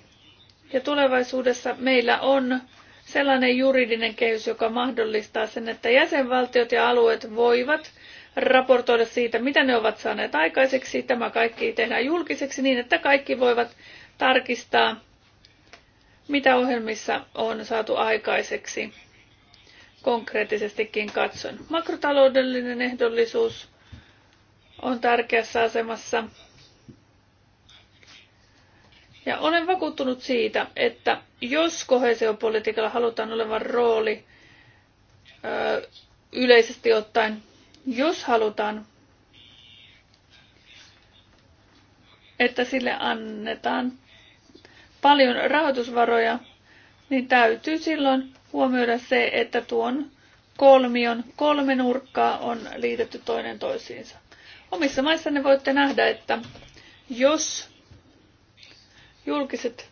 [SPEAKER 2] Ja tulevaisuudessa meillä on sellainen juridinen kehys, joka mahdollistaa sen, että jäsenvaltiot ja alueet voivat raportoida siitä, mitä ne ovat saaneet aikaiseksi. Tämä kaikki tehdään julkiseksi niin, että kaikki voivat tarkistaa, mitä ohjelmissa on saatu aikaiseksi konkreettisestikin katson. Makrotaloudellinen ehdollisuus on tärkeässä asemassa. Ja olen vakuuttunut siitä, että jos kohesiopolitiikalla halutaan olevan rooli ö, yleisesti ottaen, jos halutaan, että sille annetaan paljon rahoitusvaroja, niin täytyy silloin huomioida se, että tuon kolmion kolme nurkkaa on liitetty toinen toisiinsa. Omissa maissa ne voitte nähdä, että jos julkiset,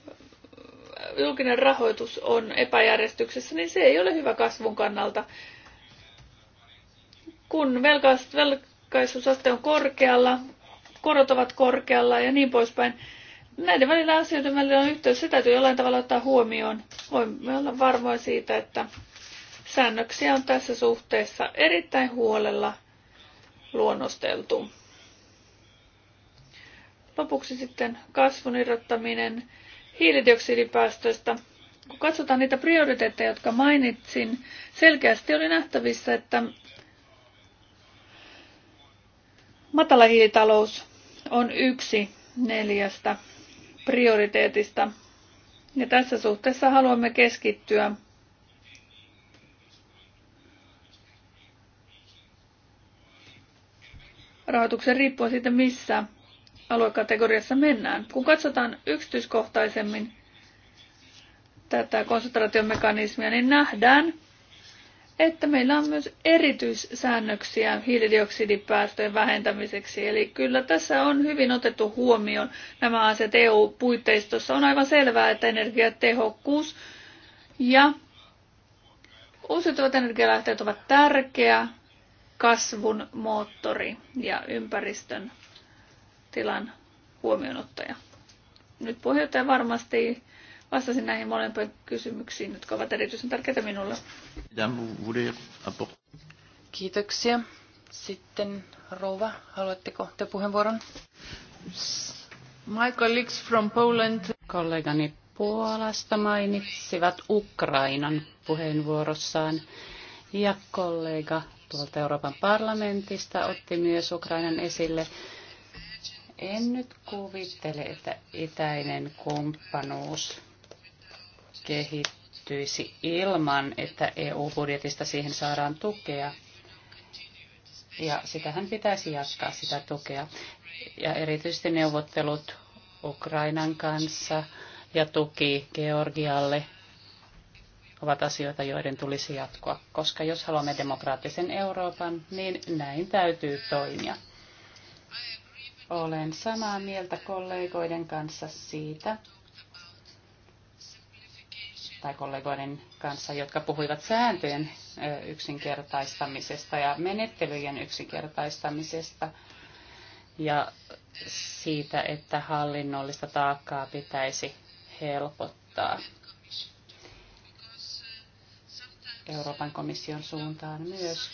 [SPEAKER 2] julkinen rahoitus on epäjärjestyksessä, niin se ei ole hyvä kasvun kannalta. Kun velkaisuusaste on korkealla, korot ovat korkealla ja niin poispäin, näiden välillä asioiden välillä on yhteys. Se täytyy jollain tavalla ottaa huomioon. Voimme olla varmoja siitä, että säännöksiä on tässä suhteessa erittäin huolella luonnosteltu. Lopuksi sitten kasvun irrottaminen hiilidioksidipäästöistä. Kun katsotaan niitä prioriteetteja, jotka mainitsin, selkeästi oli nähtävissä, että matala hiilitalous on yksi neljästä prioriteetista. Ja tässä suhteessa haluamme keskittyä rahoituksen riippuen siitä, missä aluekategoriassa mennään. Kun katsotaan yksityiskohtaisemmin tätä konsentraatiomekanismia, niin nähdään, että meillä on myös erityissäännöksiä hiilidioksidipäästöjen vähentämiseksi. Eli kyllä tässä on hyvin otettu huomioon nämä asiat EU-puitteistossa. On aivan selvää, että energiatehokkuus ja uusiutuvat energialähteet ovat tärkeä kasvun moottori ja ympäristön tilan huomioonottaja. Nyt puheenjohtaja varmasti vastasin näihin molempiin kysymyksiin, jotka ovat erityisen
[SPEAKER 1] tärkeitä minulle. Kiitoksia. Sitten Rouva, haluatteko te puheenvuoron? My colleagues
[SPEAKER 3] from Poland. Kollegani Puolasta mainitsivat Ukrainan puheenvuorossaan ja kollega tuolta Euroopan parlamentista otti myös Ukrainan esille. En nyt kuvittele, että itäinen kumppanuus kehittyisi ilman, että EU-budjetista siihen saadaan tukea. Ja sitähän pitäisi jatkaa sitä tukea. Ja erityisesti neuvottelut Ukrainan kanssa ja tuki Georgialle ovat asioita, joiden tulisi jatkua, koska jos haluamme demokraattisen Euroopan, niin näin täytyy toimia. Olen samaa mieltä kollegoiden kanssa siitä, tai kollegoiden kanssa, jotka puhuivat sääntöjen yksinkertaistamisesta ja menettelyjen yksinkertaistamisesta ja siitä, että hallinnollista taakkaa pitäisi helpottaa Euroopan komission suuntaan myös,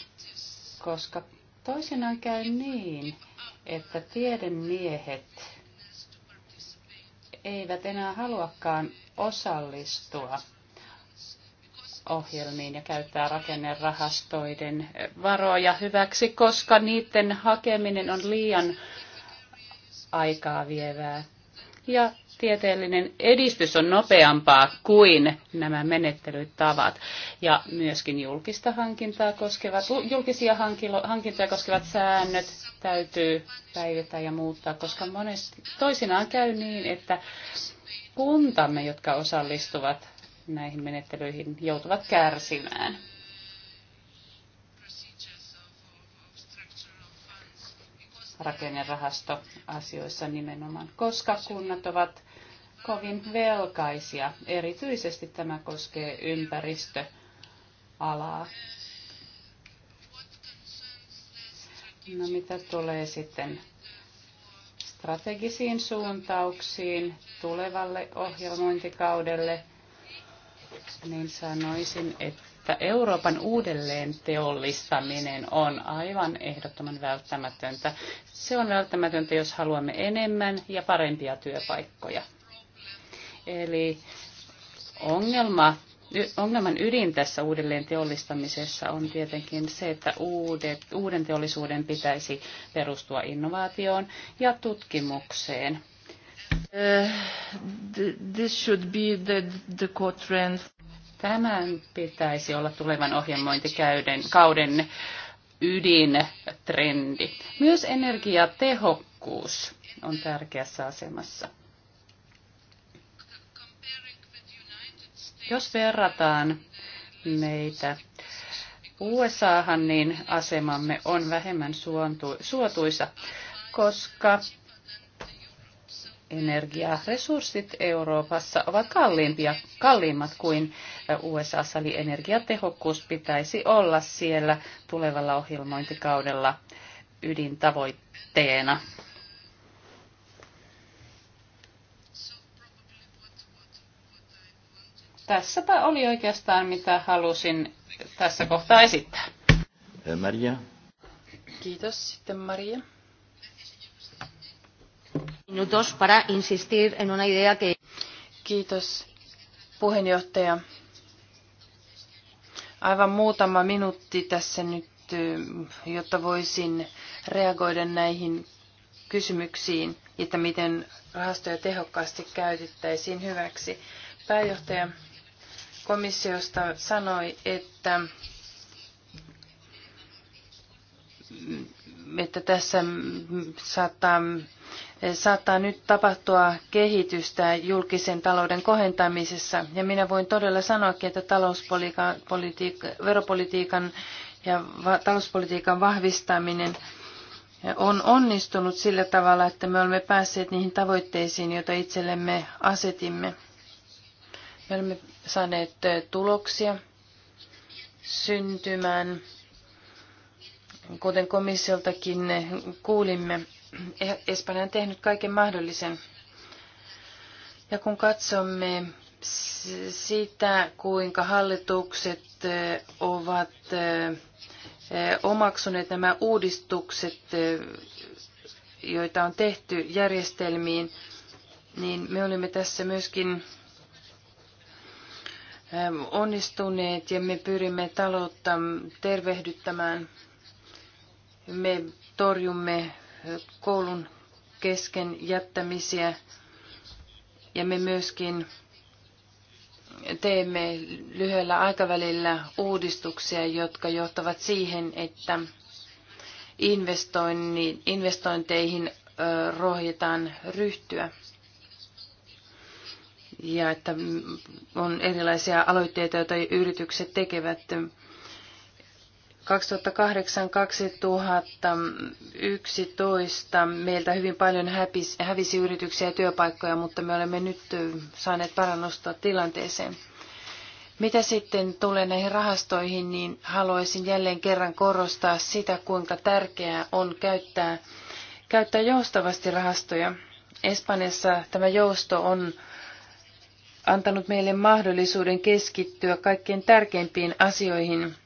[SPEAKER 3] koska toisinaan käy niin, että tiedemiehet eivät enää haluakaan osallistua ohjelmiin ja käyttää rakennerahastoiden varoja hyväksi, koska niiden hakeminen on liian aikaa vievää. Ja tieteellinen edistys on nopeampaa kuin nämä menettelytavat. Ja myöskin julkista hankintaa koskevat, julkisia hankintoja koskevat säännöt täytyy päivittää ja muuttaa, koska monesti toisinaan käy niin, että kuntamme, jotka osallistuvat näihin menettelyihin joutuvat kärsimään. asioissa nimenomaan, koska kunnat ovat kovin velkaisia. Erityisesti tämä koskee ympäristöalaa. No mitä tulee sitten strategisiin suuntauksiin tulevalle ohjelmointikaudelle, niin sanoisin, että Euroopan uudelleen teollistaminen on aivan ehdottoman välttämätöntä. Se on välttämätöntä, jos haluamme enemmän ja parempia työpaikkoja. Eli ongelma ongelman ydin tässä uudelleen teollistamisessa on tietenkin se, että uudet, uuden teollisuuden pitäisi perustua innovaatioon ja tutkimukseen. Uh, this should be the, the trend. Tämän pitäisi olla tulevan ohjelmointikäyden kauden ydintrendi. Myös energiatehokkuus on tärkeässä asemassa. Jos verrataan meitä USAhan, niin asemamme on vähemmän suotuisa, koska energiaresurssit Euroopassa ovat kalliimpia, kalliimmat kuin USA, eli energiatehokkuus pitäisi olla siellä tulevalla ohjelmointikaudella ydintavoitteena. Tässäpä oli oikeastaan mitä halusin tässä kohtaa esittää. Maria. Kiitos.
[SPEAKER 1] Sitten Maria. Minutos para insistir en una idea que... Kiitos puheenjohtaja. Aivan muutama minuutti tässä nyt, eh, jotta voisin reagoida näihin kysymyksiin, että miten rahastoja tehokkaasti käytettäisiin hyväksi. Pääjohtaja komissiosta sanoi, että, että tässä saattaa saattaa nyt tapahtua kehitystä julkisen talouden kohentamisessa. Ja minä voin todella sanoa, että veropolitiikan ja talouspolitiikan vahvistaminen on onnistunut sillä tavalla, että me olemme päässeet niihin tavoitteisiin, joita itsellemme asetimme. Me olemme saaneet tuloksia syntymään, kuten komissioltakin kuulimme Espanja on tehnyt kaiken mahdollisen. Ja kun katsomme sitä, kuinka hallitukset ovat omaksuneet nämä uudistukset, joita on tehty järjestelmiin, niin me olimme tässä myöskin onnistuneet ja me pyrimme taloutta tervehdyttämään. Me torjumme koulun kesken jättämisiä ja me myöskin teemme lyhyellä aikavälillä uudistuksia, jotka johtavat siihen, että investointeihin rohjetaan ryhtyä. Ja että on erilaisia aloitteita, joita yritykset tekevät. 2008-2011 meiltä hyvin paljon häpisi, hävisi yrityksiä ja työpaikkoja, mutta me olemme nyt saaneet parannusta tilanteeseen. Mitä sitten tulee näihin rahastoihin, niin haluaisin jälleen kerran korostaa sitä, kuinka tärkeää on käyttää, käyttää joustavasti rahastoja. Espanjassa tämä jousto on antanut meille mahdollisuuden keskittyä kaikkein tärkeimpiin asioihin –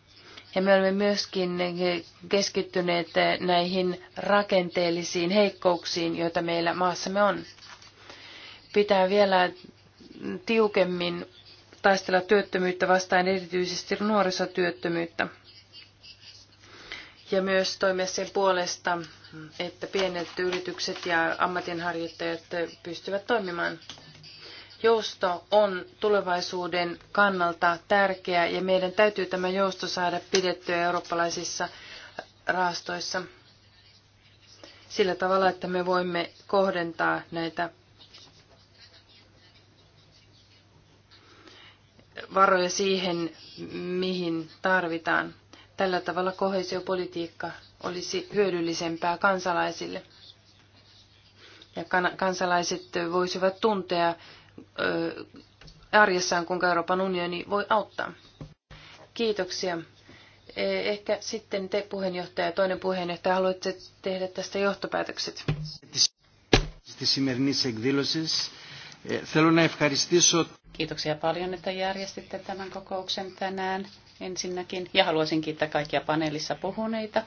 [SPEAKER 1] ja me olemme myöskin keskittyneet näihin rakenteellisiin heikkouksiin, joita meillä maassamme on. Pitää vielä tiukemmin taistella työttömyyttä vastaan, erityisesti nuorisotyöttömyyttä. Ja myös toimia sen puolesta, että pienet yritykset ja ammatinharjoittajat pystyvät toimimaan Jousto on tulevaisuuden kannalta tärkeä ja meidän täytyy tämä jousto saada pidettyä eurooppalaisissa rahastoissa sillä tavalla, että me voimme kohdentaa näitä varoja siihen, mihin tarvitaan. Tällä tavalla kohesiopolitiikka olisi hyödyllisempää kansalaisille. Ja kansalaiset voisivat tuntea arjessaan, kuinka Euroopan unioni voi auttaa. Kiitoksia. E, ehkä sitten te puheenjohtaja ja toinen puheenjohtaja haluatte tehdä tästä johtopäätökset. Kiitoksia paljon,
[SPEAKER 3] että järjestitte tämän kokouksen tänään ensinnäkin. Ja haluaisin kiittää kaikkia paneelissa puhuneita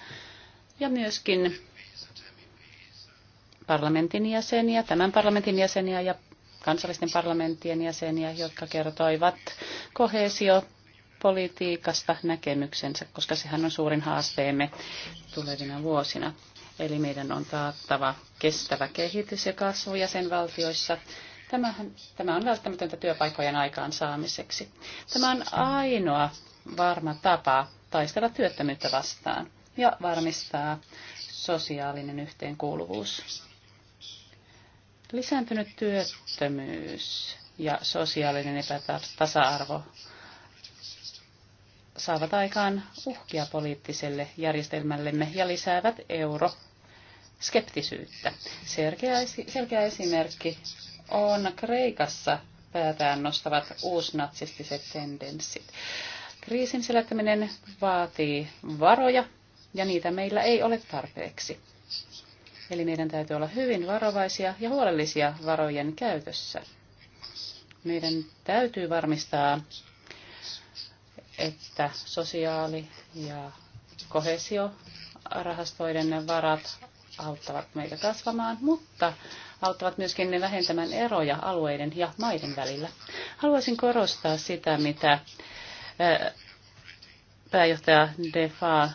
[SPEAKER 3] ja myöskin parlamentin jäseniä, tämän parlamentin jäseniä ja kansallisten parlamenttien jäseniä, jotka kertoivat kohesio politiikasta näkemyksensä, koska sehän on suurin haasteemme tulevina vuosina. Eli meidän on taattava kestävä kehitys ja kasvu jäsenvaltioissa. Tämähän, tämä on välttämätöntä työpaikkojen aikaansaamiseksi. Tämä on ainoa varma tapa taistella työttömyyttä vastaan ja varmistaa sosiaalinen yhteenkuuluvuus Lisääntynyt työttömyys ja sosiaalinen epätasa-arvo saavat aikaan uhkia poliittiselle järjestelmällemme ja lisäävät euro skeptisyyttä. Selkeä, selkeä esimerkki on Kreikassa päätään nostavat uusnatsistiset tendenssit. Kriisin selättäminen vaatii varoja ja niitä meillä ei ole tarpeeksi. Eli meidän täytyy olla hyvin varovaisia ja huolellisia varojen käytössä. Meidän täytyy varmistaa, että sosiaali- ja kohesiorahastoiden varat auttavat meitä kasvamaan, mutta auttavat myöskin ne vähentämään eroja alueiden ja maiden välillä. Haluaisin korostaa sitä, mitä pääjohtaja Defa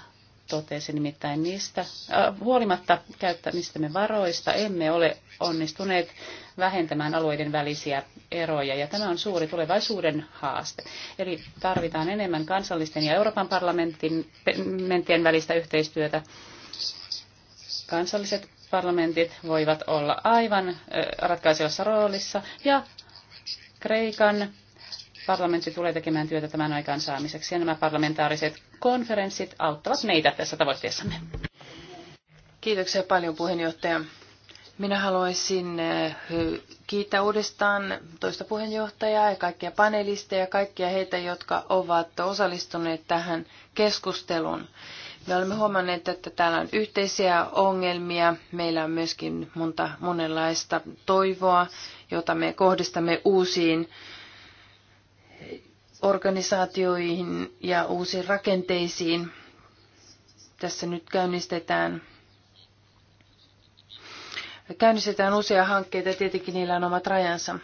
[SPEAKER 3] totesi, nimittäin niistä, äh, huolimatta käyttämistämme varoista emme ole onnistuneet vähentämään alueiden välisiä eroja, ja tämä on suuri tulevaisuuden haaste. Eli tarvitaan enemmän kansallisten ja Euroopan parlamenttien välistä yhteistyötä. Kansalliset parlamentit voivat olla aivan äh, ratkaisevassa roolissa, ja Kreikan parlamentti tulee tekemään työtä tämän aikaansaamiseksi ja
[SPEAKER 1] nämä parlamentaariset konferenssit auttavat meitä tässä tavoitteessamme. Kiitoksia paljon puheenjohtaja. Minä haluaisin eh, kiittää uudestaan toista puheenjohtajaa ja kaikkia panelisteja ja kaikkia heitä, jotka ovat osallistuneet tähän keskusteluun. Me olemme huomanneet, että täällä on yhteisiä ongelmia. Meillä on myöskin monta monenlaista toivoa, jota me kohdistamme uusiin organisaatioihin ja uusiin rakenteisiin. Tässä nyt käynnistetään käynnistetään uusia hankkeita, tietenkin niillä on omat rajansa.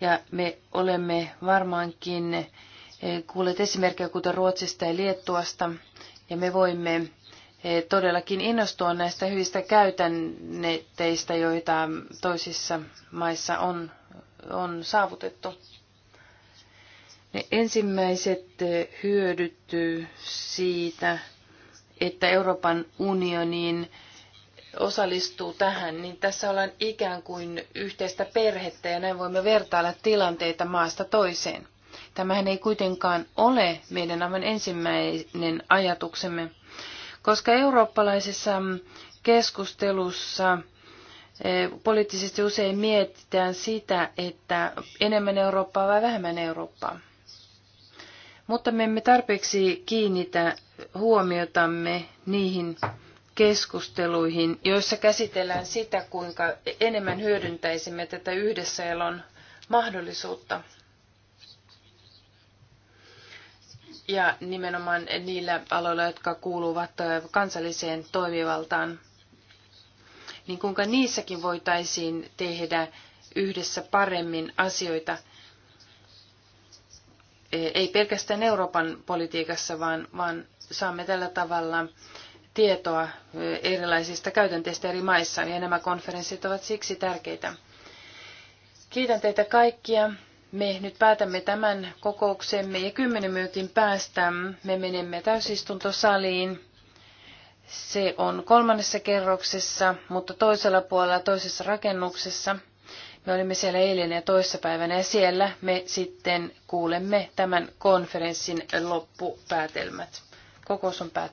[SPEAKER 1] Ja me olemme varmaankin eh, kuulleet esimerkkejä kuten Ruotsista ja Liettuasta, ja me voimme eh, todellakin innostua näistä hyvistä käytänteistä, joita toisissa maissa on, on saavutettu. Ne ensimmäiset eh, hyödyt eh, siitä, että Euroopan unioniin osallistuu tähän, niin tässä ollaan ikään kuin yhteistä perhettä ja näin voimme vertailla tilanteita maasta toiseen. Tämähän ei kuitenkaan ole meidän aivan ensimmäinen ajatuksemme, koska eurooppalaisessa mm, keskustelussa eh, poliittisesti usein mietitään sitä, että enemmän Eurooppaa vai vähemmän Eurooppaa mutta me emme tarpeeksi kiinnitä huomiotamme niihin keskusteluihin, joissa käsitellään sitä, kuinka enemmän hyödyntäisimme tätä yhdessäelon mahdollisuutta. Ja nimenomaan niillä aloilla, jotka kuuluvat äh, kansalliseen toimivaltaan, niin kuinka niissäkin voitaisiin tehdä yhdessä paremmin asioita – ei pelkästään Euroopan politiikassa, vaan, vaan saamme tällä tavalla tietoa erilaisista käytänteistä eri maissa, ja nämä konferenssit ovat siksi tärkeitä. Kiitän teitä kaikkia. Me nyt päätämme tämän kokouksemme ja kymmenen minuutin päästä me menemme täysistuntosaliin. Se on kolmannessa kerroksessa, mutta toisella puolella toisessa rakennuksessa. Me olimme siellä eilen ja toissapäivänä ja siellä me sitten kuulemme tämän konferenssin loppupäätelmät. Kokous on päättynyt.